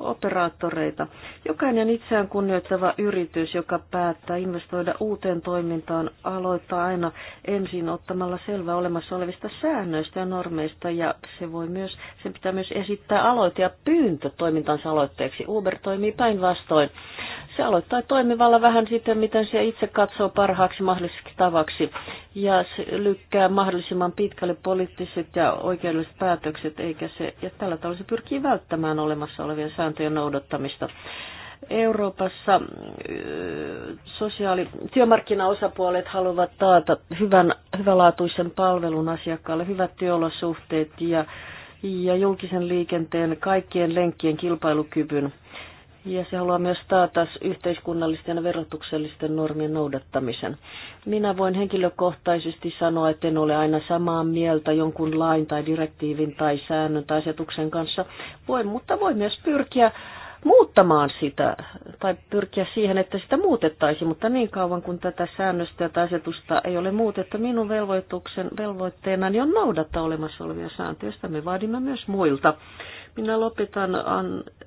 operaattoreita. Jokainen itseään kunnioittava yritys, joka päättää investoida uuteen toimintaan, aloittaa aina ensin ottamalla selvä olemassa olevista säännöistä ja normeista, ja se voi myös, sen pitää myös esittää aloite ja pyyntö toimintansa aloitteeksi. Uber toimii päinvastoin. Se aloittaa toimivalla vähän sitten, miten se itse katsoo parhaaksi mahdolliseksi tavaksi, ja se lykkää mahdollisimman pitkälle poliittiset ja oikeudelliset päätökset, eikä se, ja tällä tavalla se pyrkii välttämään olemassa olevien säännöistä sääntöjen noudattamista. Euroopassa sosiaali- työmarkkinaosapuolet haluavat taata hyvän, hyvälaatuisen palvelun asiakkaalle, hyvät työolosuhteet ja, ja julkisen liikenteen kaikkien lenkkien kilpailukyvyn ja se haluaa myös taata yhteiskunnallisten ja verotuksellisten normien noudattamisen. Minä voin henkilökohtaisesti sanoa, että en ole aina samaa mieltä jonkun lain tai direktiivin tai säännön tai asetuksen kanssa, voin, mutta voi myös pyrkiä muuttamaan sitä tai pyrkiä siihen, että sitä muutettaisiin, mutta niin kauan kuin tätä säännöstä tai asetusta ei ole muutettu, minun velvoituksen, velvoitteenani on noudattaa olemassa olevia sääntöjä, me vaadimme myös muilta. Minä lopetan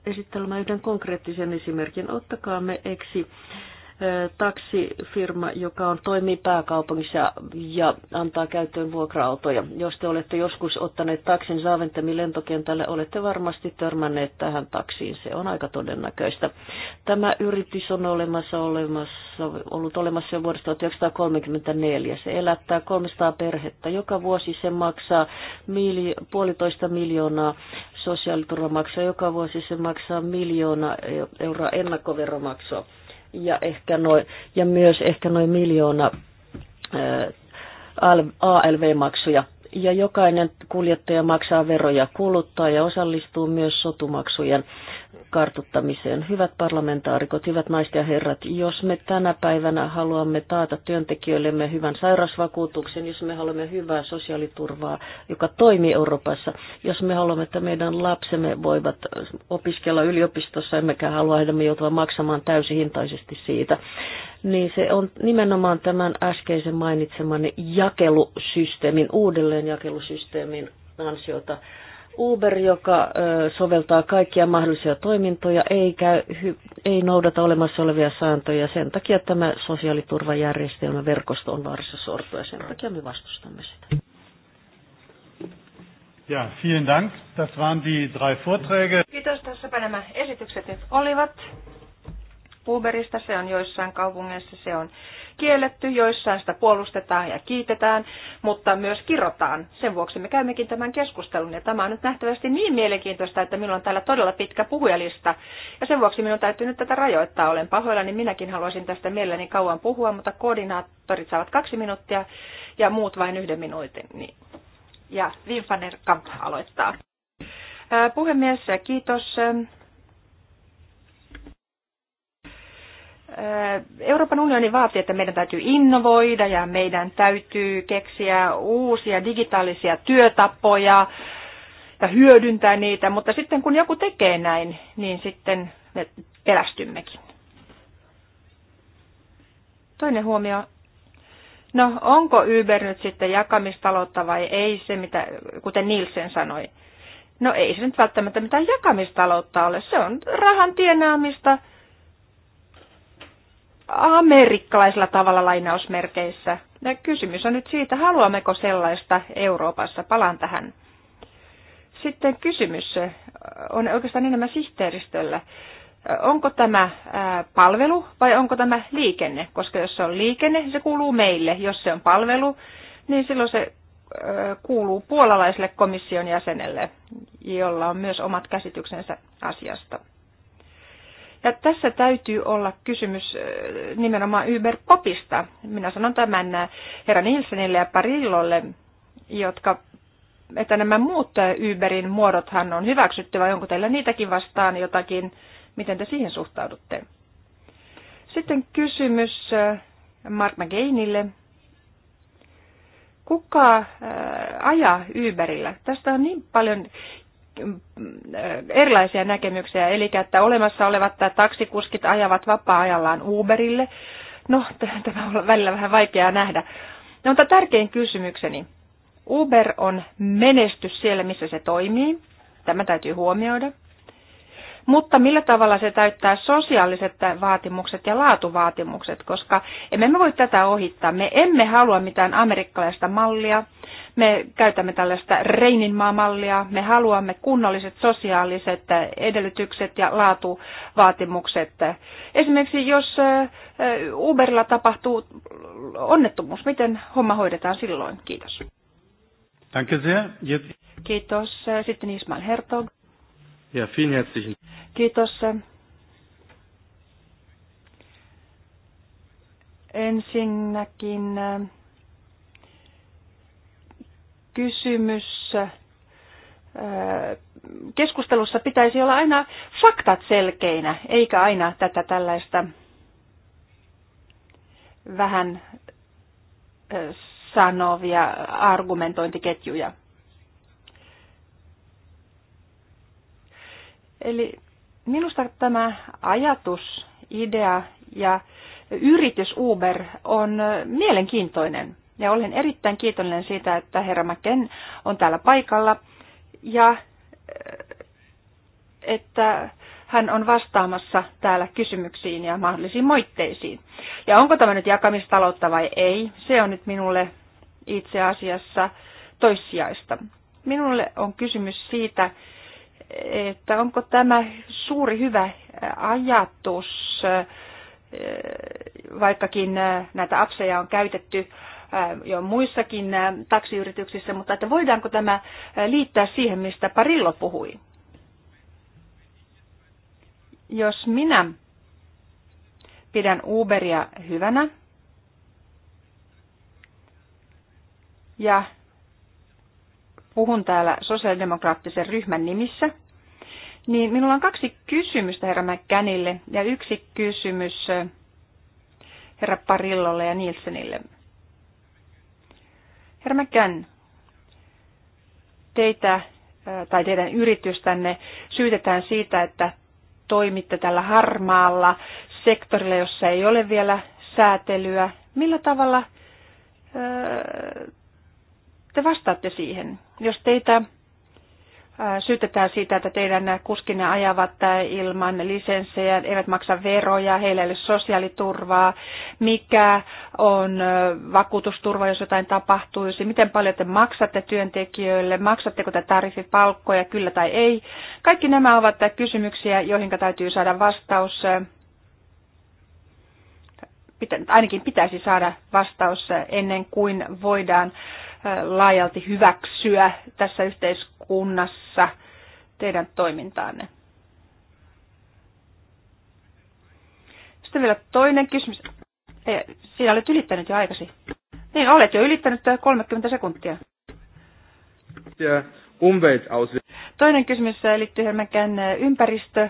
esittelemään yhden konkreettisen esimerkin. Ottakaamme eksi taksifirma, joka on, toimii pääkaupungissa ja antaa käyttöön vuokra-autoja. Jos te olette joskus ottaneet taksin Saaventemin lentokentälle, olette varmasti törmänneet tähän taksiin. Se on aika todennäköistä. Tämä yritys on olemassa, olemassa, ollut olemassa jo vuodesta 1934. Se elättää 300 perhettä. Joka vuosi se maksaa mili, puolitoista miljoonaa sosiaaliturvamaksua. Joka vuosi se maksaa miljoona e- euroa ennakkoveromaksua ja, ehkä noin, ja myös ehkä noin miljoona ALV-maksuja. Ja jokainen kuljettaja maksaa veroja kuluttaa ja osallistuu myös sotumaksujen äh, kartuttamiseen. Hyvät parlamentaarikot, hyvät naiset ja herrat, jos me tänä päivänä haluamme taata työntekijöillemme hyvän sairausvakuutuksen, jos me haluamme hyvää sosiaaliturvaa, joka toimii Euroopassa, jos me haluamme, että meidän lapsemme voivat opiskella yliopistossa, emmekä halua heidän joutua maksamaan täysihintaisesti siitä, niin se on nimenomaan tämän äskeisen mainitseman jakelusysteemin, uudelleenjakelusysteemin ansiota Uber, joka soveltaa kaikkia mahdollisia toimintoja, ei, käy, ei noudata olemassa olevia sääntöjä. Sen takia tämä sosiaaliturvajärjestelmä verkosto on vaarassa sortua ja sen takia me vastustamme sitä. Ja, vielen Dank. Das waren die drei Vorträge. Kiitos. Tässäpä nämä esitykset nyt olivat. Uberista se on joissain kaupungeissa, se on kielletty, joissain sitä puolustetaan ja kiitetään, mutta myös kirrotaan. Sen vuoksi me käymmekin tämän keskustelun ja tämä on nyt nähtävästi niin mielenkiintoista, että minulla on täällä todella pitkä puhujalista ja sen vuoksi minun täytyy nyt tätä rajoittaa. Olen pahoillani, minäkin haluaisin tästä mielelläni kauan puhua, mutta koordinaattorit saavat kaksi minuuttia ja muut vain yhden minuutin. Niin Ja Wim Kamp aloittaa. Puhemies, kiitos. Euroopan unioni vaatii, että meidän täytyy innovoida ja meidän täytyy keksiä uusia digitaalisia työtapoja ja hyödyntää niitä, mutta sitten kun joku tekee näin, niin sitten me pelästymmekin. Toinen huomio. No, onko Uber nyt sitten jakamistaloutta vai ei se, mitä, kuten Nielsen sanoi? No ei se nyt välttämättä mitään jakamistaloutta ole. Se on rahan tienaamista amerikkalaisella tavalla lainausmerkeissä. Ja kysymys on nyt siitä, haluammeko sellaista Euroopassa. Palaan tähän. Sitten kysymys äh, on oikeastaan enemmän sihteeristöllä. Äh, onko tämä äh, palvelu vai onko tämä liikenne? Koska jos se on liikenne, se kuuluu meille. Jos se on palvelu, niin silloin se kuuluu puolalaiselle komission jäsenelle, jolla on myös omat käsityksensä asiasta. Ja tässä täytyy olla kysymys äh, nimenomaan Uber-popista. Minä sanon tämän äh, herra Nilsenille ja Parillolle, jotka, että nämä muut äh, Uberin muodothan on hyväksytty, vai onko teillä niitäkin vastaan jotakin? Miten te siihen suhtaudutte? Sitten kysymys Mark McGainille. Kuka ajaa Uberillä? Tästä on niin paljon Äh, erilaisia näkemyksiä, eli että olemassa olevat taksikuskit ajavat vapaa-ajallaan Uberille. No, tämä on välillä vähän vaikeaa nähdä. No, mutta tärkein kysymykseni. Uber on menestys siellä, missä se toimii. Tämä täytyy huomioida. Mutta millä tavalla se täyttää sosiaaliset vaatimukset ja laatuvaatimukset, koska emme me voi tätä ohittaa. Me emme halua mitään amerikkalaista mallia, me käytämme tällaista Reininmaa-mallia. Me haluamme kunnolliset sosiaaliset edellytykset ja laatuvaatimukset. Esimerkiksi jos Uberilla tapahtuu onnettomuus, miten homma hoidetaan silloin? Kiitos. Kiitos. Sitten Ismail Hertog. Ja, Kiitos. Ensinnäkin kysymys. Äh, keskustelussa pitäisi olla aina faktat selkeinä, eikä aina tätä tällaista vähän äh, sanovia argumentointiketjuja. Eli minusta tämä ajatus, idea ja yritys Uber on äh, mielenkiintoinen. Ja olen erittäin kiitollinen siitä, että herra Mäken on täällä paikalla ja äh, että hän on vastaamassa täällä kysymyksiin ja mahdollisiin moitteisiin. Ja onko tämä nyt jakamistaloutta vai ei, se on nyt minulle itse asiassa toissijaista. Minulle on kysymys siitä, että onko tämä suuri hyvä äh, ajatus, äh, vaikkakin näitä apseja on käytetty jo muissakin taksiyrityksissä, mutta että voidaanko tämä liittää siihen, mistä Parillo puhui? Jos minä pidän Uberia hyvänä ja puhun täällä sosiaalidemokraattisen ryhmän nimissä, niin minulla on kaksi kysymystä herra Mäkkänille ja yksi kysymys herra Parillolle ja Nielsenille. Herra teitä tai teidän yritystänne syytetään siitä, että toimitte tällä harmaalla sektorilla, jossa ei ole vielä säätelyä. Millä tavalla te vastaatte siihen? Jos teitä syytetään siitä, että teidän kuskinne ajavat ilman lisenssejä, eivät maksa veroja, heillä ei ole sosiaaliturvaa, mikä on vakuutusturva, jos jotain tapahtuisi, miten paljon te maksatte työntekijöille, maksatteko te tariffipalkkoja, kyllä tai ei. Kaikki nämä ovat kysymyksiä, joihin täytyy saada vastaus. ainakin pitäisi saada vastaus ennen kuin voidaan laajalti hyväksyä tässä yhteiskunnassa teidän toimintaanne? Sitten vielä toinen kysymys. Ei, sinä olet ylittänyt jo aikasi. Niin, olet jo ylittänyt 30 sekuntia. Toinen kysymys liittyy hieman ympäristö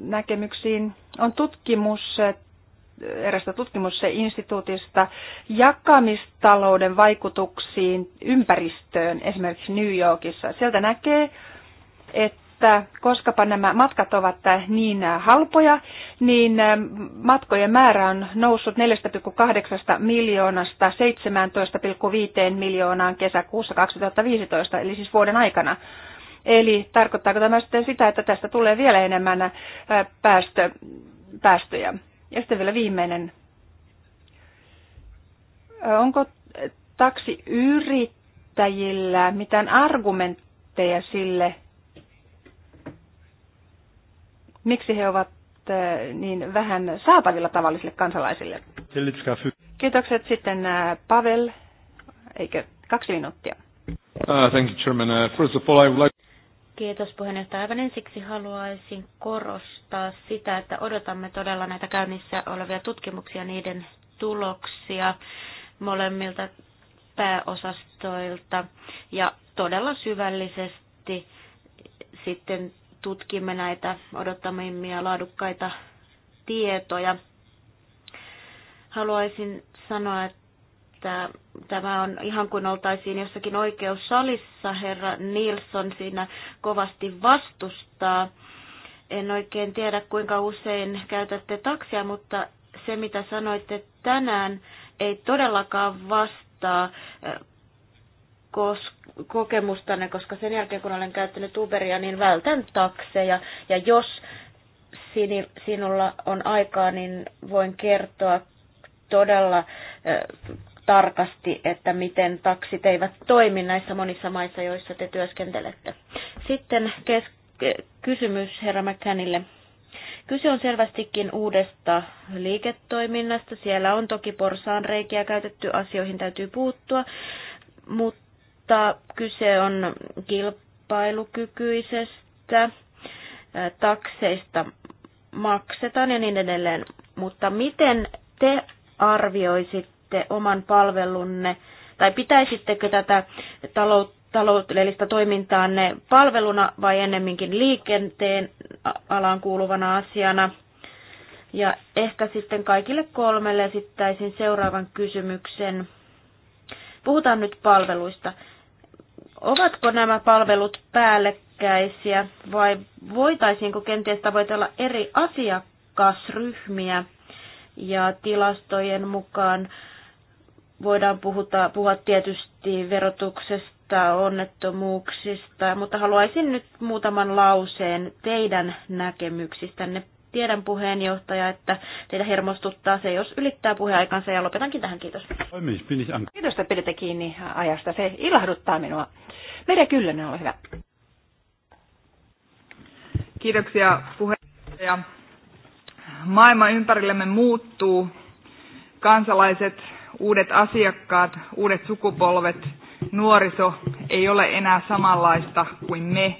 näkemyksiin. On tutkimus erästä tutkimusinstituutista jakamistalouden vaikutuksiin ympäristöön esimerkiksi New Yorkissa. Sieltä näkee, että koskapa nämä matkat ovat niin halpoja, niin ähm, matkojen määrä on noussut 4,8 miljoonasta 17,5 miljoonaan kesäkuussa 2015, eli siis vuoden aikana. Eli tarkoittaako tämä sitten sitä, että tästä tulee vielä enemmän äh, päästö, päästöjä? Ja sitten vielä viimeinen. Onko taksiyrittäjillä mitään argumentteja sille, miksi he ovat niin vähän saatavilla tavallisille kansalaisille? Kiitokset sitten Pavel, eikö kaksi minuuttia. Uh, thank you, Chairman. Uh, first of all, I would like Kiitos puheenjohtaja. Aivan ensiksi haluaisin korostaa sitä, että odotamme todella näitä käynnissä olevia tutkimuksia, niiden tuloksia molemmilta pääosastoilta ja todella syvällisesti sitten tutkimme näitä odottamimmia laadukkaita tietoja. Haluaisin sanoa, että että tämä on ihan kuin oltaisiin jossakin oikeussalissa. Herra Nilsson siinä kovasti vastustaa. En oikein tiedä, kuinka usein käytätte taksia, mutta se, mitä sanoitte tänään, ei todellakaan vastaa eh, kokemustanne, koska sen jälkeen, kun olen käyttänyt Uberia, niin vältän takseja. Ja jos sinulla on aikaa, niin voin kertoa todella eh, tarkasti, että miten taksit eivät toimi näissä monissa maissa, joissa te työskentelette. Sitten kes- kysymys herra McCannille. Kyse on selvästikin uudesta liiketoiminnasta. Siellä on toki porsaan reikiä käytetty, asioihin täytyy puuttua, mutta kyse on kilpailukykyisestä takseista maksetaan ja niin edelleen. Mutta miten te arvioisit tarvitsette oman palvelunne, tai pitäisittekö tätä taloudellista toimintaanne palveluna vai ennemminkin liikenteen alaan kuuluvana asiana. Ja ehkä sitten kaikille kolmelle esittäisin seuraavan kysymyksen. Puhutaan nyt palveluista. Ovatko nämä palvelut päällekkäisiä vai voitaisiinko kenties tavoitella eri asiakkaasryhmiä? Ja tilastojen mukaan voidaan puhuta, puhua tietysti verotuksesta, onnettomuuksista, mutta haluaisin nyt muutaman lauseen teidän näkemyksistänne. Tiedän puheenjohtaja, että teitä hermostuttaa se, jos ylittää puheaikansa ja lopetankin tähän. Kiitos. Kiitos, että pidätte kiinni ajasta. Se ilahduttaa minua. kyllä, ne ole hyvä. Kiitoksia puheenjohtaja. Maailma ympärillemme muuttuu. Kansalaiset uudet asiakkaat, uudet sukupolvet, nuoriso ei ole enää samanlaista kuin me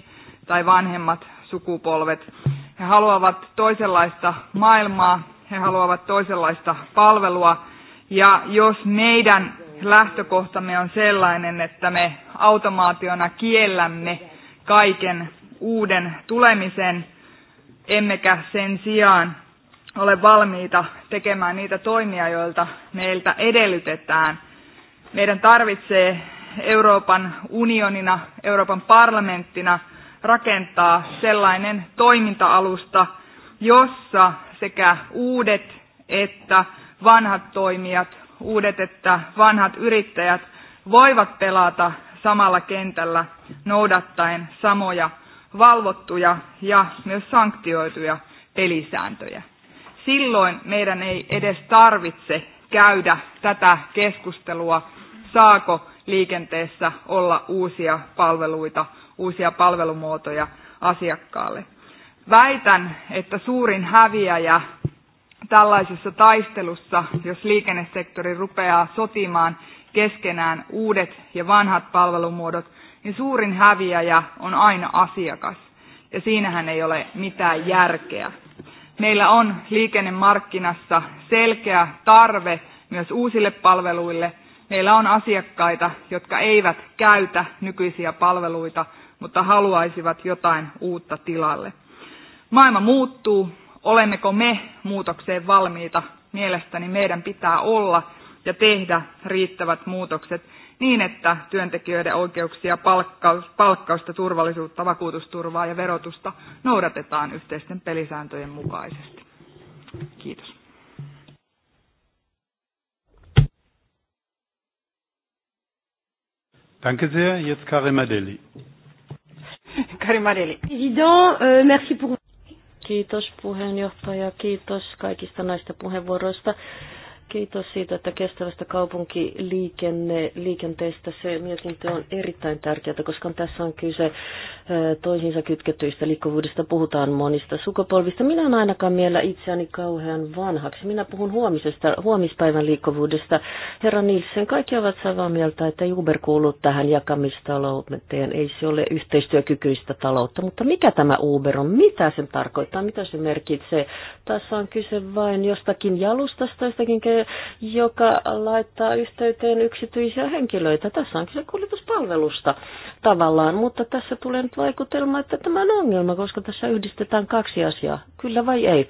tai vanhemmat sukupolvet. He haluavat toisenlaista maailmaa, he haluavat toisenlaista palvelua. Ja jos meidän lähtökohtamme on sellainen, että me automaationa kiellämme kaiken uuden tulemisen, emmekä sen sijaan ole valmiita tekemään niitä toimia, joilta meiltä edellytetään. Meidän tarvitsee Euroopan unionina, Euroopan parlamenttina rakentaa sellainen toiminta-alusta, jossa sekä uudet että vanhat toimijat, uudet että vanhat yrittäjät voivat pelata samalla kentällä noudattaen samoja valvottuja ja myös sanktioituja pelisääntöjä silloin meidän ei edes tarvitse käydä tätä keskustelua, saako liikenteessä olla uusia palveluita, uusia palvelumuotoja asiakkaalle. Väitän, että suurin häviäjä tällaisessa taistelussa, jos liikennesektori rupeaa sotimaan keskenään uudet ja vanhat palvelumuodot, niin suurin häviäjä on aina asiakas. Ja siinähän ei ole mitään järkeä meillä on liikennemarkkinassa selkeä tarve myös uusille palveluille. Meillä on asiakkaita, jotka eivät käytä nykyisiä palveluita, mutta haluaisivat jotain uutta tilalle. Maailma muuttuu. Olemmeko me muutokseen valmiita? Mielestäni meidän pitää olla ja tehdä riittävät muutokset niin, että työntekijöiden oikeuksia, palkkausta, turvallisuutta, vakuutusturvaa ja verotusta noudatetaan yhteisten pelisääntöjen mukaisesti. Kiitos. Danke sehr. Jetzt Karim Adeli. Karim Adeli. Euh, kiitos puheenjohtaja, kiitos kaikista näistä puheenvuoroista. Kiitos siitä, että kestävästä kaupunkiliikenne, liikenteestä se mietintö on erittäin tärkeää, koska tässä on kyse toisiinsa kytkettyistä liikkuvuudesta. Puhutaan monista sukupolvista. Minä en ainakaan miellä itseäni kauhean vanhaksi. Minä puhun huomisesta, huomispäivän liikkuvuudesta. Herra Nilsen, kaikki ovat samaa mieltä, että Uber kuuluu tähän jakamistalouteen. Ei se ole yhteistyökykyistä taloutta, mutta mikä tämä Uber on? Mitä sen tarkoittaa? Mitä se merkitsee? Tässä on kyse vain jostakin jalustasta, jostakin joka laittaa yhteyteen yksityisiä henkilöitä. Tässä on kyse kuljetuspalvelusta tavallaan, mutta tässä tulee nyt vaikutelma, että tämä on ongelma, koska tässä yhdistetään kaksi asiaa, kyllä vai ei.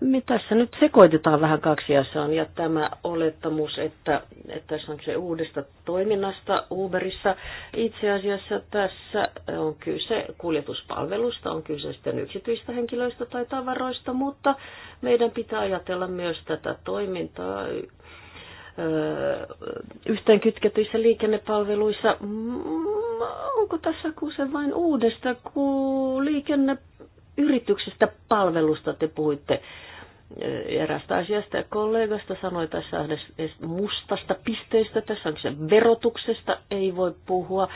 Me tässä nyt sekoitetaan vähän kaksi asiaa ja tämä olettamus, että, että tässä on se uudesta toiminnasta Uberissa. Itse asiassa tässä on kyse kuljetuspalvelusta, on kyse sitten yksityistä henkilöistä tai tavaroista, mutta meidän pitää ajatella myös tätä toimintaa yhteen kytketyissä liikennepalveluissa. Onko tässä kuse vain uudesta liikenne yrityksestä palvelusta te puhuitte erästä asiasta ja kollegasta sanoi tässä edes mustasta pisteistä, tässä on se verotuksesta, ei voi puhua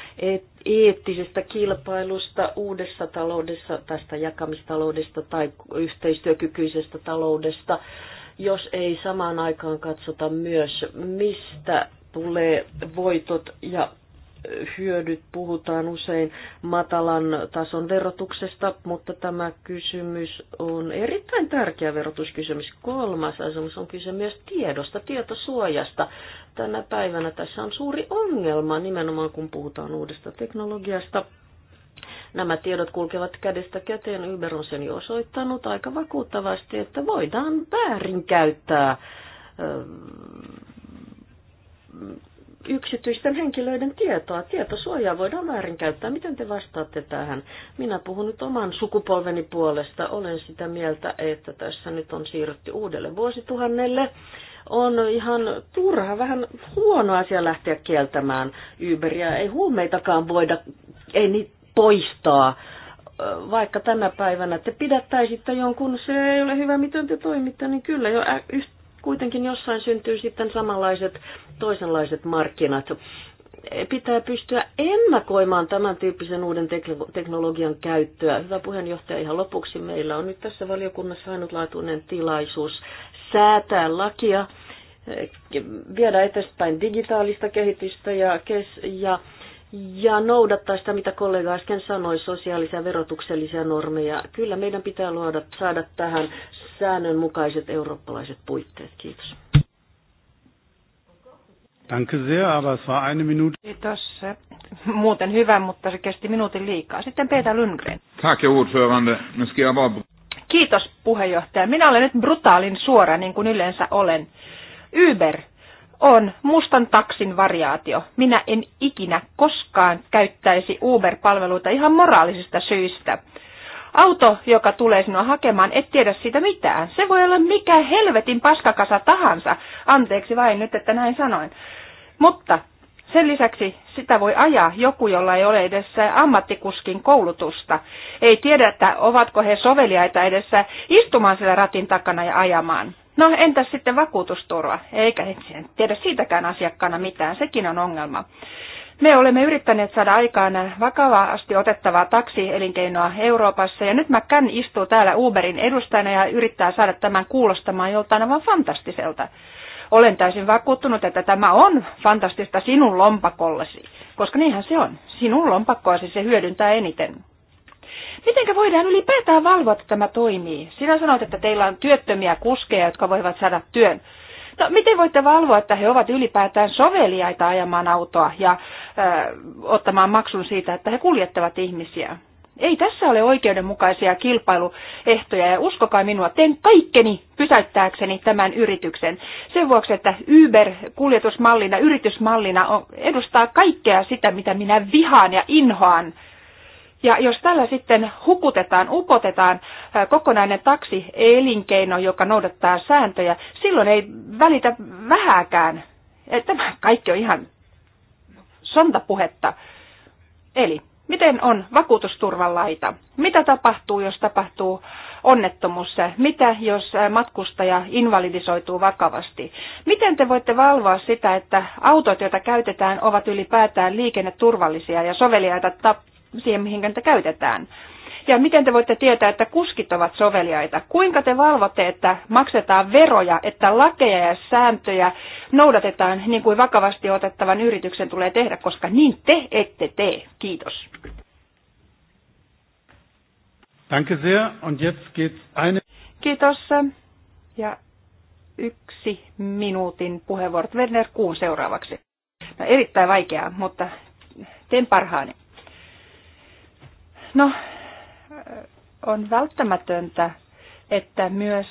eettisestä kilpailusta uudessa taloudessa, tästä jakamistaloudesta tai yhteistyökykyisestä taloudesta, jos ei samaan aikaan katsota myös, mistä tulee voitot ja hyödyt. Puhutaan usein matalan tason verotuksesta, mutta tämä kysymys on erittäin tärkeä verotuskysymys. Kolmas asemus on kyse myös tiedosta, tietosuojasta. Tänä päivänä tässä on suuri ongelma nimenomaan, kun puhutaan uudesta teknologiasta. Nämä tiedot kulkevat kädestä käteen. Uber on sen jo osoittanut aika vakuuttavasti, että voidaan väärinkäyttää yksityisten henkilöiden tietoa. Tietosuojaa voidaan väärinkäyttää. Miten te vastaatte tähän? Minä puhun nyt oman sukupolveni puolesta. Olen sitä mieltä, että tässä nyt on siirrytty uudelle vuosituhannelle. On ihan turha, vähän huono asia lähteä kieltämään Uberia. Ei huumeitakaan voida, ei niitä poistaa vaikka tänä päivänä te pidättäisitte jonkun, se ei ole hyvä, miten te toimitte, niin kyllä jo kuitenkin jossain syntyy sitten samanlaiset toisenlaiset markkinat. Pitää pystyä ennakoimaan tämän tyyppisen uuden teknologian käyttöä. Hyvä puheenjohtaja, ihan lopuksi meillä on nyt tässä valiokunnassa ainutlaatuinen tilaisuus säätää lakia, eh, viedä eteenpäin digitaalista kehitystä ja, kes- ja ja noudattaa sitä, mitä kollega äsken sanoi, sosiaalisia verotuksellisia normeja. Kyllä meidän pitää luoda, saada tähän säännönmukaiset eurooppalaiset puitteet. Kiitos. Danke sehr, aber es war eine Minute. Kiitos. Muuten hyvä, mutta se kesti minuutin liikaa. Sitten Peter Lundgren. Tack, ordförande. Nu ska jag bara... Kiitos, puheenjohtaja. Minä olen nyt brutaalin suora, niin kuin yleensä olen. Uber on mustan taksin variaatio. Minä en ikinä koskaan käyttäisi Uber-palveluita ihan moraalisista syistä. Auto, joka tulee sinua hakemaan, et tiedä siitä mitään. Se voi olla mikä helvetin paskakasa tahansa. Anteeksi vain nyt, että näin sanoin. Mutta sen lisäksi sitä voi ajaa joku, jolla ei ole edessä ammattikuskin koulutusta. Ei tiedä, että ovatko he soveliaita edessä istumaan siellä ratin takana ja ajamaan. No entäs sitten vakuutusturva? Eikä itse tiedä siitäkään asiakkaana mitään, sekin on ongelma. Me olemme yrittäneet saada aikaan vakavasti otettavaa taksielinkeinoa Euroopassa ja nyt mä kän istuu täällä Uberin edustajana ja yrittää saada tämän kuulostamaan joltain aivan fantastiselta. Olen täysin vakuuttunut, että tämä on fantastista sinun lompakollesi, koska niinhän se on. Sinun lompakkoasi se hyödyntää eniten. Mitenkä voidaan ylipäätään valvoa, että tämä toimii? Sinä sanoit, että teillä on työttömiä kuskeja, jotka voivat saada työn. No, miten voitte valvoa, että he ovat ylipäätään soveliaita ajamaan autoa ja ö, ottamaan maksun siitä, että he kuljettavat ihmisiä? Ei tässä ole oikeudenmukaisia kilpailuehtoja ja uskokaa minua, teen kaikkeni pysäyttääkseni tämän yrityksen. Sen vuoksi, että Uber-kuljetusmallina, yritysmallina edustaa kaikkea sitä, mitä minä vihaan ja inhoan ja jos tällä sitten hukutetaan, upotetaan kokonainen taksielinkeino, joka noudattaa sääntöjä, silloin ei välitä vähäkään. Eh, tämä kaikki on ihan sontapuhetta. Eli miten on vakuutusturvan laita? Mitä tapahtuu, jos tapahtuu onnettomuus? Mitä, jos matkustaja invalidisoituu vakavasti? Miten te voitte valvoa sitä, että autot, joita käytetään, ovat ylipäätään liikenneturvallisia ja soveliaita siihen, mihin niitä käytetään. Ja miten te voitte tietää, että kuskit ovat soveliaita? Kuinka te valvotte, että maksetaan veroja, että lakeja ja sääntöjä noudatetaan niin kuin vakavasti otettavan yrityksen tulee tehdä, koska niin te ette tee. Kiitos. Danke sehr. Und jetzt geht's eine... Kiitos. Ja yksi minuutin puheenvuorot. Werner Kuun seuraavaksi. No, erittäin vaikeaa, mutta teen parhaani. No, on välttämätöntä, että myös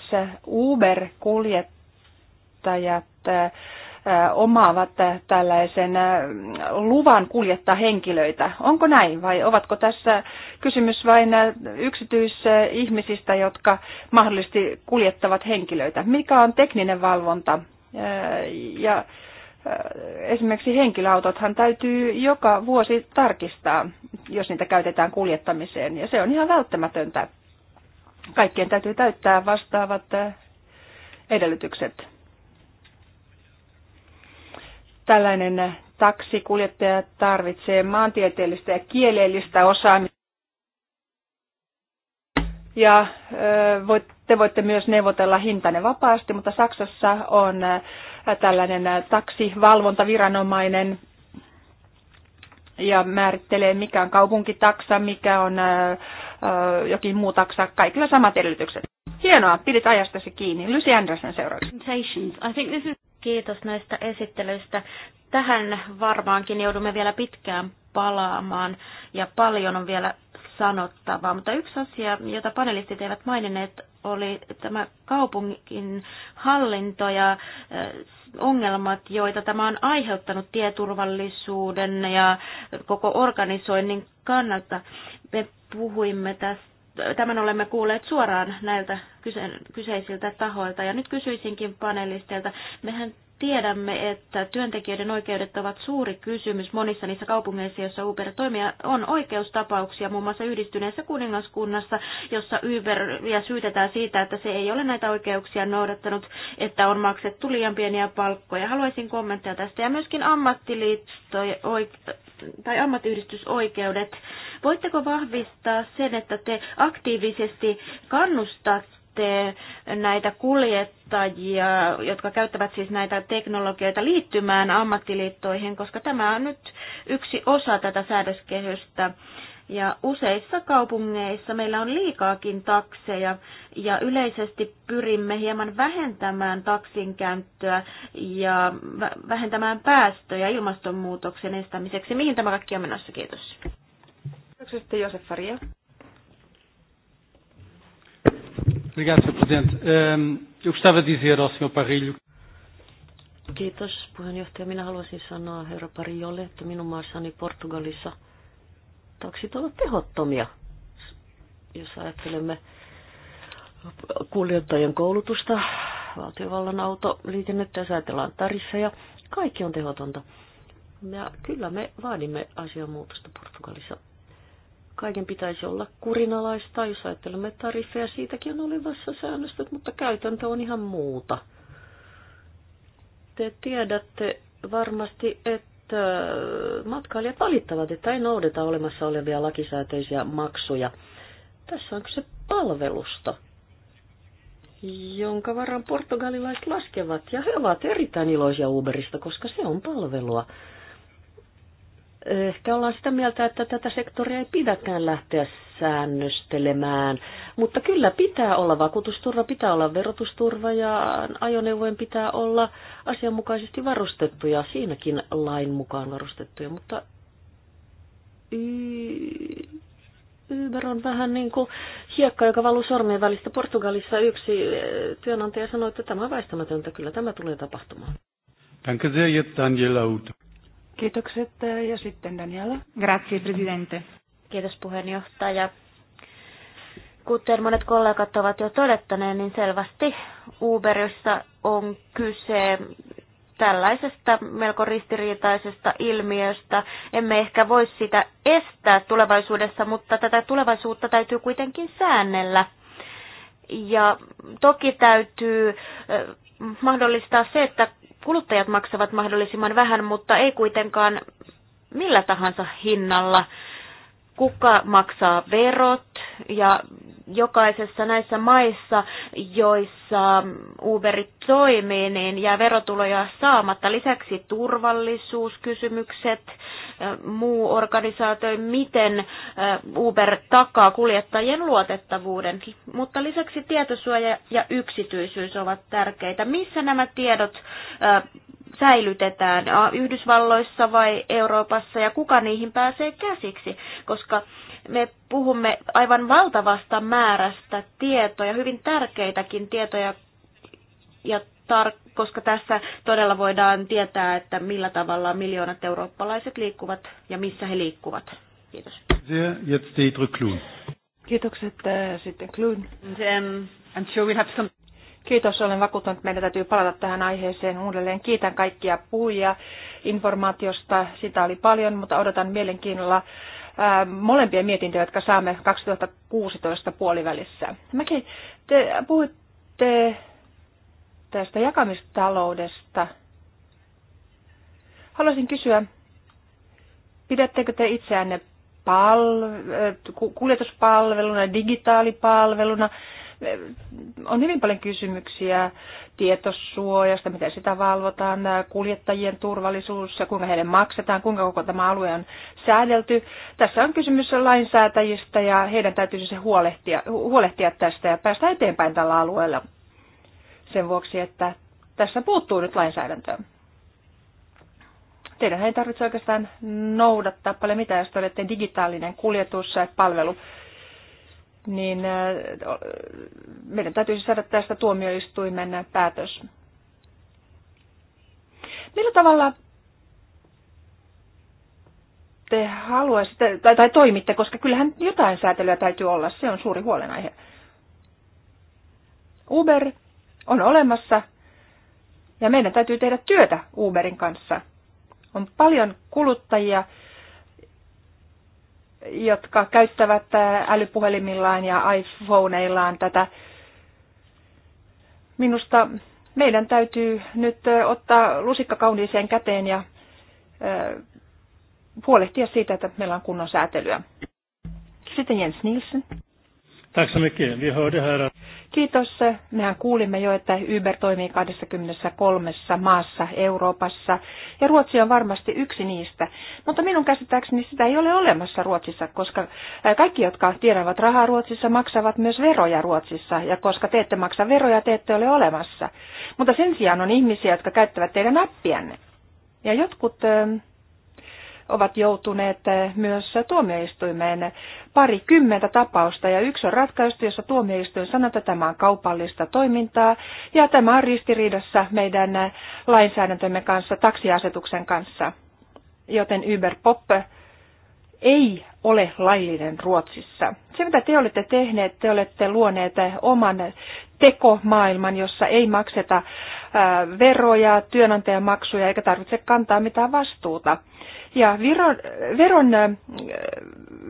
Uber-kuljettajat omaavat tällaisen luvan kuljettaa henkilöitä. Onko näin vai ovatko tässä kysymys vain yksityisihmisistä, jotka mahdollisesti kuljettavat henkilöitä? Mikä on tekninen valvonta ja Äh, esimerkiksi henkilöautothan täytyy joka vuosi tarkistaa, jos niitä käytetään kuljettamiseen, ja se on ihan välttämätöntä. Kaikkien täytyy täyttää vastaavat äh, edellytykset. Tällainen äh, taksikuljettaja tarvitsee maantieteellistä ja kielellistä osaamista. Ja voit te voitte myös neuvotella hintanne vapaasti, mutta Saksassa on äh, tällainen äh, taksivalvontaviranomainen ja määrittelee, mikä on kaupunkitaksa, mikä on äh, jokin muu taksa, kaikilla samat edellytykset. Hienoa, pidit ajastasi kiinni. Lucy Andersen seuraavaksi. Kiitos näistä esittelyistä. Tähän varmaankin joudumme vielä pitkään palaamaan ja paljon on vielä sanottavaa. Mutta yksi asia, jota panelistit eivät maininneet, oli tämä kaupungin hallinto ja ongelmat, joita tämä on aiheuttanut tieturvallisuuden ja koko organisoinnin kannalta. Me puhuimme tästä tämän olemme kuulleet suoraan näiltä kyseisiltä tahoilta. Ja nyt kysyisinkin panelisteilta, mehän tiedämme, että työntekijöiden oikeudet ovat suuri kysymys monissa niissä kaupungeissa, joissa Uber toimii. On oikeustapauksia muun muassa yhdistyneessä kuningaskunnassa, jossa Uberia syytetään siitä, että se ei ole näitä oikeuksia noudattanut, että on maksettu liian pieniä palkkoja. Haluaisin kommentteja tästä. Ja myöskin ammattiliitto tai ammattiyhdistysoikeudet. Voitteko vahvistaa sen, että te aktiivisesti kannustatte lähtee näitä kuljettajia, jotka käyttävät siis näitä teknologioita liittymään ammattiliittoihin, koska tämä on nyt yksi osa tätä säädöskehystä. Ja useissa kaupungeissa meillä on liikaakin takseja ja yleisesti pyrimme hieman vähentämään taksin käyttöä ja vähentämään päästöjä ilmastonmuutoksen estämiseksi. Mihin tämä kaikki on menossa? Kiitos. Kiitoksia Josef Faria. Obrigado, Sr. Presidente. Ehm, eu gostava de dizer ao Sr. Parrilho... Kiitos, puheenjohtaja. Minä haluaisin sanoa herra Parijolle, että minun maassani Portugalissa taksit ovat tehottomia, jos ajattelemme kuljettajien koulutusta, valtiovallan autoliikennettä, jos ajatellaan tariffeja, kaikki on tehotonta. Ja kyllä me vaadimme asianmuutosta Portugalissa kaiken pitäisi olla kurinalaista, jos ajattelemme tariffeja, Siitäkin on olevassa säännöstöt, mutta käytäntö on ihan muuta. Te tiedätte varmasti, että matkailijat valittavat, että ei noudeta olemassa olevia lakisääteisiä maksuja. Tässä on kyse palvelusta, jonka varan portugalilaiset laskevat, ja he ovat erittäin iloisia Uberista, koska se on palvelua ehkä ollaan sitä mieltä, että tätä sektoria ei pidäkään lähteä säännöstelemään. Mutta kyllä pitää olla vakuutusturva, pitää olla verotusturva ja ajoneuvojen pitää olla asianmukaisesti varustettuja, siinäkin lain mukaan varustettuja. Mutta Uber on vähän niin kuin hiekka, joka valuu sormien välistä. Portugalissa yksi eh, työnantaja sanoi, että tämä on väistämätöntä, kyllä tämä tulee tapahtumaan. Danke sehr, jetzt Daniel Kiitokset ja sitten Daniela. Grazie, presidente. Kiitos puheenjohtaja. Kuten monet kollegat ovat jo todettaneet, niin selvästi Uberissa on kyse tällaisesta melko ristiriitaisesta ilmiöstä. Emme ehkä voi sitä estää tulevaisuudessa, mutta tätä tulevaisuutta täytyy kuitenkin säännellä. Ja toki täytyy mahdollistaa se, että kuluttajat maksavat mahdollisimman vähän, mutta ei kuitenkaan millä tahansa hinnalla kuka maksaa verot ja jokaisessa näissä maissa, joissa Uberit toimii, niin jää verotuloja saamatta. Lisäksi turvallisuuskysymykset, muu organisaatio, miten Uber takaa kuljettajien luotettavuuden. Mutta lisäksi tietosuoja ja yksityisyys ovat tärkeitä. Missä nämä tiedot säilytetään Yhdysvalloissa vai Euroopassa ja kuka niihin pääsee käsiksi, koska me puhumme aivan valtavasta määrästä tietoja, hyvin tärkeitäkin tietoja, ja tar- koska tässä todella voidaan tietää, että millä tavalla miljoonat eurooppalaiset liikkuvat ja missä he liikkuvat. Kiitos. Kiitokset äh, sitten Kluun. Um, I'm sure we have some... Kiitos, olen vakuuttunut, että meidän täytyy palata tähän aiheeseen uudelleen. Kiitän kaikkia puhujia informaatiosta, sitä oli paljon, mutta odotan mielenkiinnolla molempia mietintöjä, jotka saamme 2016 puolivälissä. Mäkin, te puhuitte tästä jakamistaloudesta. Haluaisin kysyä, pidättekö te itseänne kuljetuspalveluna, digitaalipalveluna, on hyvin paljon kysymyksiä tietosuojasta, miten sitä valvotaan, kuljettajien turvallisuus, kuinka heille maksetaan, kuinka koko tämä alue on säädelty. Tässä on kysymys lainsäätäjistä ja heidän täytyisi se huolehtia, huolehtia tästä ja päästä eteenpäin tällä alueella sen vuoksi, että tässä puuttuu nyt lainsäädäntöä. Teidän ei tarvitse oikeastaan noudattaa paljon mitään, jos te olette digitaalinen kuljetus ja palvelu niin meidän täytyisi saada tästä tuomioistuimen päätös. Millä tavalla te haluaisitte tai, tai toimitte, koska kyllähän jotain säätelyä täytyy olla, se on suuri huolenaihe. Uber on olemassa ja meidän täytyy tehdä työtä Uberin kanssa. On paljon kuluttajia, jotka käyttävät älypuhelimillaan ja iPhoneillaan tätä. Minusta meidän täytyy nyt ottaa lusikka kauniiseen käteen ja huolehtia siitä, että meillä on kunnon säätelyä. Sitten Jens Nielsen. Tack så mycket. Vi hörde här att... Kiitos. Mehän kuulimme jo, että Uber toimii 23 maassa Euroopassa ja Ruotsi on varmasti yksi niistä. Mutta minun käsittääkseni sitä ei ole olemassa Ruotsissa, koska kaikki, jotka tiedävät rahaa Ruotsissa, maksavat myös veroja Ruotsissa. Ja koska te ette maksa veroja, te ette ole olemassa. Mutta sen sijaan on ihmisiä, jotka käyttävät teidän appianne. Ja jotkut ovat joutuneet eh, myös tuomioistuimeen pari kymmentä tapausta ja yksi on ratkaistu, jossa tuomioistuin sanoo, että tämä on kaupallista toimintaa ja tämä on ristiriidassa meidän eh, lainsäädäntömme kanssa, taksiasetuksen kanssa. Joten Uber Pop ei ole laillinen Ruotsissa. Se, mitä te olette tehneet, te olette luoneet eh, oman tekomaailman, jossa ei makseta veroja, työnantajamaksuja eikä tarvitse kantaa mitään vastuuta. Ja viron, veron, äh,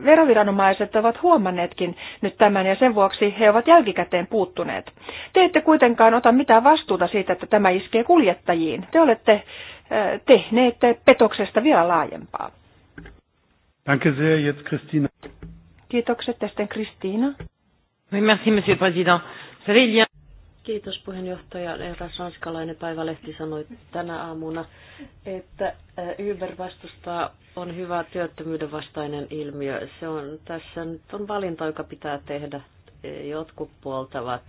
veroviranomaiset ovat huomanneetkin nyt tämän ja sen vuoksi he ovat jälkikäteen puuttuneet. Te ette kuitenkaan ota mitään vastuuta siitä, että tämä iskee kuljettajiin. Te olette äh, tehneet petoksesta vielä laajempaa. Danke sehr, jetzt Christina. Kiitokset tästä Kristiina. Oui, merci, monsieur le président. Vous savez, il y a... Kiitos puheenjohtaja eräs ranskalainen Päivälehti sanoi tänä aamuna, että äh, Uber vastustaa on hyvä työttömyyden vastainen ilmiö. Se on tässä nyt on valinta, joka pitää tehdä. Äh, jotkut puoltavat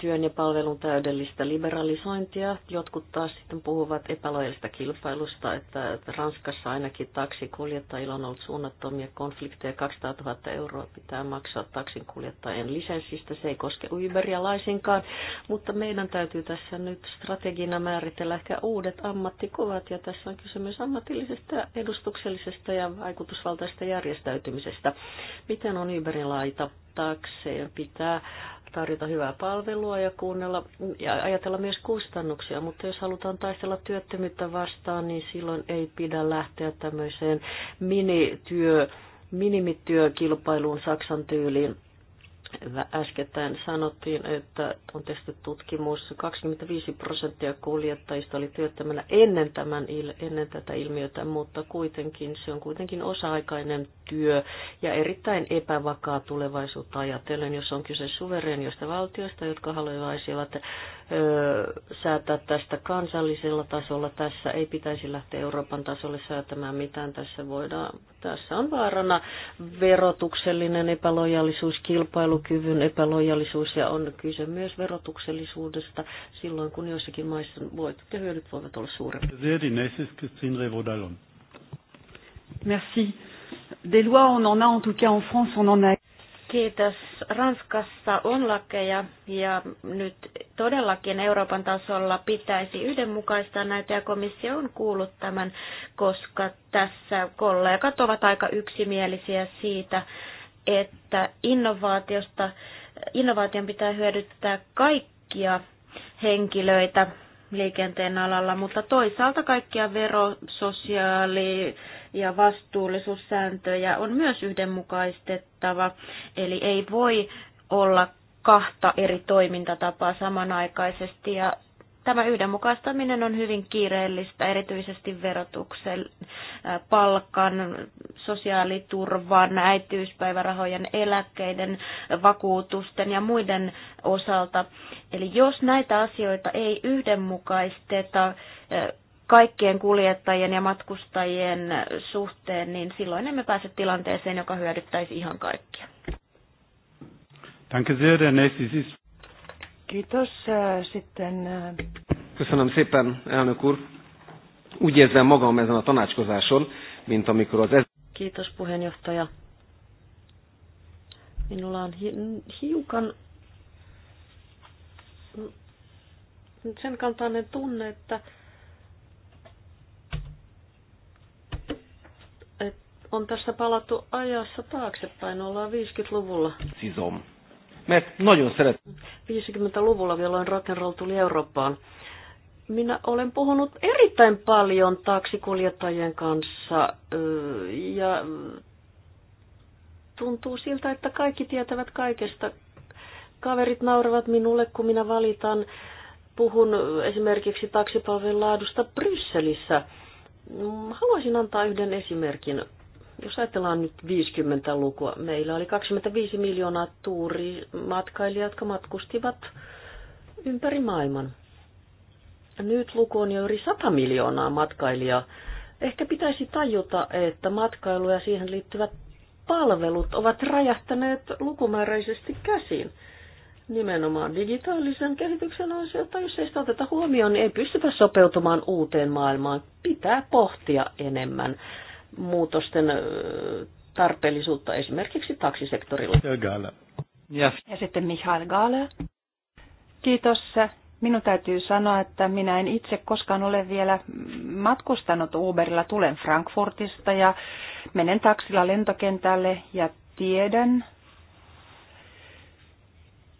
työn ja palvelun täydellistä liberalisointia. Jotkut taas sitten puhuvat epälojalista kilpailusta, että Ranskassa ainakin taksikuljettajilla on ollut suunnattomia konflikteja. 200 000 euroa pitää maksaa taksinkuljettajien lisenssistä. Se ei koske Uberia laisinkaan, mutta meidän täytyy tässä nyt strategina määritellä ehkä uudet ammattikuvat. Ja tässä on kysymys ammatillisesta, edustuksellisesta ja vaikutusvaltaisesta järjestäytymisestä. Miten on Uberin laita? takseen. Pitää tarjota hyvää palvelua ja kuunnella ja ajatella myös kustannuksia, mutta jos halutaan taistella työttömyyttä vastaan, niin silloin ei pidä lähteä tämmöiseen minityö, minimityökilpailuun Saksan tyyliin Äskettäin sanottiin, että on tehty tutkimus, 25 prosenttia kuljettajista oli työttömänä ennen, tämän, ennen tätä ilmiötä, mutta kuitenkin se on kuitenkin osa-aikainen työ ja erittäin epävakaa tulevaisuutta ajatellen, jos on kyse suvereeniosta valtiosta, jotka haluaisivat säätää tästä kansallisella tasolla. Tässä ei pitäisi lähteä Euroopan tasolle säätämään mitään. Tässä, voidaan, tässä on vaarana verotuksellinen epälojallisuus, kilpailukyvyn epälojallisuus ja on kyse myös verotuksellisuudesta silloin, kun jossakin maissa voitot ja hyödyt voivat olla suuremmat. Merci. Des lois, on en a en tout cas en France, on en a. Kiitos. Ranskassa on lakeja ja nyt todellakin Euroopan tasolla pitäisi yhdenmukaistaa näitä ja komissio on kuullut tämän, koska tässä kollegat ovat aika yksimielisiä siitä, että innovaatiosta, innovaation pitää hyödyttää kaikkia henkilöitä liikenteen alalla, mutta toisaalta kaikkia vero, sosiaali, ja vastuullisuussääntöjä on myös yhdenmukaistettava, eli ei voi olla kahta eri toimintatapaa samanaikaisesti ja Tämä yhdenmukaistaminen on hyvin kiireellistä, erityisesti verotuksen, palkan, sosiaaliturvan, äitiyspäivärahojen, eläkkeiden, vakuutusten ja muiden osalta. Eli jos näitä asioita ei yhdenmukaisteta, kaikkien kuljettajien ja matkustajien suhteen, niin silloin emme pääse tilanteeseen, joka hyödyttäisi ihan kaikkia. Danke sehr, der nächste ist... Kiitos. Äh, sitten... Äh, Köszönöm szépen, elnök úr. Úgy érzem magam ezen a tanácskozáson, mint amikor az... Kiitos puheenjohtaja. Minulla on hiukan sen kantainen tunne, että on tässä palattu ajassa taaksepäin, ollaan 50-luvulla. on. Me nojun 50-luvulla, jolloin rock'n'roll tuli Eurooppaan. Minä olen puhunut erittäin paljon taksikuljettajien kanssa ja tuntuu siltä, että kaikki tietävät kaikesta. Kaverit nauravat minulle, kun minä valitan. Puhun esimerkiksi taksipalvelun laadusta Brysselissä. Haluaisin antaa yhden esimerkin. Jos ajatellaan nyt 50-lukua, meillä oli 25 miljoonaa tuurimatkailijaa, jotka matkustivat ympäri maailman. Nyt luku on jo yli 100 miljoonaa matkailijaa. Ehkä pitäisi tajuta, että matkailu ja siihen liittyvät palvelut ovat räjähtäneet lukumääräisesti käsiin. Nimenomaan digitaalisen kehityksen ansiota, jos ei sitä oteta huomioon, niin ei pystytä sopeutumaan uuteen maailmaan. Pitää pohtia enemmän muutosten tarpeellisuutta esimerkiksi taksisektorilla. Ja, ja sitten Mihail Gala. Kiitos. Minun täytyy sanoa, että minä en itse koskaan ole vielä matkustanut Uberilla. Tulen Frankfurtista ja menen taksilla lentokentälle ja tiedän,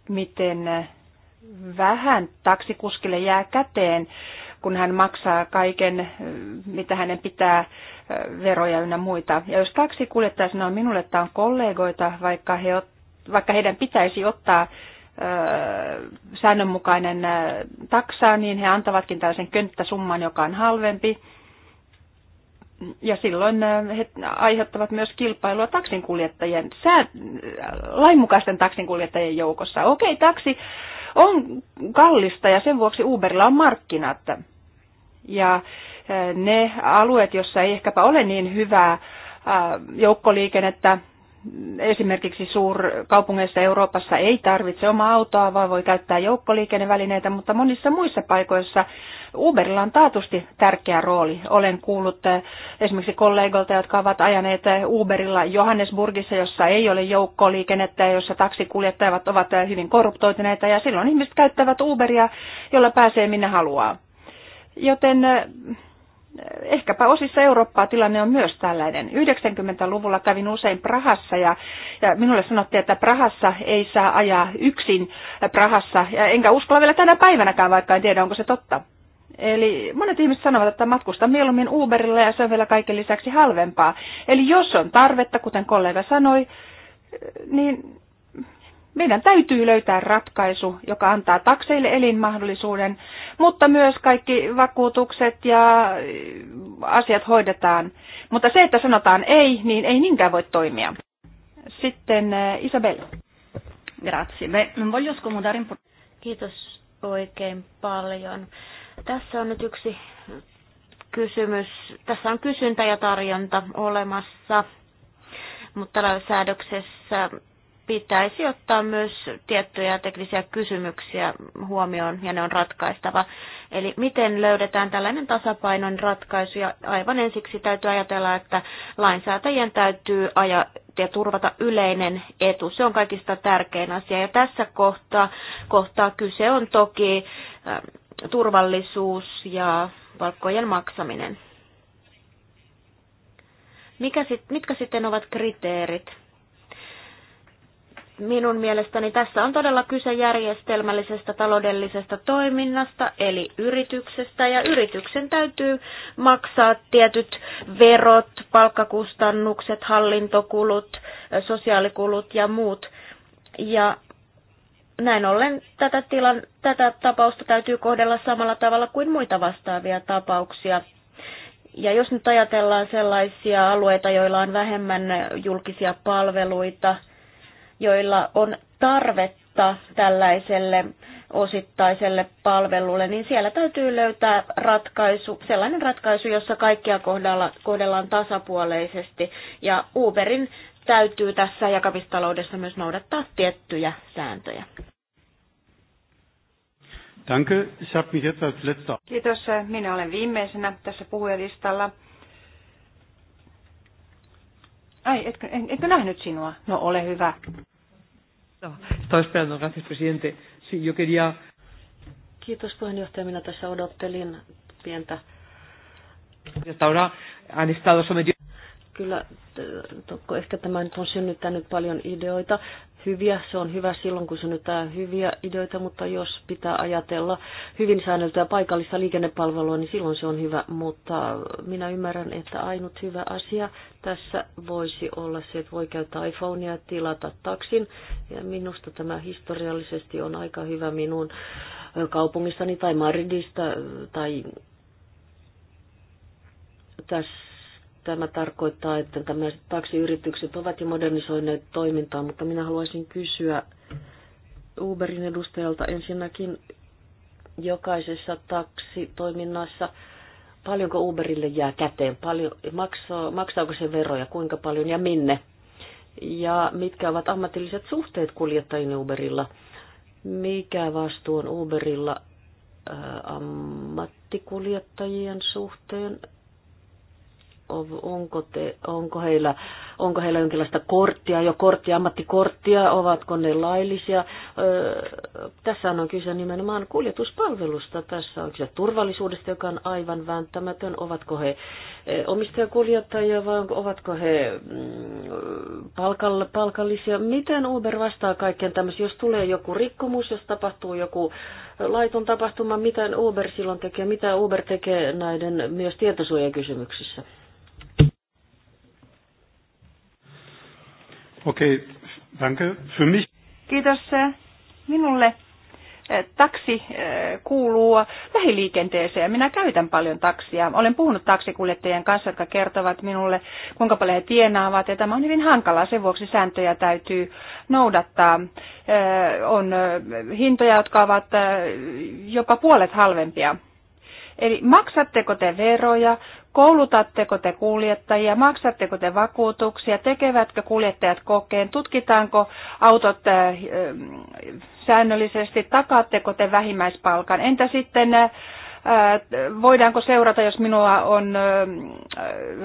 miten vähän taksikuskille jää käteen kun hän maksaa kaiken, mitä hänen pitää veroja ynnä muita. Ja jos taksikuljettaja sanoo minulle, että on kollegoita, vaikka, he, vaikka heidän pitäisi ottaa säännönmukainen taksa, niin he antavatkin tällaisen könttäsumman, joka on halvempi. Ja silloin he aiheuttavat myös kilpailua taksinkuljettajien, sää, lainmukaisten taksinkuljettajien joukossa. Okei, taksi on kallista ja sen vuoksi Uberilla on markkinat. Ja eh, ne alueet, joissa ei ehkäpä ole niin hyvää eh, joukkoliikennettä, esimerkiksi suurkaupungeissa Euroopassa ei tarvitse omaa autoa, vaan voi käyttää joukkoliikennevälineitä, mutta monissa muissa paikoissa Uberilla on taatusti tärkeä rooli. Olen kuullut eh, esimerkiksi kollegoilta, jotka ovat ajaneet eh, Uberilla Johannesburgissa, jossa ei ole joukkoliikennettä ja jossa taksikuljettajat ovat eh, hyvin korruptoituneita ja silloin ihmiset käyttävät Uberia, jolla pääsee minne haluaa. Joten ehkäpä osissa Eurooppaa tilanne on myös tällainen. 90-luvulla kävin usein Prahassa ja, ja minulle sanottiin, että Prahassa ei saa ajaa yksin Prahassa. Ja enkä uskalla vielä tänä päivänäkään, vaikka en tiedä onko se totta. Eli monet ihmiset sanovat, että matkusta mieluummin Uberilla ja se on vielä kaiken lisäksi halvempaa. Eli jos on tarvetta, kuten kollega sanoi, niin meidän täytyy löytää ratkaisu, joka antaa takseille elinmahdollisuuden, mutta myös kaikki vakuutukset ja äh, asiat hoidetaan. Mutta se, että sanotaan ei, niin ei niinkään voi toimia. Sitten äh, Isabella. Grazie. voglio scomodare Kiitos oikein paljon. Tässä on nyt yksi kysymys. Tässä on kysyntä ja tarjonta olemassa, mutta säädöksessä pitäisi ottaa myös tiettyjä teknisiä kysymyksiä huomioon ja ne on ratkaistava. Eli miten löydetään tällainen tasapainon ratkaisu ja aivan ensiksi täytyy ajatella, että lainsäätäjien täytyy aja ja turvata yleinen etu. Se on kaikista tärkein asia ja tässä kohtaa, kohtaa kyse on toki ähm, turvallisuus ja palkkojen maksaminen. Mikä sit, mitkä sitten ovat kriteerit? minun mielestäni tässä on todella kyse järjestelmällisestä taloudellisesta toiminnasta, eli yrityksestä, ja yrityksen täytyy maksaa tietyt verot, palkkakustannukset, hallintokulut, sosiaalikulut ja muut. Ja näin ollen tätä, tilan, tätä tapausta täytyy kohdella samalla tavalla kuin muita vastaavia tapauksia. Ja jos nyt ajatellaan sellaisia alueita, joilla on vähemmän julkisia palveluita – joilla on tarvetta tällaiselle osittaiselle palvelulle, niin siellä täytyy löytää ratkaisu, sellainen ratkaisu, jossa kaikkia kohdalla, kohdellaan tasapuoleisesti. Ja Uberin täytyy tässä jakamistaloudessa myös noudattaa tiettyjä sääntöjä. Danke. Kiitos. Minä olen viimeisenä tässä puhujalistalla. Ai, etkö, en, etkö nähnyt sinua? No ole hyvä. No, estaba esperando, gracias presidente. Sí, yo quería... Kiitos puheenjohtaja, minä tässä odottelin pientä... Hasta ahora han estado sometidos kyllä ehkä tämä nyt on synnyttänyt paljon ideoita hyviä. Se on hyvä silloin, kun synnytään hyviä ideoita, mutta jos pitää ajatella hyvin säänneltyä paikallista liikennepalvelua, niin silloin se on hyvä. Mutta minä ymmärrän, että ainut hyvä asia tässä voisi olla se, että voi käyttää iPhonea tilata taksin. Ja minusta tämä historiallisesti on aika hyvä minun kaupungistani tai Maridista tai tässä Tämä tarkoittaa, että tämmöiset taksiyritykset ovat jo modernisoineet toimintaa, mutta minä haluaisin kysyä Uberin edustajalta ensinnäkin jokaisessa taksitoiminnassa, paljonko Uberille jää käteen, paljon, maksaa, maksaako se veroja, kuinka paljon ja minne, ja mitkä ovat ammatilliset suhteet kuljettajien Uberilla, mikä vastuu on Uberilla äh, ammattikuljettajien suhteen, onko, te, onko, heillä, onko heillä jonkinlaista korttia, jo korttia, ammattikorttia, ovatko ne laillisia. Öö, tässä on kyse nimenomaan kuljetuspalvelusta, tässä on kyse turvallisuudesta, joka on aivan välttämätön, ovatko he omistajakuljettajia vai ovatko he mm, palkalla, palkallisia. Miten Uber vastaa kaikkeen tämmöisiin, jos tulee joku rikkomus, jos tapahtuu joku laiton tapahtuma, mitä Uber silloin tekee, mitä Uber tekee näiden myös tietosuojakysymyksissä? Okei, okay, danke. Für mich. Kiitos eh, minulle. Eh, taksi eh, kuuluu lähiliikenteeseen. Minä käytän paljon taksia. Olen puhunut taksikuljettajien kanssa, jotka kertovat minulle, kuinka paljon he tienaavat. Ja tämä on hyvin hankalaa. Sen vuoksi sääntöjä täytyy noudattaa. On hintoja, jotka ovat jopa puolet halvempia Eli maksatteko te veroja, Koulutatteko te kuljettajia, maksatteko te vakuutuksia, tekevätkö kuljettajat kokeen, tutkitaanko autot äh, äh, säännöllisesti, takaatteko te vähimmäispalkan, entä sitten äh, voidaanko seurata, jos minua on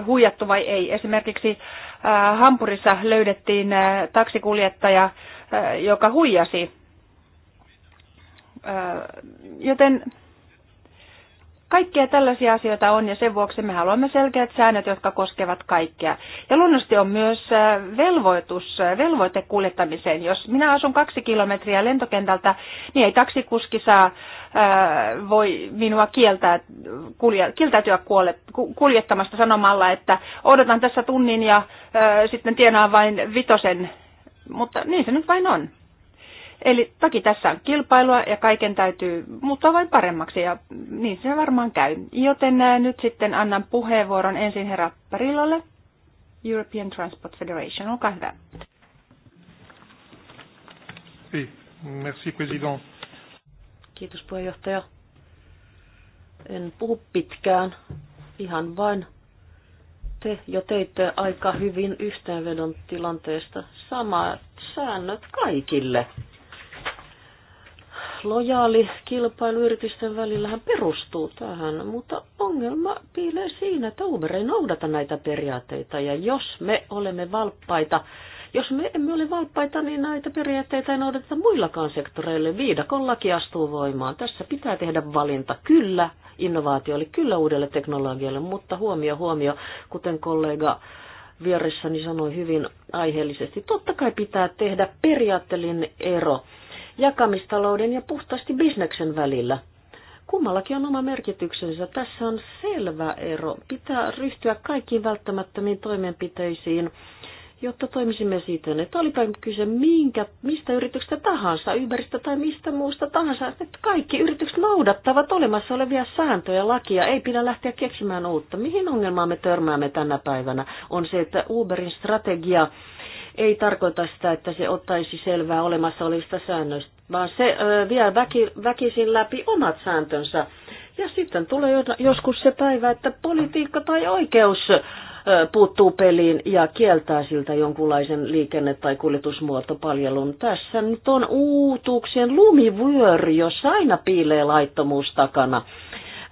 huijattu vai ei. Esimerkiksi Hampurissa löydettiin taksikuljettaja, joka huijasi. Joten Kaikkia tällaisia asioita on ja sen vuoksi me haluamme selkeät säännöt, jotka koskevat kaikkea. Ja luonnollisesti on myös äh, velvoitus, äh, velvoite kuljettamiseen. Jos minä asun kaksi kilometriä lentokentältä, niin ei taksikuski saa ää, äh, voi minua kieltää, kulje, kieltäytyä kuole, kuljettamasta sanomalla, että odotan tässä tunnin ja ää, sitten tienaan vain vitosen. Mutta niin se nyt vain on. Eli toki tässä on kilpailua ja kaiken täytyy muuttua vain paremmaksi ja niin se varmaan käy. Joten äh, nyt sitten annan puheenvuoron ensin herra Perilolle, European Transport Federation. Olkaa hyvä. Merci, president. Kiitos puheenjohtaja. En puhu pitkään, ihan vain te jo teitte aika hyvin yhteenvedon tilanteesta. Samat säännöt kaikille lojaali kilpailu yritysten välillähän perustuu tähän, mutta ongelma piilee siinä, että Uber ei noudata näitä periaatteita. Ja jos me olemme valppaita, jos me emme ole valppaita, niin näitä periaatteita ei noudateta muillakaan sektoreille. Viidakon laki astuu voimaan. Tässä pitää tehdä valinta. Kyllä innovaatio oli kyllä uudelle teknologialle, mutta huomio, huomio, kuten kollega vieressäni sanoi hyvin aiheellisesti, totta kai pitää tehdä periaatteellinen ero jakamistalouden ja puhtaasti bisneksen välillä. Kummallakin on oma merkityksensä. Tässä on selvä ero. Pitää ryhtyä kaikkiin välttämättömiin toimenpiteisiin, jotta toimisimme siten, että olipa kyse minkä, mistä yrityksestä tahansa, Uberistä tai mistä muusta tahansa, että kaikki yritykset noudattavat olemassa olevia sääntöjä, lakia, ei pidä lähteä keksimään uutta. Mihin ongelmaan me törmäämme tänä päivänä on se, että Uberin strategia ei tarkoita sitä, että se ottaisi selvää olemassa olevista säännöistä, vaan se ö, vie väki, väkisin läpi omat sääntönsä. Ja sitten tulee joskus se päivä, että politiikka tai oikeus puuttuu peliin ja kieltää siltä jonkunlaisen liikenne- tai kuljetusmuotopaljelun. Tässä nyt on uutuuksien lumivyöry, jossa aina piilee laittomuus takana.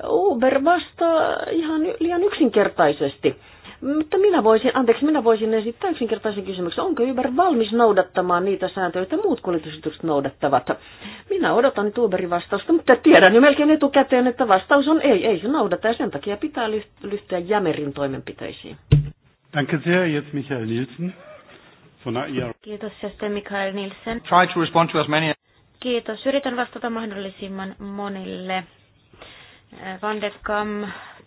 Uber vastaa ihan liian yksinkertaisesti mutta minä voisin, anteeksi, minä voisin esittää yksinkertaisen kysymyksen. Onko Uber valmis noudattamaan niitä sääntöjä, joita muut kuljetusyritykset noudattavat? Minä odotan nyt Uberin vastausta, mutta tiedän jo melkein etukäteen, että vastaus on ei, ei se noudata ja sen takia pitää lyhtyä jämerin toimenpiteisiin. Danke sehr, jetzt Michael Nielsen. Kiitos, Jäsen Mikael Nielsen. Try to respond to as many... Kiitos. Yritän vastata mahdollisimman monille. vandekam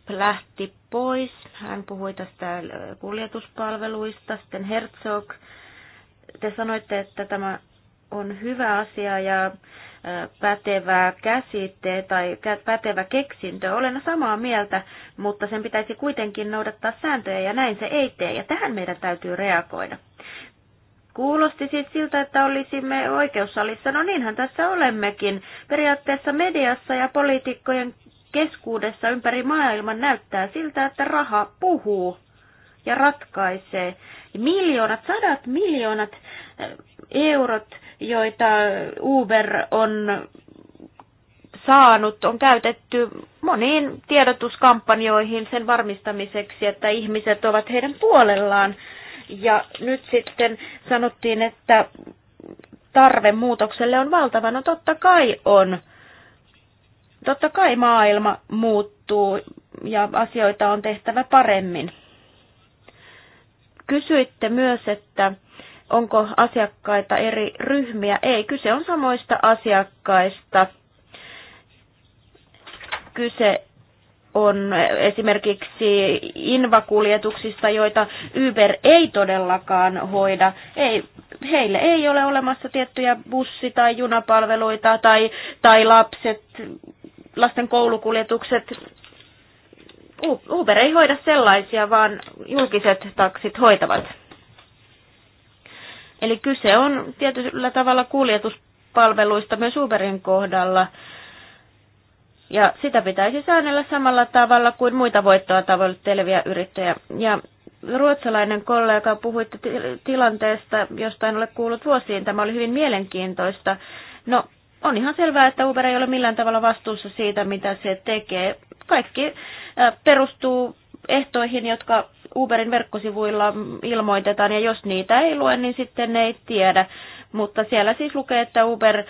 lähti pois. Hän puhui tästä äh, kuljetuspalveluista. Sitten Herzog, te sanoitte, että tämä on hyvä asia ja äh, pätevä käsite tai pätevä keksintö. Olen samaa mieltä, mutta sen pitäisi kuitenkin noudattaa sääntöjä ja näin se ei tee ja tähän meidän täytyy reagoida. Kuulosti siis siltä, että olisimme oikeussalissa. No niinhän tässä olemmekin. Periaatteessa mediassa ja poliitikkojen keskuudessa ympäri maailman näyttää siltä, että raha puhuu ja ratkaisee. Miljoonat, sadat miljoonat eh, eurot, joita Uber on saanut, on käytetty moniin tiedotuskampanjoihin sen varmistamiseksi, että ihmiset ovat heidän puolellaan. Ja nyt sitten sanottiin, että tarve muutokselle on valtava. No totta kai on. Totta kai maailma muuttuu ja asioita on tehtävä paremmin. Kysyitte myös, että onko asiakkaita eri ryhmiä. Ei, kyse on samoista asiakkaista. Kyse on esimerkiksi invakuljetuksista, joita Uber ei todellakaan hoida. Ei, heille ei ole olemassa tiettyjä bussi- tai junapalveluita tai, tai lapset lasten koulukuljetukset. Uber ei hoida sellaisia, vaan julkiset taksit hoitavat. Eli kyse on tietyllä tavalla kuljetuspalveluista myös Uberin kohdalla. Ja sitä pitäisi säännellä samalla tavalla kuin muita voittoa tavoitteleviä yrittäjiä. Ja ruotsalainen kollega puhui tilanteesta, josta en ole kuullut vuosiin. Tämä oli hyvin mielenkiintoista. No, on ihan selvää, että Uber ei ole millään tavalla vastuussa siitä, mitä se tekee. Kaikki äh, perustuu ehtoihin, jotka Uberin verkkosivuilla ilmoitetaan, ja jos niitä ei lue, niin sitten ei tiedä. Mutta siellä siis lukee, että Uber äh,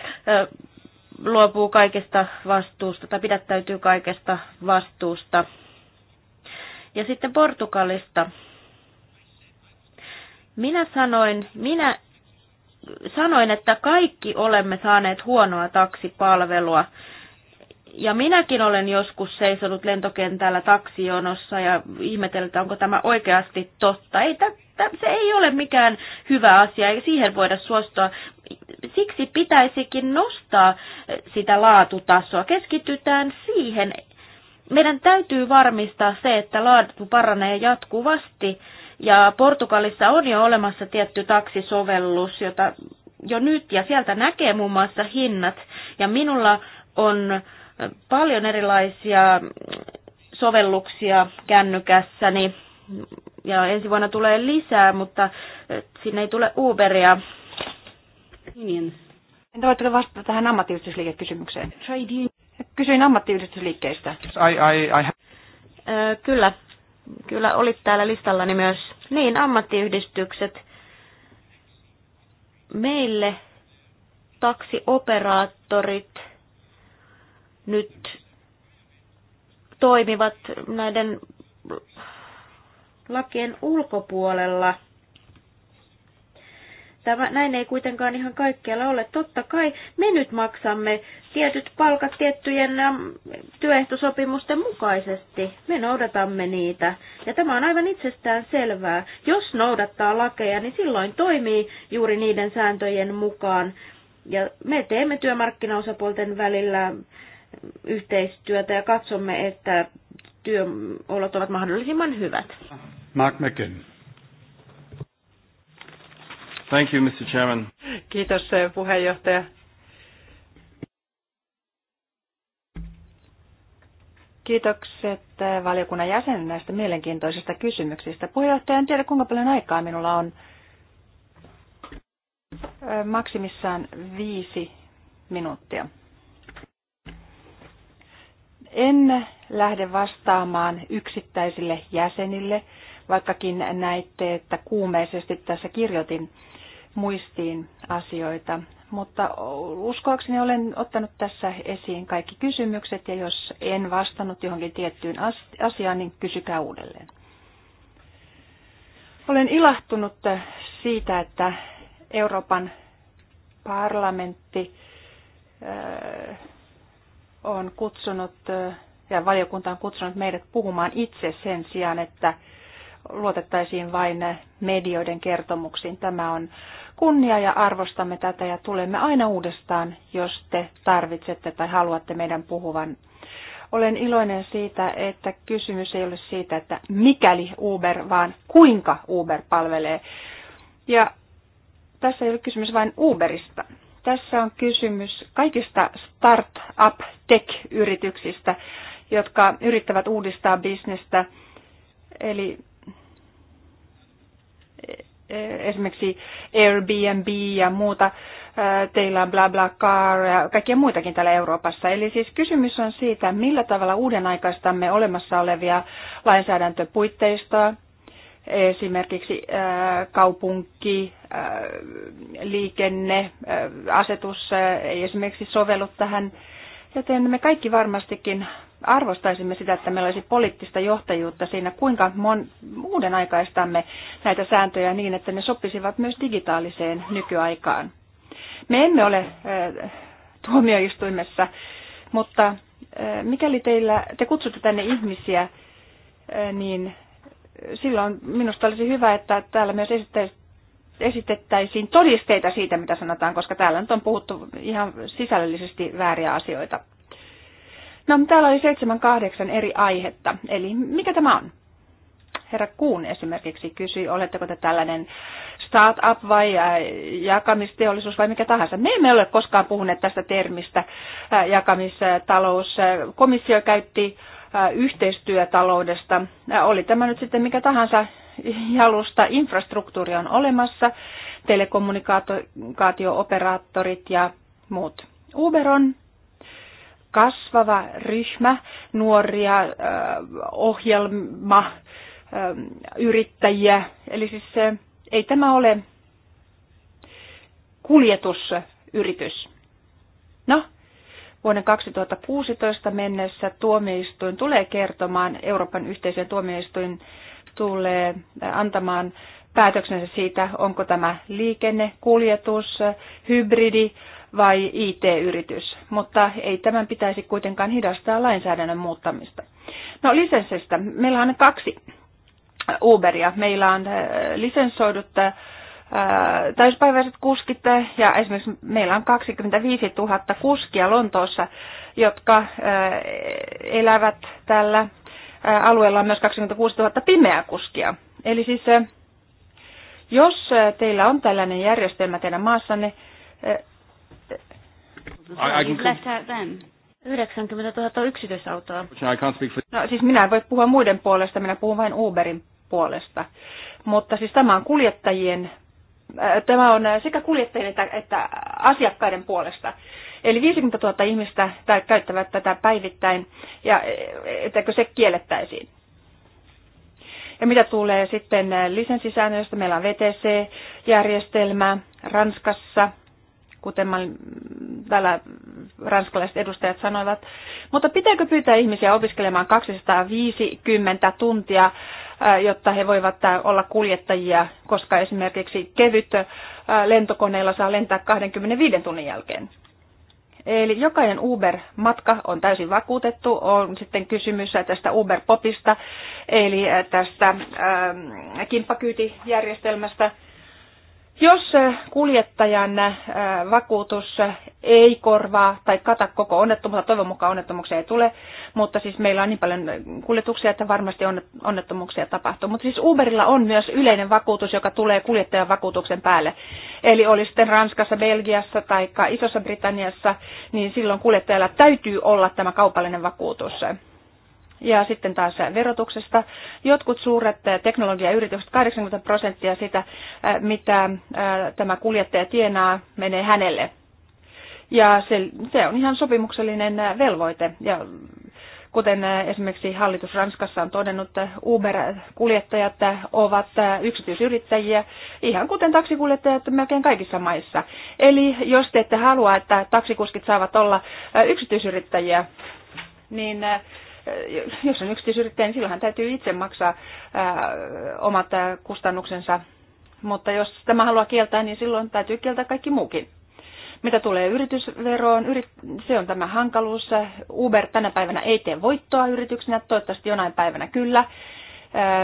luopuu kaikesta vastuusta tai pidättäytyy kaikesta vastuusta. Ja sitten Portugalista. Minä sanoin, minä sanoin, että kaikki olemme saaneet huonoa taksipalvelua. Ja minäkin olen joskus seisonut lentokentällä taksijonossa ja ihmetellyt, onko tämä oikeasti totta. Ei, tä, tä, se ei ole mikään hyvä asia, eikä siihen voida suostua. Siksi pitäisikin nostaa sitä laatutasoa. Keskitytään siihen. Meidän täytyy varmistaa se, että laatu paranee jatkuvasti ja Portugalissa on jo olemassa tietty taksisovellus, jota jo nyt ja sieltä näkee muun muassa hinnat. Ja minulla on paljon erilaisia sovelluksia kännykässäni ja ensi vuonna tulee lisää, mutta eh, sinne ei tule Uberia. Niin. Entä voitteko vastata tähän ammattiyhdistysliikekysymykseen? Kysyin ammattiyhdistysliikkeistä. I, I, I... Kyllä, kyllä oli täällä listallani myös. Niin, ammattiyhdistykset. Meille taksioperaattorit nyt toimivat näiden lakien ulkopuolella – Tämä, näin ei kuitenkaan ihan kaikkialla ole. Totta kai me nyt maksamme tietyt palkat tiettyjen työehtosopimusten mukaisesti. Me noudatamme niitä. Ja tämä on aivan itsestään selvää. Jos noudattaa lakeja, niin silloin toimii juuri niiden sääntöjen mukaan. Ja me teemme työmarkkinaosapuolten välillä yhteistyötä ja katsomme, että työolot ovat mahdollisimman hyvät. Mark McKinnon. Thank you, Mr. Chairman. Kiitos eh, puheenjohtaja. Kiitokset eh, valiokunnan jäsenen näistä mielenkiintoisista kysymyksistä. Puheenjohtaja, en tiedä kuinka paljon aikaa minulla on. Eh, maksimissaan viisi minuuttia. En lähde vastaamaan yksittäisille jäsenille, vaikkakin näitte, että kuumeisesti tässä kirjoitin muistiin asioita. Mutta uskoakseni olen ottanut tässä esiin kaikki kysymykset ja jos en vastannut johonkin tiettyyn asiaan, niin kysykää uudelleen. Olen ilahtunut siitä, että Euroopan parlamentti äh, on kutsunut äh, ja valiokunta on kutsunut meidät puhumaan itse sen sijaan, että luotettaisiin vain medioiden kertomuksiin. Tämä on kunnia ja arvostamme tätä ja tulemme aina uudestaan, jos te tarvitsette tai haluatte meidän puhuvan. Olen iloinen siitä, että kysymys ei ole siitä, että mikäli Uber, vaan kuinka Uber palvelee. Ja tässä ei ole kysymys vain Uberista. Tässä on kysymys kaikista start-up tech-yrityksistä, jotka yrittävät uudistaa bisnestä. Eli Eh, esimerkiksi Airbnb ja muuta, eh, teillä on BlaBlaCar ja kaikkia muitakin täällä Euroopassa. Eli siis kysymys on siitä, millä tavalla uuden olemassa olevia lainsäädäntöpuitteistoa, esimerkiksi eh, kaupunki, liikenne, asetus ei esimerkiksi sovellu tähän, joten me kaikki varmastikin arvostaisimme sitä, että meillä olisi poliittista johtajuutta siinä, kuinka mon, uuden aikaistamme näitä sääntöjä niin, että ne sopisivat myös digitaaliseen nykyaikaan. Me emme ole äh, tuomioistuimessa, mutta äh, mikäli teillä, te kutsutte tänne ihmisiä, äh, niin silloin minusta olisi hyvä, että täällä myös esittäisiin esitettäisiin todisteita siitä, mitä sanotaan, koska täällä nyt on puhuttu ihan sisällöllisesti vääriä asioita. No, täällä oli seitsemän kahdeksan eri aihetta. Eli mikä tämä on? Herra Kuun esimerkiksi kysyi, oletteko te tällainen startup vai äh, jakamisteollisuus vai mikä tahansa. Me emme ole koskaan puhuneet tästä termistä äh, jakamistalous. Komissio käytti äh, yhteistyötaloudesta. Oli tämä nyt sitten mikä tahansa jalusta. Infrastruktuuri on olemassa, telekommunikaatio-operaattorit ja muut. Uber on kasvava ryhmä nuoria ohjelma yrittäjiä. Eli siis ei tämä ole kuljetusyritys. No, vuoden 2016 mennessä tuomioistuin tulee kertomaan, Euroopan yhteisön tuomioistuin tulee antamaan päätöksensä siitä, onko tämä liikenne, kuljetus, hybridi, vai IT-yritys, mutta ei tämän pitäisi kuitenkaan hidastaa lainsäädännön muuttamista. No lisenssistä. Meillä on kaksi Uberia. Meillä on äh, lisenssoidut äh, täyspäiväiset kuskit äh, ja esimerkiksi meillä on 25 000 kuskia Lontoossa, jotka elävät tällä alueella on myös 26 000 pimeää kuskia. Eli siis jos teillä on tällainen järjestelmä teidän maassanne, I, 90 000 on yksityisautoa. No siis minä en voi puhua muiden puolesta, minä puhun vain Uberin puolesta. Mutta siis tämä on kuljettajien, äh, tämä on sekä kuljettajien että, että asiakkaiden puolesta. Eli 50 000 ihmistä käyttävät tätä päivittäin, ja ettäkö se kiellettäisiin. Ja mitä tulee sitten äh, lisenssisäännöistä, meillä on VTC-järjestelmä Ranskassa, kuten mä täällä ranskalaiset edustajat sanoivat. Mutta pitääkö pyytää ihmisiä opiskelemaan 250 tuntia, jotta he voivat olla kuljettajia, koska esimerkiksi kevyt lentokoneella saa lentää 25 tunnin jälkeen? Eli jokainen Uber-matka on täysin vakuutettu. On sitten kysymys tästä Uber-popista, eli tästä ähm, kimppakyytijärjestelmästä – jos kuljettajan vakuutus ei korvaa tai kata koko onnettomuutta, toivon mukaan onnettomuuksia ei tule, mutta siis meillä on niin paljon kuljetuksia, että varmasti onnettomuuksia tapahtuu. Mutta siis Uberilla on myös yleinen vakuutus, joka tulee kuljettajan vakuutuksen päälle. Eli oli sitten Ranskassa, Belgiassa tai Isossa Britanniassa, niin silloin kuljettajalla täytyy olla tämä kaupallinen vakuutus. Ja sitten taas verotuksesta. Jotkut suuret eh, teknologiayritykset, 80 prosenttia sitä, eh, mitä eh, tämä kuljettaja tienaa, menee hänelle. Ja se, se on ihan sopimuksellinen velvoite. Ja kuten esimerkiksi hallitus Ranskassa on todennut, Uber-kuljettajat ovat yksityisyrittäjiä, ihan kuten taksikuljettajat melkein kaikissa maissa. Eli jos te ette halua, että taksikuskit saavat olla yksityisyrittäjiä, niin jos on yksityisyrittäjä, niin silloinhan täytyy itse maksaa omat kustannuksensa. Mutta jos tämä haluaa kieltää, niin silloin täytyy kieltää kaikki muukin. Mitä tulee yritysveroon, se on tämä hankaluus. Uber tänä päivänä ei tee voittoa yrityksenä, toivottavasti jonain päivänä kyllä.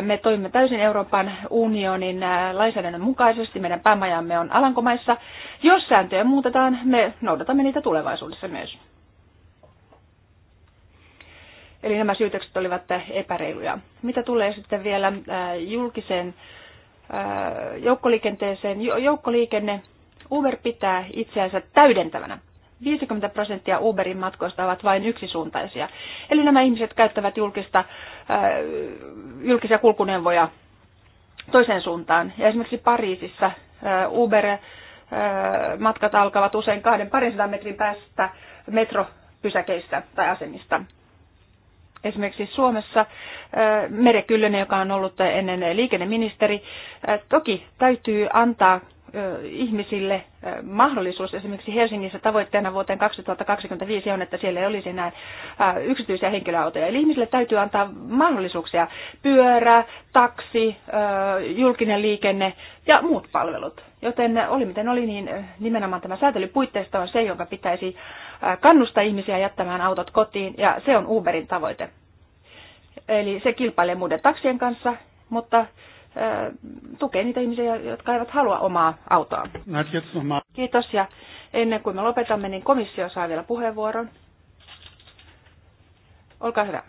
Me toimimme täysin Euroopan unionin lainsäädännön mukaisesti. Meidän päämajamme on Alankomaissa. Jos sääntöjä muutetaan, me noudatamme niitä tulevaisuudessa myös. Eli nämä syytökset olivat epäreiluja. Mitä tulee sitten vielä äh, julkiseen äh, joukkoliikenteeseen? Joukkoliikenne Uber pitää itseänsä täydentävänä. 50 prosenttia Uberin matkoista ovat vain yksisuuntaisia. Eli nämä ihmiset käyttävät julkista, äh, julkisia kulkuneuvoja toiseen suuntaan. Ja esimerkiksi Pariisissa Uber-matkat alkavat usein kahden parinsadan metrin päästä metropysäkeistä tai asemista esimerkiksi Suomessa Merekyllönen, joka on ollut ennen liikenneministeri, toki täytyy antaa ihmisille mahdollisuus. Esimerkiksi Helsingissä tavoitteena vuoteen 2025 on, että siellä ei olisi enää yksityisiä henkilöautoja. Eli ihmisille täytyy antaa mahdollisuuksia. Pyörä, taksi, julkinen liikenne ja muut palvelut. Joten oli miten oli, niin nimenomaan tämä säätelypuitteista on se, jonka pitäisi kannustaa ihmisiä jättämään autot kotiin, ja se on Uberin tavoite. Eli se kilpailee muiden taksien kanssa, mutta tukee niitä ihmisiä, jotka eivät halua omaa autoa. Kiitos ja ennen kuin me lopetamme, niin komissio saa vielä puheenvuoron. Olkaa hyvä.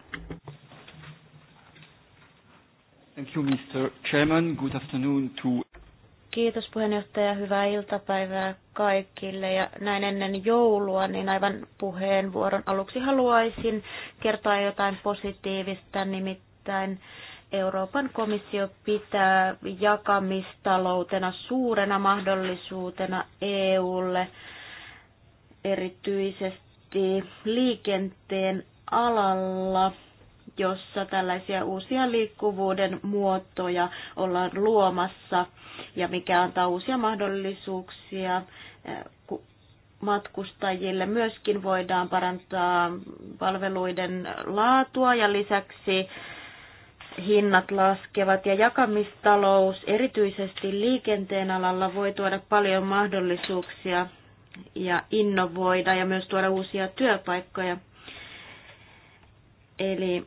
Thank you, Mr. Chairman. Good afternoon to... Kiitos puheenjohtaja, hyvää iltapäivää kaikille. Ja näin ennen joulua, niin aivan puheenvuoron aluksi haluaisin kertoa jotain positiivista, nimittäin Euroopan komissio pitää jakamistaloutena suurena mahdollisuutena EUlle erityisesti liikenteen alalla, jossa tällaisia uusia liikkuvuuden muotoja ollaan luomassa ja mikä antaa uusia mahdollisuuksia eh, matkustajille. Myöskin voidaan parantaa palveluiden laatua ja lisäksi hinnat laskevat ja jakamistalous erityisesti liikenteen alalla voi tuoda paljon mahdollisuuksia ja innovoida ja myös tuoda uusia työpaikkoja. Eli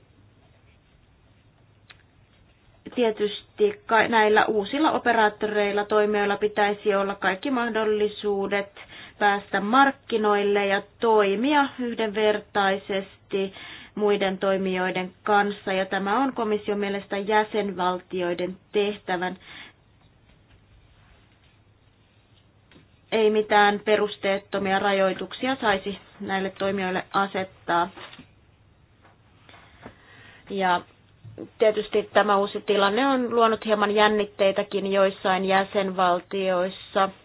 tietysti näillä uusilla operaattoreilla, toimijoilla pitäisi olla kaikki mahdollisuudet päästä markkinoille ja toimia yhdenvertaisesti muiden toimijoiden kanssa, ja tämä on komission mielestä jäsenvaltioiden tehtävän. Ei mitään perusteettomia rajoituksia saisi näille toimijoille asettaa. Ja tietysti tämä uusi tilanne on luonut hieman jännitteitäkin joissain jäsenvaltioissa –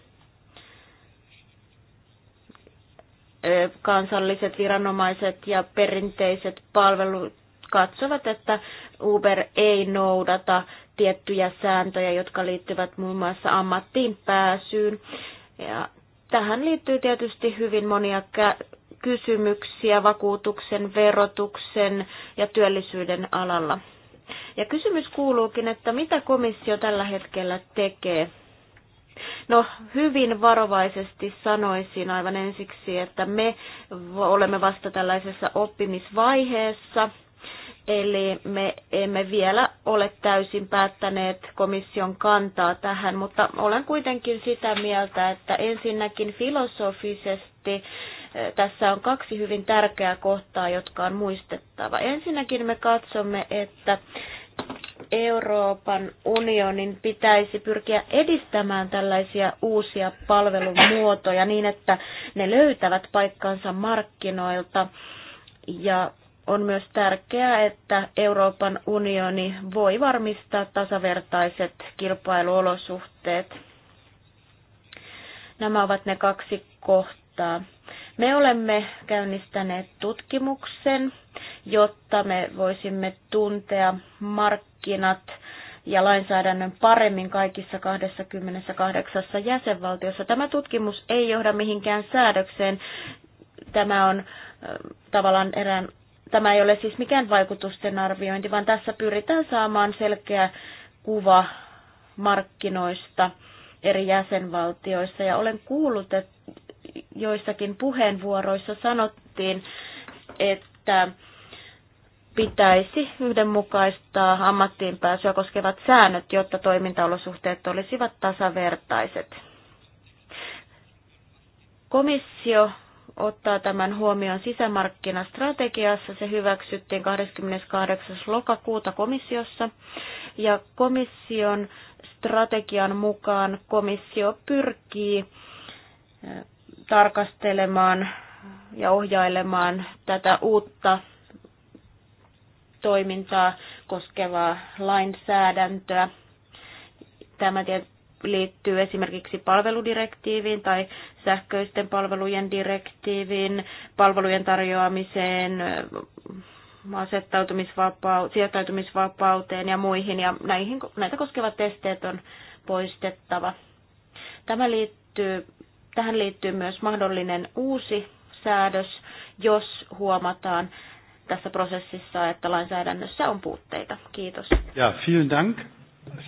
kansalliset viranomaiset ja perinteiset palvelut katsovat, että Uber ei noudata tiettyjä sääntöjä, jotka liittyvät muun muassa ammattiin pääsyyn. Ja tähän liittyy tietysti hyvin monia kysymyksiä vakuutuksen, verotuksen ja työllisyyden alalla. Ja kysymys kuuluukin, että mitä komissio tällä hetkellä tekee No, hyvin varovaisesti sanoisin aivan ensiksi, että me olemme vasta tällaisessa oppimisvaiheessa, Eli me emme vielä ole täysin päättäneet komission kantaa tähän, mutta olen kuitenkin sitä mieltä, että ensinnäkin filosofisesti eh, tässä on kaksi hyvin tärkeää kohtaa, jotka on muistettava. Ensinnäkin me katsomme, että Euroopan unionin pitäisi pyrkiä edistämään tällaisia uusia palvelumuotoja niin, että ne löytävät paikkansa markkinoilta. Ja on myös tärkeää, että Euroopan unioni voi varmistaa tasavertaiset kilpailuolosuhteet. Nämä ovat ne kaksi kohtaa. Me olemme käynnistäneet tutkimuksen jotta me voisimme tuntea markkinat ja lainsäädännön paremmin kaikissa 28 jäsenvaltiossa. Tämä tutkimus ei johda mihinkään säädökseen. Tämä on tavallaan erään Tämä ei ole siis mikään vaikutusten arviointi, vaan tässä pyritään saamaan selkeä kuva markkinoista eri jäsenvaltioissa. Ja olen kuullut, että joissakin puheenvuoroissa sanottiin, että pitäisi yhdenmukaistaa ammattiin pääsyä koskevat säännöt, jotta toimintaolosuhteet olisivat tasavertaiset. Komissio ottaa tämän huomioon sisämarkkinastrategiassa. Se hyväksyttiin 28. lokakuuta komissiossa. Ja komission strategian mukaan komissio pyrkii eh, tarkastelemaan ja ohjailemaan tätä uutta toimintaa koskevaa lainsäädäntöä. Tämä liittyy esimerkiksi palveludirektiiviin tai sähköisten palvelujen direktiiviin, palvelujen tarjoamiseen, sijoittautumisvapauteen ja muihin, ja näihin, näitä koskevat testeet on poistettava. Tämä liittyy, tähän liittyy myös mahdollinen uusi säädös, jos huomataan, tässä prosessissa, että lainsäädännössä on puutteita. Kiitos. Ja, vielen dank.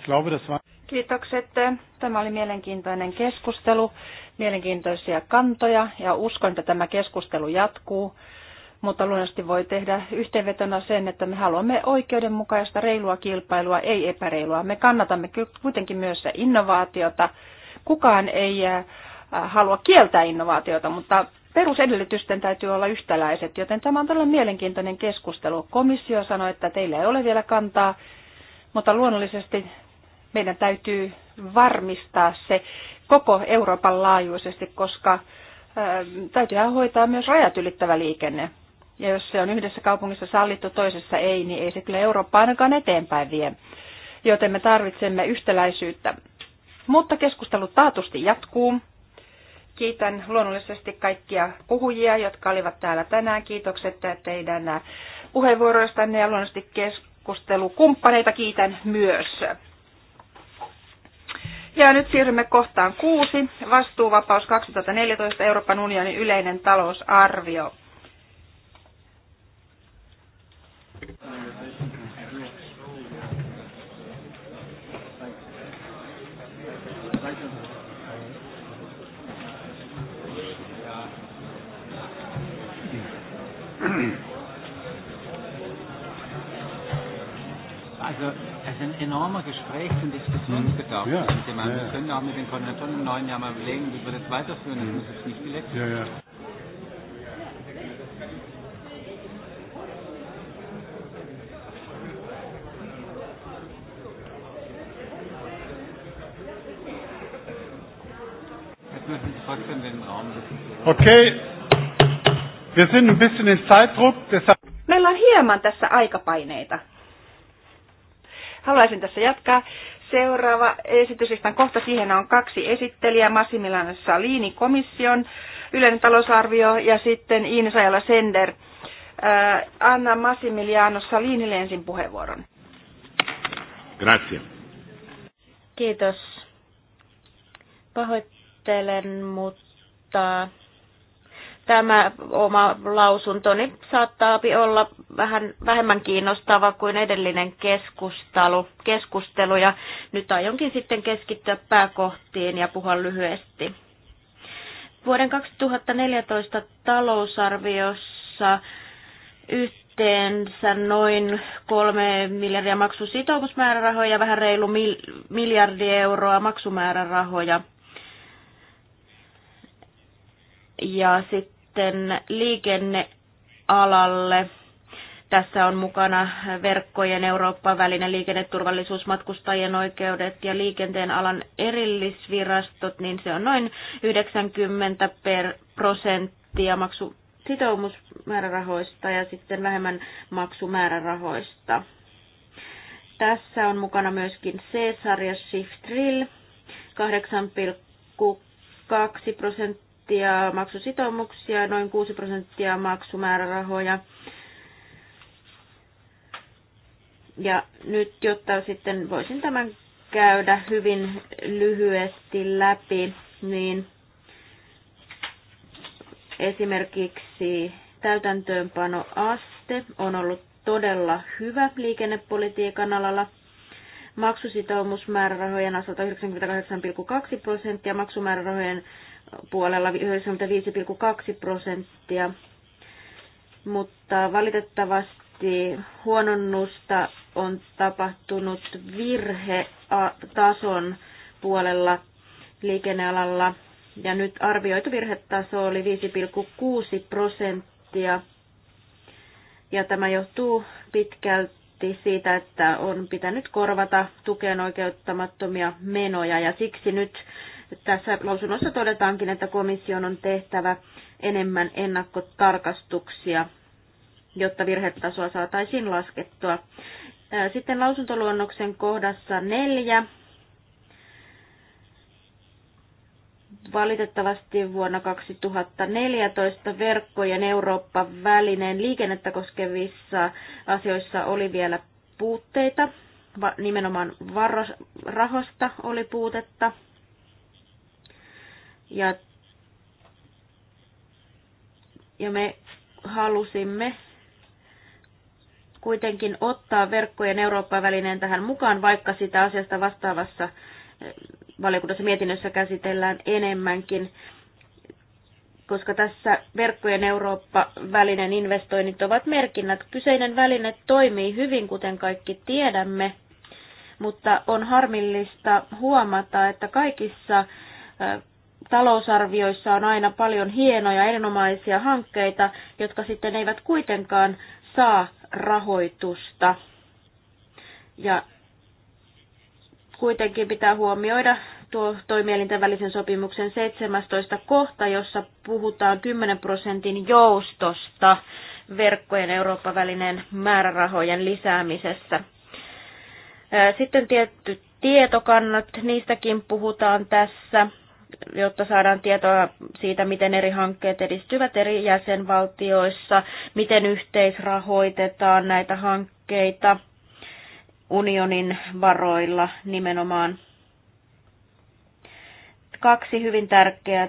glaube, das war... Kiitokset. Tämä oli mielenkiintoinen keskustelu, mielenkiintoisia kantoja ja uskon, että tämä keskustelu jatkuu. Mutta luonnollisesti voi tehdä yhteenvetona sen, että me haluamme oikeudenmukaista, reilua kilpailua, ei epäreilua. Me kannatamme kuitenkin myös innovaatiota. Kukaan ei äh, halua kieltää innovaatiota, mutta perusedellytysten täytyy olla yhtäläiset, joten tämä on todella mielenkiintoinen keskustelu. Komissio sanoi, että teillä ei ole vielä kantaa, mutta luonnollisesti meidän täytyy varmistaa se koko Euroopan laajuisesti, koska täytyyhän hoitaa myös rajat ylittävä liikenne. Ja jos se on yhdessä kaupungissa sallittu, toisessa ei, niin ei se kyllä Eurooppa ainakaan eteenpäin vie. Joten me tarvitsemme yhtäläisyyttä. Mutta keskustelu taatusti jatkuu. Kiitän luonnollisesti kaikkia puhujia, jotka olivat täällä tänään. Kiitokset teidän puheenvuoroistanne ja luonnollisesti keskustelukumppaneita kiitän myös. Ja nyt siirrymme kohtaan kuusi, vastuuvapaus 2014 Euroopan unionin yleinen talousarvio. Also es sind enorme Gesprächs- und Diskussionsbedarf ja, mit dem ja, Wir können auch mit den Koordinatoren im neuen Jahr mal überlegen, wie wir das weiterführen. Das muss jetzt nicht die letzte. Ja, ja. Okay, Wir sind ein bisschen in Zeitdruck, deshalb... Meillä on hieman tässä aikapaineita. Haluaisin tässä jatkaa. Seuraava esityslistan kohta siihen on kaksi esittelijää, Massimilana Salini komission yleinen talousarvio ja sitten Ines Ajala Sender. Äh, anna Massimiliano Salinille ensin puheenvuoron. Grazie. Kiitos. Pahoittelen, mutta Tämä oma lausuntoni saattaa olla vähän vähemmän kiinnostava kuin edellinen keskustelu, keskustelu ja nyt aionkin sitten keskittyä pääkohtiin ja puhua lyhyesti. Vuoden 2014 talousarviossa yhteensä noin kolme miljardia maksusitoumusmäärärahoja ja vähän reilu miljardi euroa maksumäärärahoja. Ja sitten sitten liikennealalle. Tässä on mukana verkkojen Euroopan välinen liikenneturvallisuus, matkustajien oikeudet ja liikenteen alan erillisvirastot, niin se on noin 90 per prosenttia maksu sitoumusmäärärahoista ja sitten vähemmän maksumäärärahoista. Tässä on mukana myöskin C-sarja Shift Drill, 8,2 prosenttia prosenttia maksusitoumuksia, noin 6 prosenttia maksumäärärahoja. Ja nyt, jotta sitten voisin tämän käydä hyvin lyhyesti läpi, niin esimerkiksi täytäntöönpanoaste on ollut todella hyvä liikennepolitiikan alalla. Maksusitoumusmäärärahojen osalta 98,2 prosenttia, maksumäärärahojen puolella 95,2 prosenttia, mutta valitettavasti huononnusta on tapahtunut virhetason puolella liikennealalla ja nyt arvioitu virhetaso oli 5,6 prosenttia ja tämä johtuu pitkälti siitä, että on pitänyt korvata tukeen oikeuttamattomia menoja ja siksi nyt tässä lausunnossa todetaankin, että komission on tehtävä enemmän ennakkotarkastuksia, jotta virhetasoa saataisiin laskettua. Sitten lausuntoluonnoksen kohdassa neljä. Valitettavasti vuonna 2014 verkkojen Euroopan välineen liikennettä koskevissa asioissa oli vielä puutteita. Nimenomaan varo-rahosta oli puutetta ja, ja me halusimme kuitenkin ottaa verkkojen Eurooppa-välineen tähän mukaan, vaikka sitä asiasta vastaavassa eh, valiokunnassa mietinnössä käsitellään enemmänkin, koska tässä verkkojen Eurooppa-välinen investoinnit ovat merkinnät. Kyseinen väline toimii hyvin, kuten kaikki tiedämme, mutta on harmillista huomata, että kaikissa eh, talousarvioissa on aina paljon hienoja, erinomaisia hankkeita, jotka sitten eivät kuitenkaan saa rahoitusta. Ja kuitenkin pitää huomioida tuo toimielinten välisen sopimuksen 17 kohta, jossa puhutaan 10 prosentin joustosta verkkojen Euroopan välinen määrärahojen lisäämisessä. Sitten tietty tietokannat, niistäkin puhutaan tässä jotta saadaan tietoa siitä, miten eri hankkeet edistyvät eri jäsenvaltioissa, miten yhteisrahoitetaan näitä hankkeita unionin varoilla nimenomaan. Kaksi hyvin tärkeää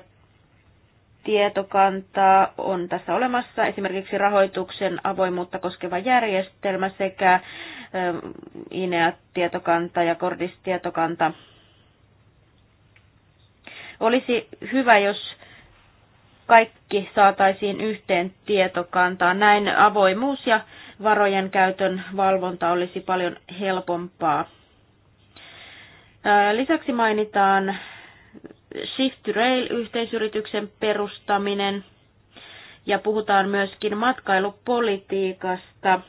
tietokantaa on tässä olemassa, esimerkiksi rahoituksen avoimuutta koskeva järjestelmä sekä INEA-tietokanta ja Kordis-tietokanta. Olisi hyvä, jos kaikki saataisiin yhteen tietokantaan. Näin avoimuus ja varojen käytön valvonta olisi paljon helpompaa. Lisäksi mainitaan Shift to Rail-yhteisyrityksen perustaminen ja puhutaan myöskin matkailupolitiikasta.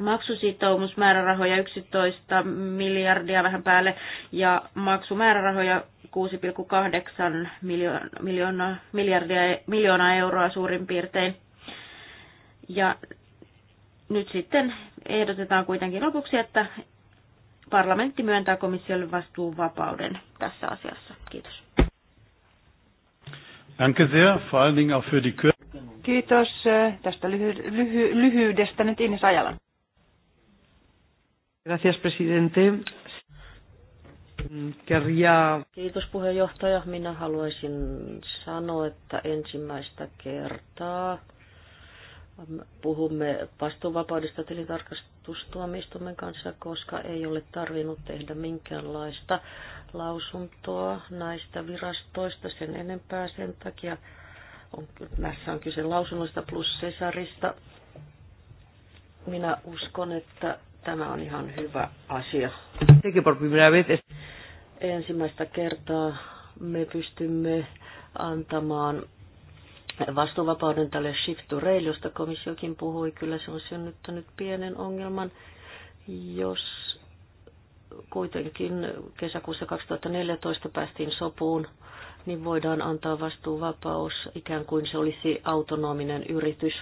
Maksusitoumusmäärärahoja 11 miljardia vähän päälle ja maksumäärärahoja 6,8 miljoonaa, miljardia, miljoonaa euroa suurin piirtein. Ja nyt sitten ehdotetaan kuitenkin lopuksi, että parlamentti myöntää komissiolle vapauden tässä asiassa. Kiitos. Danke sehr, vor allen Dingen auch für die Kür Kiitos äh, tästä lyhy- lyhy- lyhyydestä nyt Ines Ajalan. Gracias, presidente. Kiitos puheenjohtaja. Minä haluaisin sanoa, että ensimmäistä kertaa puhumme vastuuvapaudesta tilintarkastustuomioistuimen kanssa, koska ei ole tarvinnut tehdä minkäänlaista lausuntoa näistä virastoista sen enempää sen takia. On, tässä on kyse lausunnoista plus sesarista. Minä uskon, että tämä on ihan hyvä asia. Ensimmäistä kertaa me pystymme antamaan vastuuvapauden tälle Shift to Rail, josta komissiokin puhui. Kyllä se on synnyttänyt pienen ongelman, jos kuitenkin kesäkuussa 2014 päästiin sopuun, niin voidaan antaa vastuuvapaus ikään kuin se olisi autonominen yritys.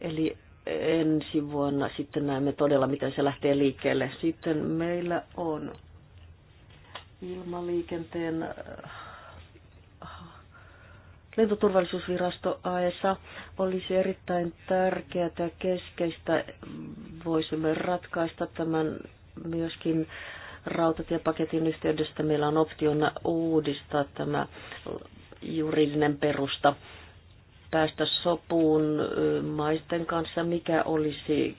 Eli ensi vuonna sitten näemme todella, miten se lähtee liikkeelle. Sitten meillä on ilmaliikenteen äh, lentoturvallisuusvirasto AESA e olisi erittäin tärkeää ja keskeistä. Voisimme ratkaista tämän myöskin rautatiepaketin yhteydestä. Meillä on optiona uudistaa tämä juridinen perusta päästä sopuun äh, maisten kanssa, mikä olisi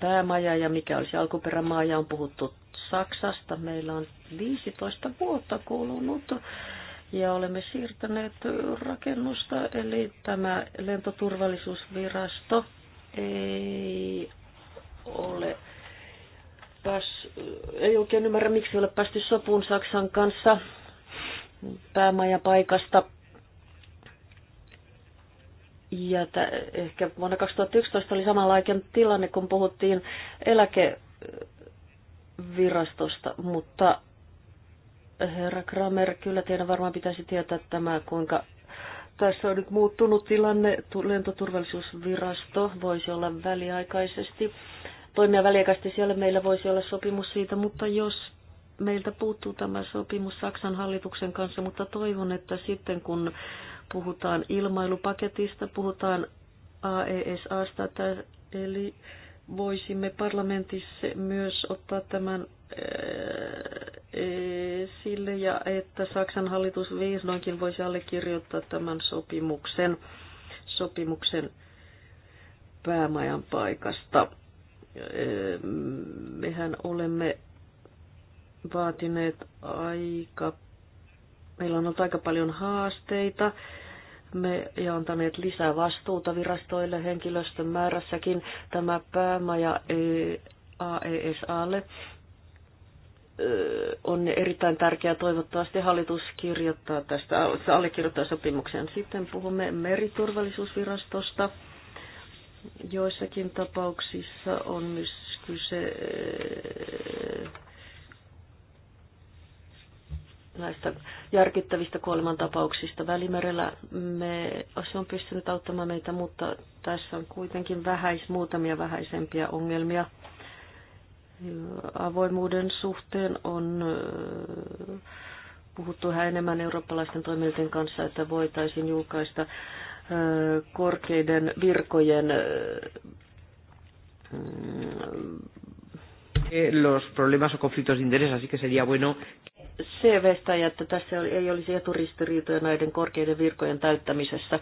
päämaja ja mikä olisi alkuperämaa ja on puhuttu Saksasta. Meillä on 15 vuotta kulunut ja olemme siirtäneet rakennusta, eli tämä lentoturvallisuusvirasto ei ole pääs, ei oikein ymmärrä, miksi ei ole päästy sopuun Saksan kanssa päämajapaikasta. paikasta ja t- ehkä vuonna 2011 oli samanlainen tilanne, kun puhuttiin eläkevirastosta, mutta herra Kramer, kyllä teidän varmaan pitäisi tietää tämä, kuinka tässä on nyt muuttunut tilanne. Lentoturvallisuusvirasto voisi olla väliaikaisesti, toimia väliaikaisesti siellä meillä voisi olla sopimus siitä, mutta jos meiltä puuttuu tämä sopimus Saksan hallituksen kanssa, mutta toivon, että sitten kun puhutaan ilmailupaketista, puhutaan AESAsta, eli voisimme parlamentissa myös ottaa tämän esille ja että Saksan hallitus vihdoinkin voisi allekirjoittaa tämän sopimuksen, sopimuksen päämajan paikasta. Mehän olemme vaatineet aika, meillä on ollut aika paljon haasteita me ja antaneet lisää vastuuta virastoille henkilöstön määrässäkin. Tämä päämaja e AESAlle on erittäin tärkeää. Toivottavasti hallitus kirjoittaa tästä, allekirjoittaa sopimuksen. Sitten puhumme meriturvallisuusvirastosta. Joissakin tapauksissa on myös kyse näistä järkyttävistä kuolemantapauksista Välimerellä. Me, se on pystynyt auttamaan meitä, mutta tässä on kuitenkin vähäis, muutamia vähäisempiä ongelmia. Avoimuuden suhteen on äh, puhuttu yhä enemmän eurooppalaisten toimijoiden kanssa, että voitaisiin julkaista äh, korkeiden virkojen äh, los problemas o conflictos de interés, así que sería bueno CVstä ja että tässä ei olisi eturistiriitoja näiden korkeiden virkojen täyttämisessä.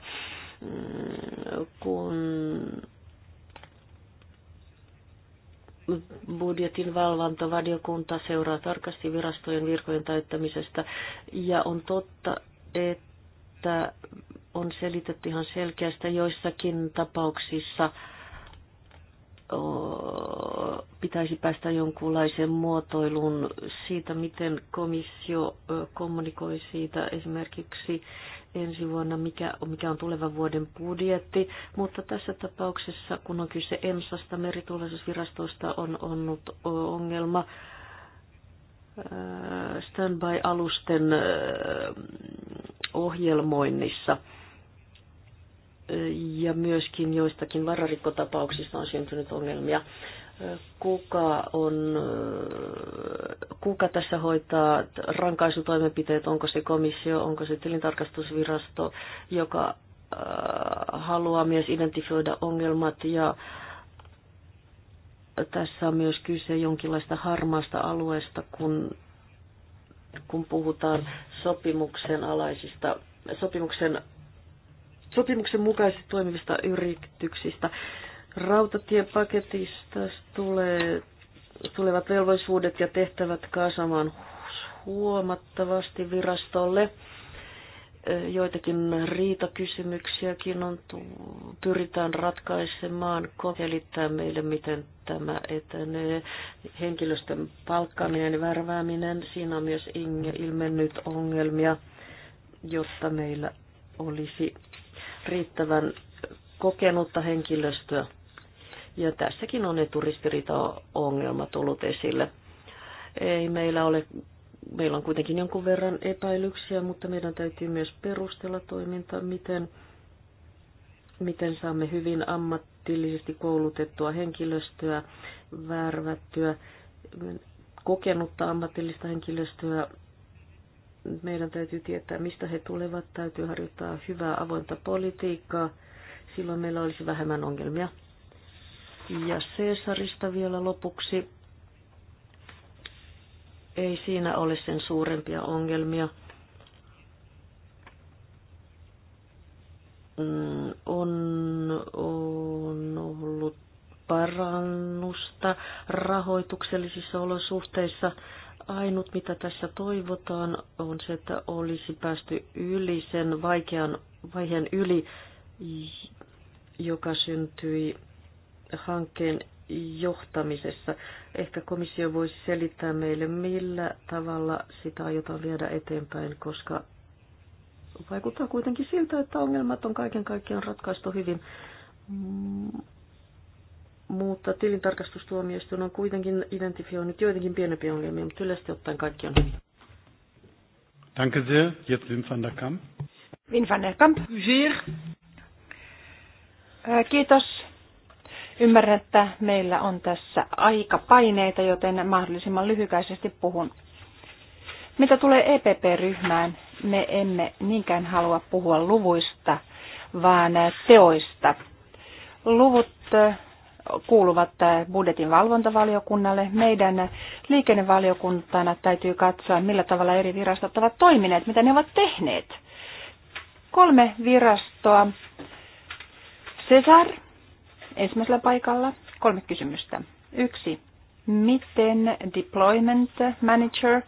Mm, kun budjetin valvontavaliokunta seuraa tarkasti virastojen virkojen täyttämisestä ja on totta, että on selitetty ihan selkeästi joissakin tapauksissa pitäisi päästä jonkunlaiseen muotoiluun siitä, miten komissio kommunikoi siitä esimerkiksi ensi vuonna, mikä, mikä on tulevan vuoden budjetti. Mutta tässä tapauksessa, kun on kyse EMSasta, meritulaisuusvirastosta, on ollut ongelma standby-alusten ohjelmoinnissa – ja myöskin joistakin vararikkotapauksista on syntynyt ongelmia. Kuka, on, kuka tässä hoitaa rankaisutoimenpiteet, onko se komissio, onko se tilintarkastusvirasto, joka äh, haluaa myös identifioida ongelmat ja tässä on myös kyse jonkinlaista harmaasta alueesta, kun, kun puhutaan sopimuksen alaisista, sopimuksen sopimuksen mukaisesti toimivista yrityksistä. Rautatiepaketista tulee, tulevat velvollisuudet ja tehtävät kasamaan huomattavasti virastolle. Joitakin riitakysymyksiäkin on, pyritään ratkaisemaan, selittää meille, miten tämä etenee. Henkilöstön palkkaaminen ja värvääminen, siinä on myös ilmennyt ongelmia, jotta meillä olisi riittävän kokenutta henkilöstöä. Ja tässäkin on eturistiriita-ongelma tullut esille. Ei meillä ole, meillä on kuitenkin jonkun verran epäilyksiä, mutta meidän täytyy myös perustella toiminta, miten, miten saamme hyvin ammattillisesti koulutettua henkilöstöä, värvättyä, kokenutta ammatillista henkilöstöä meidän täytyy tietää, mistä he tulevat, täytyy harjoittaa hyvää avointa politiikkaa, silloin meillä olisi vähemmän ongelmia. Ja Caesarista vielä lopuksi. Ei siinä ole sen suurempia ongelmia. Mm, on, on ollut parannusta rahoituksellisissa olosuhteissa Ainut, mitä tässä toivotaan, on se, että olisi päästy yli sen vaikean vaiheen yli, joka syntyi hankkeen johtamisessa. Ehkä komissio voisi selittää meille, millä tavalla sitä aiotaan viedä eteenpäin, koska vaikuttaa kuitenkin siltä, että ongelmat on kaiken kaikkiaan ratkaistu hyvin mutta tilintarkastustuomioistuin on kuitenkin identifioinut joitakin pienempiä ongelmia, mutta yleisesti ottaen kaikki on hyvin. Danke sehr. Jetzt Wim van der Kamp. Wim van der Kamp. Äh, kiitos. Ymmärrän, että meillä on tässä aika paineita, joten mahdollisimman lyhykäisesti puhun. Mitä tulee EPP-ryhmään, me emme niinkään halua puhua luvuista, vaan teoista. Luvut äh, kuuluvat eh, budjetin valvontavaliokunnalle. Meidän liikennevaliokuntana täytyy katsoa, millä tavalla eri virastot ovat toimineet, mitä ne ovat tehneet. Kolme virastoa. Cesar ensimmäisellä paikalla. Kolme kysymystä. Yksi. Miten deployment manager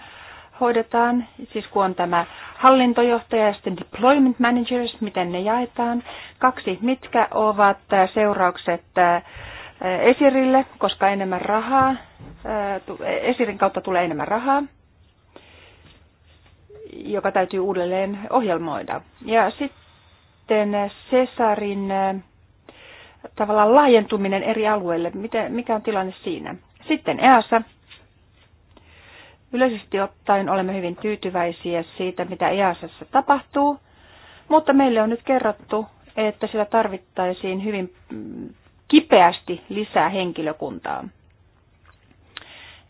hoidetaan, siis kun on tämä hallintojohtaja ja sitten deployment managers, miten ne jaetaan. Kaksi, mitkä ovat eh, seuraukset eh, Esirille, koska enemmän rahaa, Esirin kautta tulee enemmän rahaa, joka täytyy uudelleen ohjelmoida. Ja sitten Cesarin tavallaan laajentuminen eri alueille, miten, mikä on tilanne siinä. Sitten EASA. Yleisesti ottaen olemme hyvin tyytyväisiä siitä, mitä EASassa tapahtuu, mutta meille on nyt kerrottu, että sillä tarvittaisiin hyvin mm, kipeästi lisää henkilökuntaa.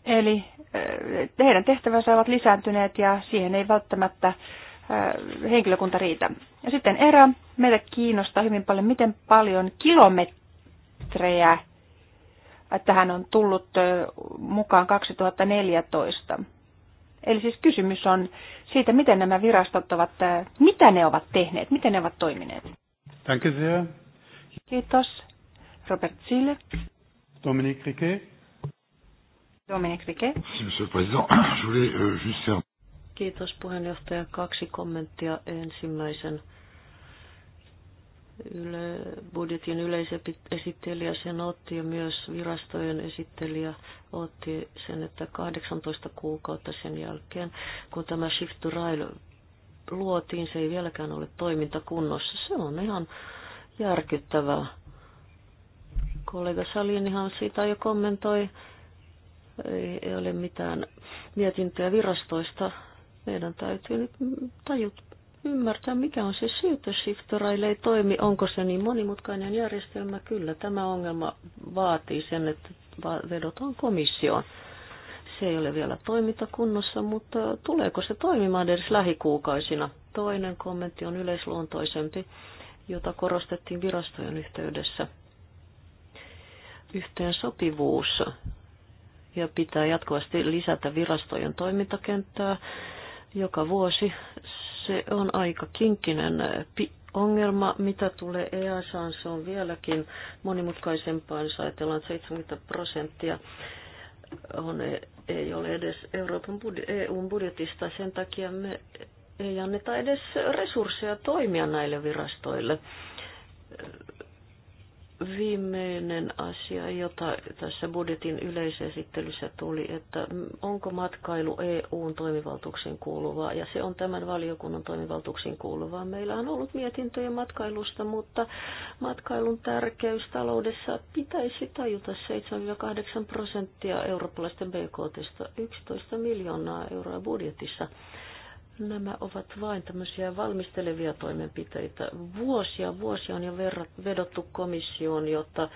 Eli eh, heidän tehtävänsä ovat lisääntyneet ja siihen ei välttämättä eh, henkilökunta riitä. Ja sitten erä. Meitä kiinnostaa hyvin paljon, miten paljon kilometrejä tähän on tullut eh, mukaan 2014. Eli siis kysymys on siitä, miten nämä virastot ovat, mitä ne ovat tehneet, miten ne ovat toimineet. Kiitos. Robert Zille. Dominique Riquet. Dominique Riquet. Monsieur le Président, je voulais euh, juste faire... Kiitos puheenjohtaja. Kaksi kommenttia ensimmäisen yle, budjetin yleisesittelijä sen otti ja myös virastojen esittelijä otti sen, että 18 kuukautta sen jälkeen, kun tämä Shift to Rail luotiin, se ei vieläkään ole toimintakunnossa. Se on ihan järkyttävää. Kollega Salinihan siitä jo kommentoi. Ei, ei ole mitään mietintöä virastoista. Meidän täytyy nyt tajut, ymmärtää, mikä on se syy, että shiftereille ei toimi. Onko se niin monimutkainen järjestelmä? Kyllä, tämä ongelma vaatii sen, että vedotaan komissioon. Se ei ole vielä toimintakunnossa, mutta tuleeko se toimimaan edes lähikuukausina? Toinen kommentti on yleisluontoisempi, jota korostettiin virastojen yhteydessä yhteensopivuus ja pitää jatkuvasti lisätä virastojen toimintakenttää joka vuosi. Se on aika kinkkinen ongelma, mitä tulee EASAan, se on vieläkin monimutkaisempaa, jos ajatellaan 70 prosenttia on, ei ole edes Euroopan EUn budjetista, sen takia me ei anneta edes resursseja toimia näille virastoille viimeinen asia, jota tässä budjetin yleisesittelyssä tuli, että onko matkailu EUn toimivaltuuksiin kuuluvaa, ja se on tämän valiokunnan toimivaltuuksiin kuuluvaa. Meillä on ollut mietintöjä matkailusta, mutta matkailun tärkeys taloudessa pitäisi tajuta 7-8 prosenttia eurooppalaisten BKTstä, 11 miljoonaa euroa budjetissa. Nämä ovat vain tämmöisiä valmistelevia toimenpiteitä. Vuosia, vuosia on jo verrat, vedottu komissioon, jotta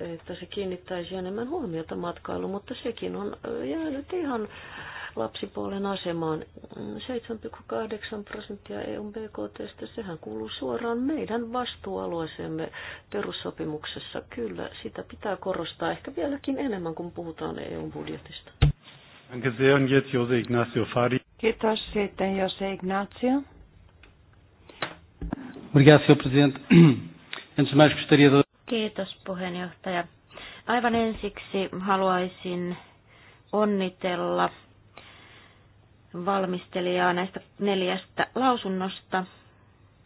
että se kiinnittäisi enemmän huomiota matkailuun, mutta sekin on jäänyt ihan lapsipuolen asemaan. 7,8 prosenttia EUn BKTstä, sehän kuuluu suoraan meidän vastuualueeseemme perussopimuksessa. Kyllä, sitä pitää korostaa ehkä vieläkin enemmän, kun puhutaan EUn budjetista. Danke sehr und jetzt Jose Ignacio Fari. Kiitos. Sitten Jose Ignacio. Obrigado, gostaria Kiitos, puheenjohtaja. Aivan ensiksi haluaisin onnitella valmistelijaa näistä neljästä lausunnosta.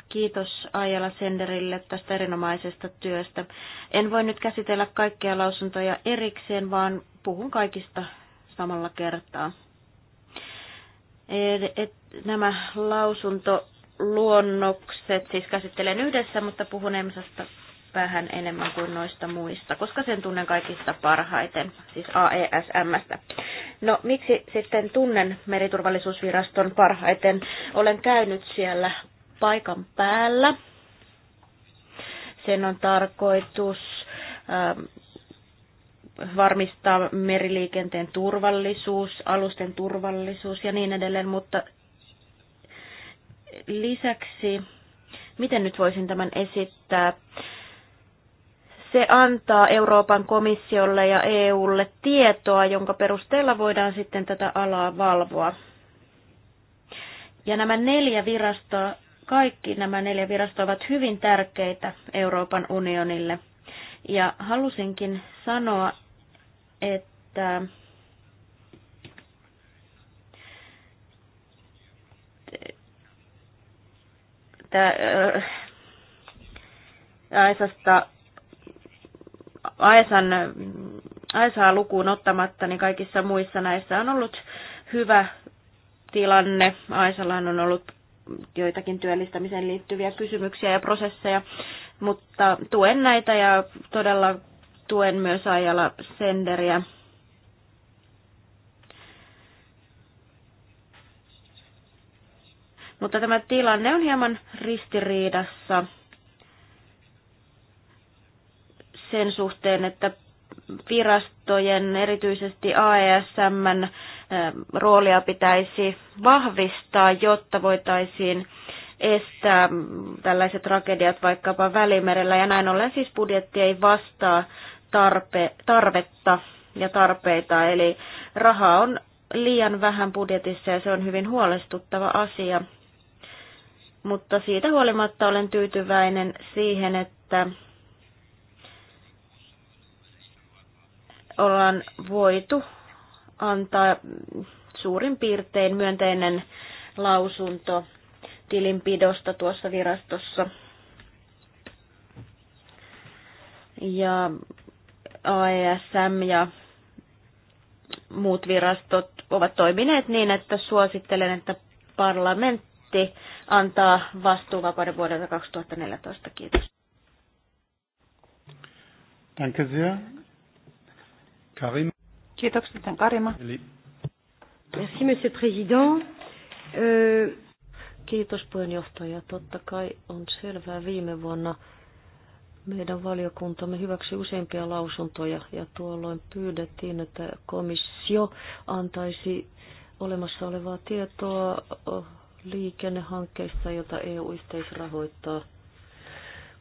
Kiitos Aijala Senderille tästä erinomaisesta työstä. En voi nyt käsitellä kaikkia lausuntoja erikseen, vaan puhun kaikista samalla kertaa et nämä lausuntoluonnokset siis käsittelen yhdessä, mutta puhun EMSasta vähän enemmän kuin noista muista, koska sen tunnen kaikista parhaiten, siis AESMstä. No miksi sitten tunnen meriturvallisuusviraston parhaiten? Olen käynyt siellä paikan päällä. Sen on tarkoitus ähm, varmistaa meriliikenteen turvallisuus, alusten turvallisuus ja niin edelleen, mutta lisäksi, miten nyt voisin tämän esittää, se antaa Euroopan komissiolle ja EUlle tietoa, jonka perusteella voidaan sitten tätä alaa valvoa. Ja nämä neljä virastoa, kaikki nämä neljä virastoa ovat hyvin tärkeitä Euroopan unionille. Ja halusinkin sanoa, että Aesasta, Aesan, Aesaa lukuun ottamatta, niin kaikissa muissa näissä on ollut hyvä tilanne. Aisalla on ollut joitakin työllistämiseen liittyviä kysymyksiä ja prosesseja, mutta tuen näitä ja todella tuen myös ajalla Senderiä. Mutta tämä tilanne on hieman ristiriidassa sen suhteen, että virastojen, erityisesti AESMn roolia pitäisi vahvistaa, jotta voitaisiin estää tällaiset tragediat vaikkapa Välimerellä. Ja näin ollen siis budjetti ei vastaa tarpe, tarvetta ja tarpeita. Eli rahaa on liian vähän budjetissa ja se on hyvin huolestuttava asia. Mutta siitä huolimatta olen tyytyväinen siihen, että ollaan voitu antaa suurin piirtein myönteinen lausunto tilinpidosta tuossa virastossa. Ja AESM ja muut virastot ovat toimineet niin, että suosittelen, että parlamentti antaa vastuuvapauden vuodelta 2014. Kiitos. Danke sehr. Karim. Kiitokset, Karima. Eli. Merci, monsieur président. Euh, Kiitos puheenjohtaja. Totta kai on selvää viime vuonna meidän valiokuntamme hyväksyi useampia lausuntoja ja tuolloin pyydettiin, että komissio antaisi olemassa olevaa tietoa liikennehankkeista, jota EU-yhteisrahoittaa –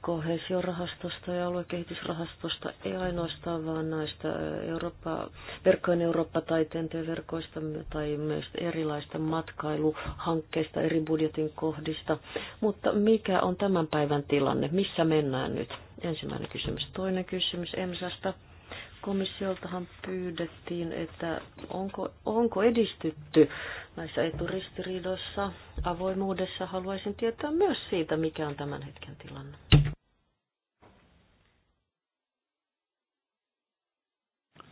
koheesiorahastosta ja aluekehitysrahastosta, ei ainoastaan vaan näistä Eurooppa, verkkojen Eurooppa-taiteen verkoista tai myös erilaista matkailuhankkeista, eri budjetin kohdista. Mutta mikä on tämän päivän tilanne? Missä mennään nyt? Ensimmäinen kysymys. Toinen kysymys EMSasta komissioltahan pyydettiin, että onko, onko edistytty näissä eturistiriidoissa, avoimuudessa. Haluaisin tietää myös siitä, mikä on tämän hetken tilanne.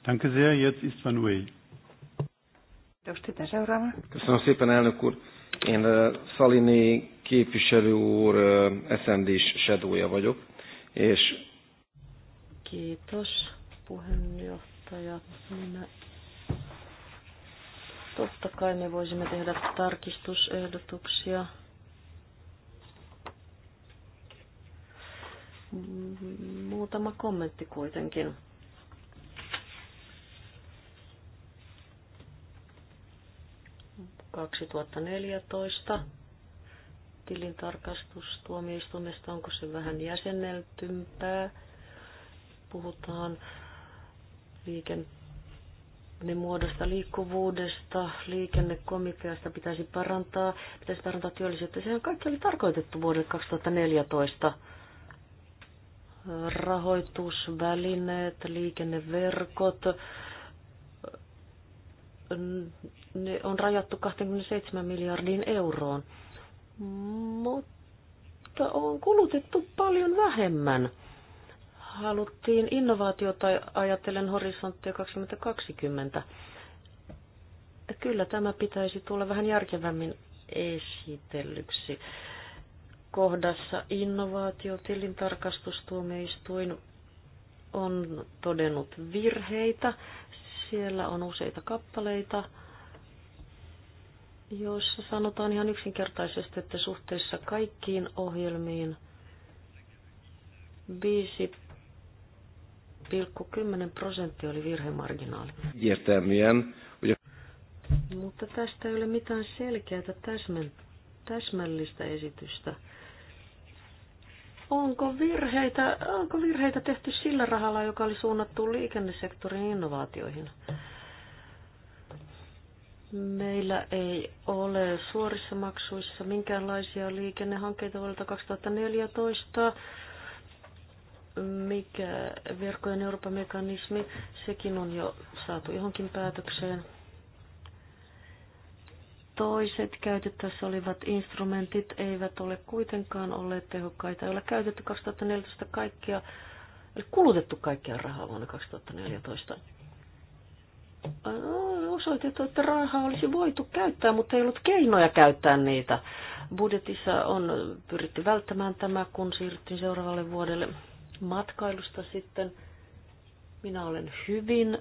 Danke sehr, jetzt ist Van Wey. Köszönöm szépen, elnök úr. Én eh, Szalini képviselő úr eh, SND-s shadowja vagyok, és... Kiitos puheenjohtaja. Minä Totta kai me voisimme tehdä tarkistusehdotuksia. Muutama kommentti kuitenkin. ...2014 tilintarkastustuomioistuimesta, onko se vähän jäsenneltympää. Puhutaan muodosta liikkuvuudesta, liikennekomiteasta pitäisi parantaa, pitäisi parantaa työllisyyttä. Sehän kaikki oli tarkoitettu vuodelle 2014. Rahoitusvälineet, liikenneverkot, ne on rajattu 27 miljardiin euroon. Mutta on kulutettu paljon vähemmän – haluttiin innovaatiota ajatellen horisonttia 2020. Kyllä tämä pitäisi tulla vähän järkevämmin esitellyksi. Kohdassa innovaatio tilintarkastustuomioistuin on todennut virheitä. Siellä on useita kappaleita, joissa sanotaan ihan yksinkertaisesti, että suhteessa kaikkiin ohjelmiin 5 0,10 prosenttia oli virhemarginaali. Mutta tästä ei ole mitään selkeää täsmän, täsmällistä esitystä. Onko virheitä, onko virheitä tehty sillä rahalla, joka oli suunnattu liikennesektorin innovaatioihin? Meillä ei ole suorissa maksuissa minkäänlaisia liikennehankkeita vuodelta 2014 mikä verkkojen Euroopan mekanismi, sekin on jo saatu johonkin päätökseen. Toiset käytettävissä olivat instrumentit eivät ole kuitenkaan olleet tehokkaita, ole käytetty 2014 kaikkia, eli kulutettu kaikkia rahaa vuonna 2014. Osoitettu, että tuota rahaa olisi voitu käyttää, mutta ei ollut keinoja käyttää niitä. Budjetissa on pyritty välttämään tämä, kun siirryttiin seuraavalle vuodelle. Matkailusta sitten minä olen hyvin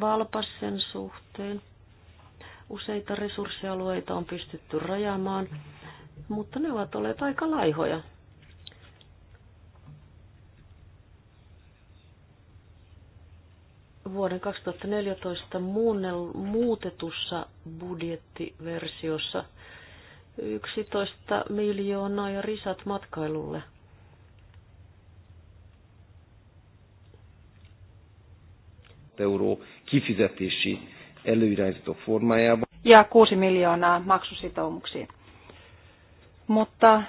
valpas sen suhteen. Useita resurssialueita on pystytty rajaamaan, mutta ne ovat olleet aika laihoja. Vuoden 2014 muutetussa budjettiversiossa 11 miljoonaa ja risat matkailulle – euró kifizetési előirányzatok formájában. Ja 6 miljoonaa maksusitoumuksiin. Mutta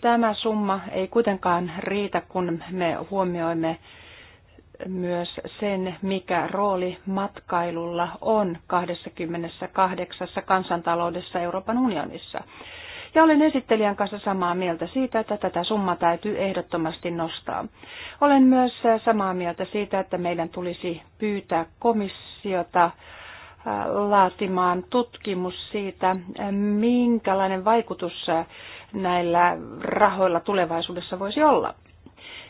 tämä summa ei kuitenkaan riitä, kun me huomioimme myös sen, mikä rooli matkailulla on 28 kansantaloudessa Euroopan unionissa. Ja olen esittelijän kanssa samaa mieltä siitä, että tätä summaa täytyy ehdottomasti nostaa. Olen myös samaa mieltä siitä, että meidän tulisi pyytää komissiota äh, laatimaan tutkimus siitä, minkälainen vaikutus äh, näillä rahoilla tulevaisuudessa voisi olla.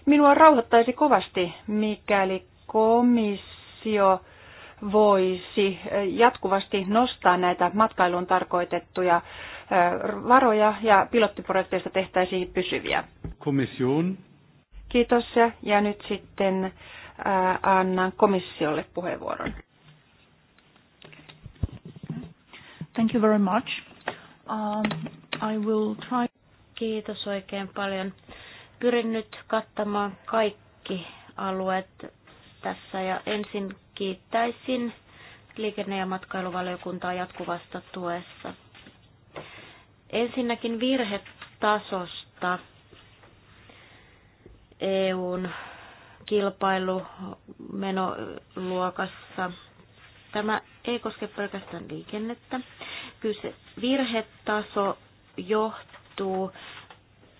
Minua rauhoittaisi kovasti, mikäli komissio voisi äh, jatkuvasti nostaa näitä matkailuun tarkoitettuja varoja ja pilottiprojekteista tehtäisiin pysyviä. Komission. Kiitos ja nyt sitten annan komissiolle puheenvuoron. Thank you very much. Um, I will try... Kiitos oikein paljon. Pyrin nyt kattamaan kaikki alueet tässä ja ensin kiittäisin liikenne- ja matkailuvaliokuntaa jatkuvasta tuessa Ensinnäkin virhetasosta EUn kilpailumenoluokassa. Tämä ei koske pelkästään liikennettä. Kyse virhetaso johtuu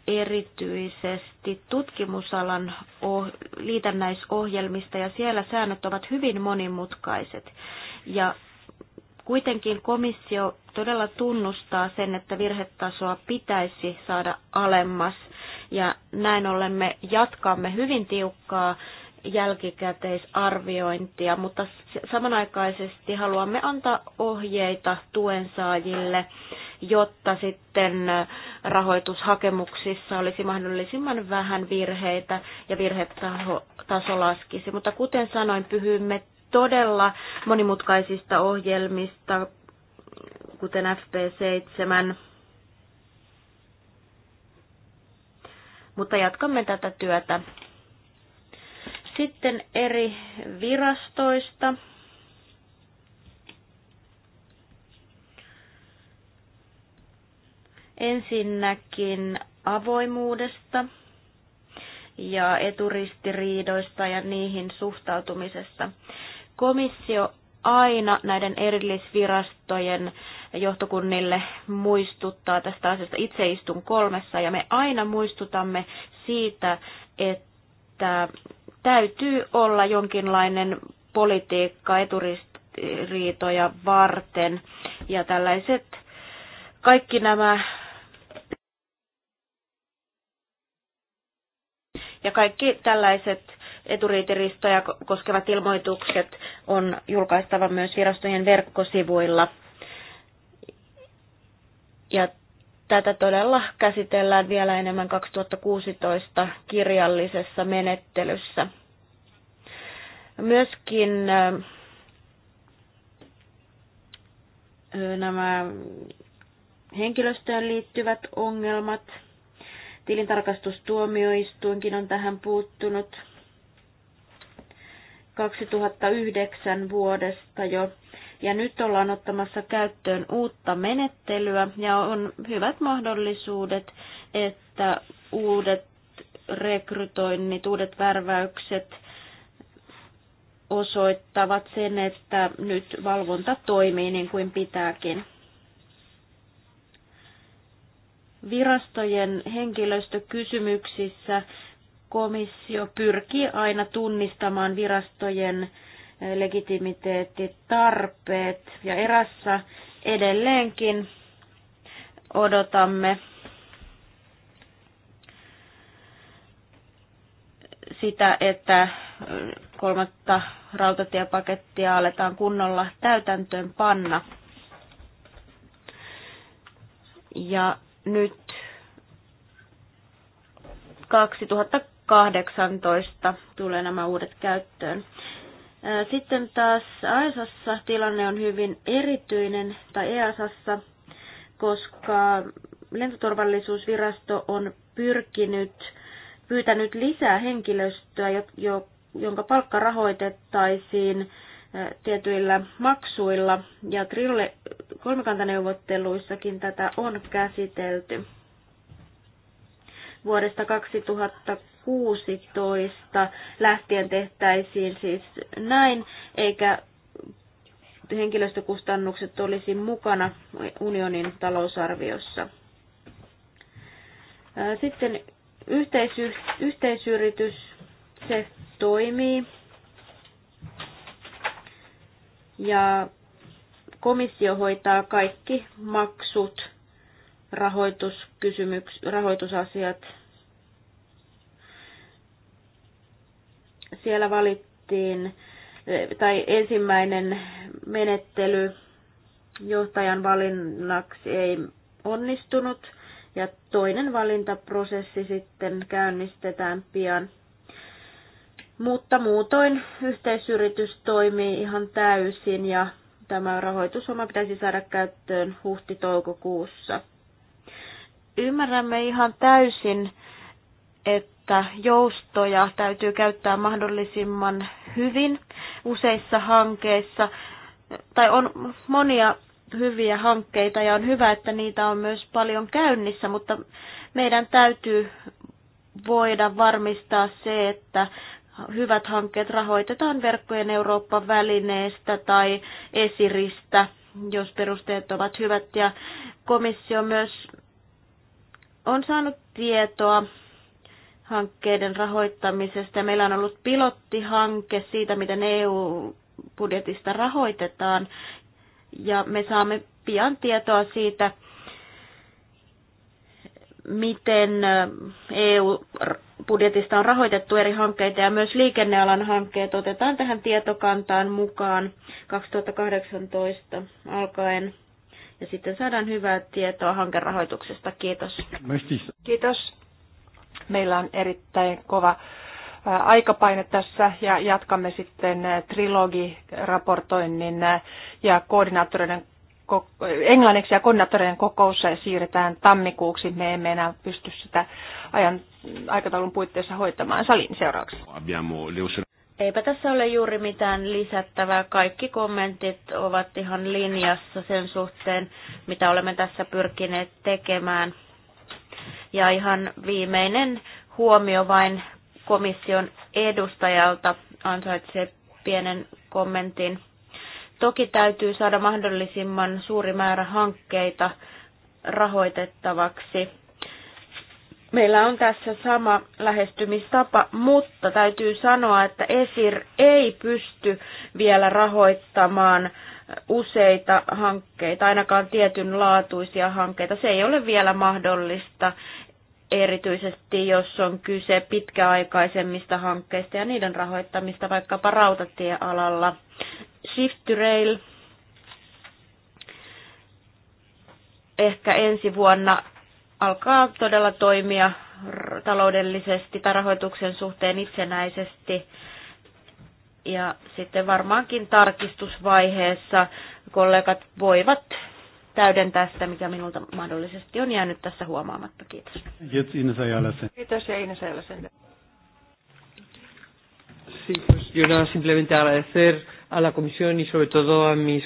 erityisesti tutkimusalan oh- liitännäisohjelmista ja siellä säännöt ovat hyvin monimutkaiset. Ja Kuitenkin komissio todella tunnustaa sen, että virhetasoa pitäisi saada alemmas ja näin ollen me jatkamme hyvin tiukkaa jälkikäteisarviointia, mutta samanaikaisesti haluamme antaa ohjeita tuensaajille, jotta sitten rahoitushakemuksissa olisi mahdollisimman vähän virheitä ja virhetaso laskisi. Mutta kuten sanoin, pyhymme todella monimutkaisista ohjelmista, kuten FP7. Mutta jatkamme tätä työtä. Sitten eri virastoista. Ensinnäkin avoimuudesta ja eturistiriidoista ja niihin suhtautumisesta. Komissio aina näiden erillisvirastojen johtokunnille muistuttaa tästä asiasta. Itse istun kolmessa ja me aina muistutamme siitä, että täytyy olla jonkinlainen politiikka eturistiriitoja varten ja tällaiset kaikki nämä ja kaikki tällaiset eturiitiristoja koskevat ilmoitukset on julkaistava myös virastojen verkkosivuilla. Ja tätä todella käsitellään vielä enemmän 2016 kirjallisessa menettelyssä. Myöskin nämä henkilöstöön liittyvät ongelmat. Tilintarkastustuomioistuinkin on tähän puuttunut. 2009 vuodesta jo. Ja nyt ollaan ottamassa käyttöön uutta menettelyä ja on hyvät mahdollisuudet, että uudet rekrytoinnit, uudet värväykset osoittavat sen, että nyt valvonta toimii niin kuin pitääkin. Virastojen henkilöstökysymyksissä komissio pyrkii aina tunnistamaan virastojen eh, legitimiteettitarpeet ja erässä edelleenkin odotamme sitä, että eh, kolmatta rautatiepakettia aletaan kunnolla täytäntöön panna. Ja nyt 2000 2018 tulee nämä uudet käyttöön. Sitten taas AESassa tilanne on hyvin erityinen, tai EASassa, koska lentoturvallisuusvirasto on pyrkinyt, pyytänyt lisää henkilöstöä, jo, jonka palkka rahoitettaisiin tietyillä maksuilla, ja trille kolmikantaneuvotteluissakin tätä on käsitelty vuodesta 2016 lähtien tehtäisiin siis näin, eikä henkilöstökustannukset olisi mukana unionin talousarviossa. Sitten yhteisy, yhteisyritys, se toimii. Ja komissio hoitaa kaikki maksut rahoituskysymyks, rahoitusasiat. Siellä valittiin, tai ensimmäinen menettely johtajan valinnaksi ei onnistunut, ja toinen valintaprosessi sitten käynnistetään pian. Mutta muutoin yhteisyritys toimii ihan täysin ja tämä rahoitusoma pitäisi saada käyttöön huhti-toukokuussa. Ymmärrämme ihan täysin, että joustoja täytyy käyttää mahdollisimman hyvin useissa hankkeissa, tai on monia hyviä hankkeita ja on hyvä, että niitä on myös paljon käynnissä, mutta meidän täytyy voida varmistaa se, että hyvät hankkeet rahoitetaan verkkojen Euroopan välineestä tai esiristä, jos perusteet ovat hyvät. Ja komissio myös on saanut tietoa hankkeiden rahoittamisesta. Meillä on ollut pilottihanke siitä, miten EU-budjetista rahoitetaan, ja me saamme pian tietoa siitä, miten EU-budjetista on rahoitettu eri hankkeita ja myös liikennealan hankkeet otetaan tähän tietokantaan mukaan 2018 alkaen ja sitten saadaan hyvää tietoa hankerahoituksesta. Kiitos. Kiitos. Meillä on erittäin kova aikapaine tässä ja jatkamme sitten trilogiraportoinnin ja koordinaattoreiden englanniksi ja koordinaattoreiden kokous siirretään tammikuuksi. Me emme enää pysty sitä ajan, aikataulun puitteissa hoitamaan salin seuraavaksi. Eipä tässä ole juuri mitään lisättävää. Kaikki kommentit ovat ihan linjassa sen suhteen, mitä olemme tässä pyrkineet tekemään. Ja ihan viimeinen huomio vain komission edustajalta ansaitsee pienen kommentin. Toki täytyy saada mahdollisimman suuri määrä hankkeita rahoitettavaksi Meillä on tässä sama lähestymistapa, mutta täytyy sanoa, että ESIR ei pysty vielä rahoittamaan useita hankkeita, ainakaan tietynlaatuisia hankkeita. Se ei ole vielä mahdollista, erityisesti jos on kyse pitkäaikaisemmista hankkeista ja niiden rahoittamista vaikkapa rautatiealalla. Shift to Rail ehkä ensi vuonna alkaa todella toimia taloudellisesti tai rahoituksen suhteen itsenäisesti. Ja sitten varmaankin tarkistusvaiheessa kollegat voivat täydentää sitä, mikä minulta mahdollisesti on jäänyt tässä huomaamatta. Kiitos. Kiitos Ines Kiitos ja Ines Ajalasen. Sí, pues yo nada, simplemente agradecer a la comisión y sobre todo a mis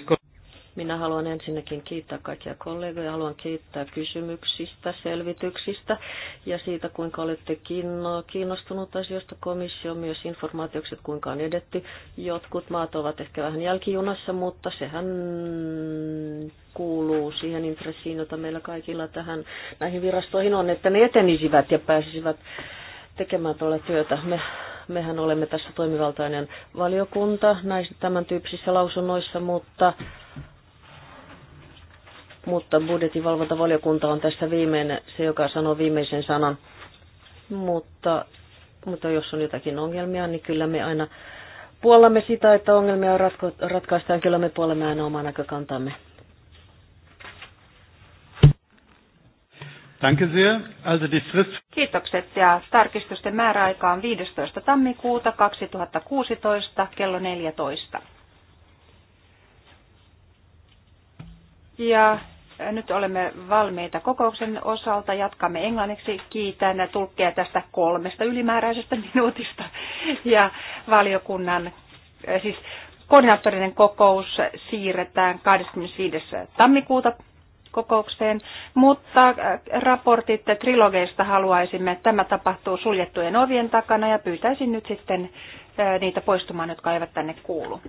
minä haluan ensinnäkin kiittää kaikkia kollegoja, haluan kiittää kysymyksistä, selvityksistä ja siitä, kuinka olette kiinnostunut asioista. Komissio myös informaatioksi, kuinka on edetty. Jotkut maat ovat ehkä vähän jälkijunassa, mutta sehän kuuluu siihen intressiin, jota meillä kaikilla tähän näihin virastoihin on, että ne etenisivät ja pääsisivät tekemään tuolla työtä. Me mehän olemme tässä toimivaltainen valiokunta näissä tämän tyyppisissä lausunnoissa, mutta mutta valvontavaliokunta on tässä viimeinen, se joka sanoo viimeisen sanan. Mutta, mutta jos on jotakin ongelmia, niin kyllä me aina puolamme sitä, että ongelmia ratko, ratkaistaan, kyllä me puolamme aina omaa näkökantamme. Danke sehr. Also die Frist... Kiitokset ja tarkistusten määräaika on 15. tammikuuta 2016 kello 14. Ja nyt olemme valmiita kokouksen osalta. Jatkamme englanniksi. Kiitän tulkkeja tästä kolmesta ylimääräisestä minuutista. Ja valiokunnan, eh, siis koordinaattorinen kokous siirretään 25. tammikuuta kokoukseen, mutta eh, raportit trilogeista haluaisimme, että tämä tapahtuu suljettujen ovien takana ja pyytäisin nyt sitten eh, niitä poistumaan, jotka eivät tänne kuulu.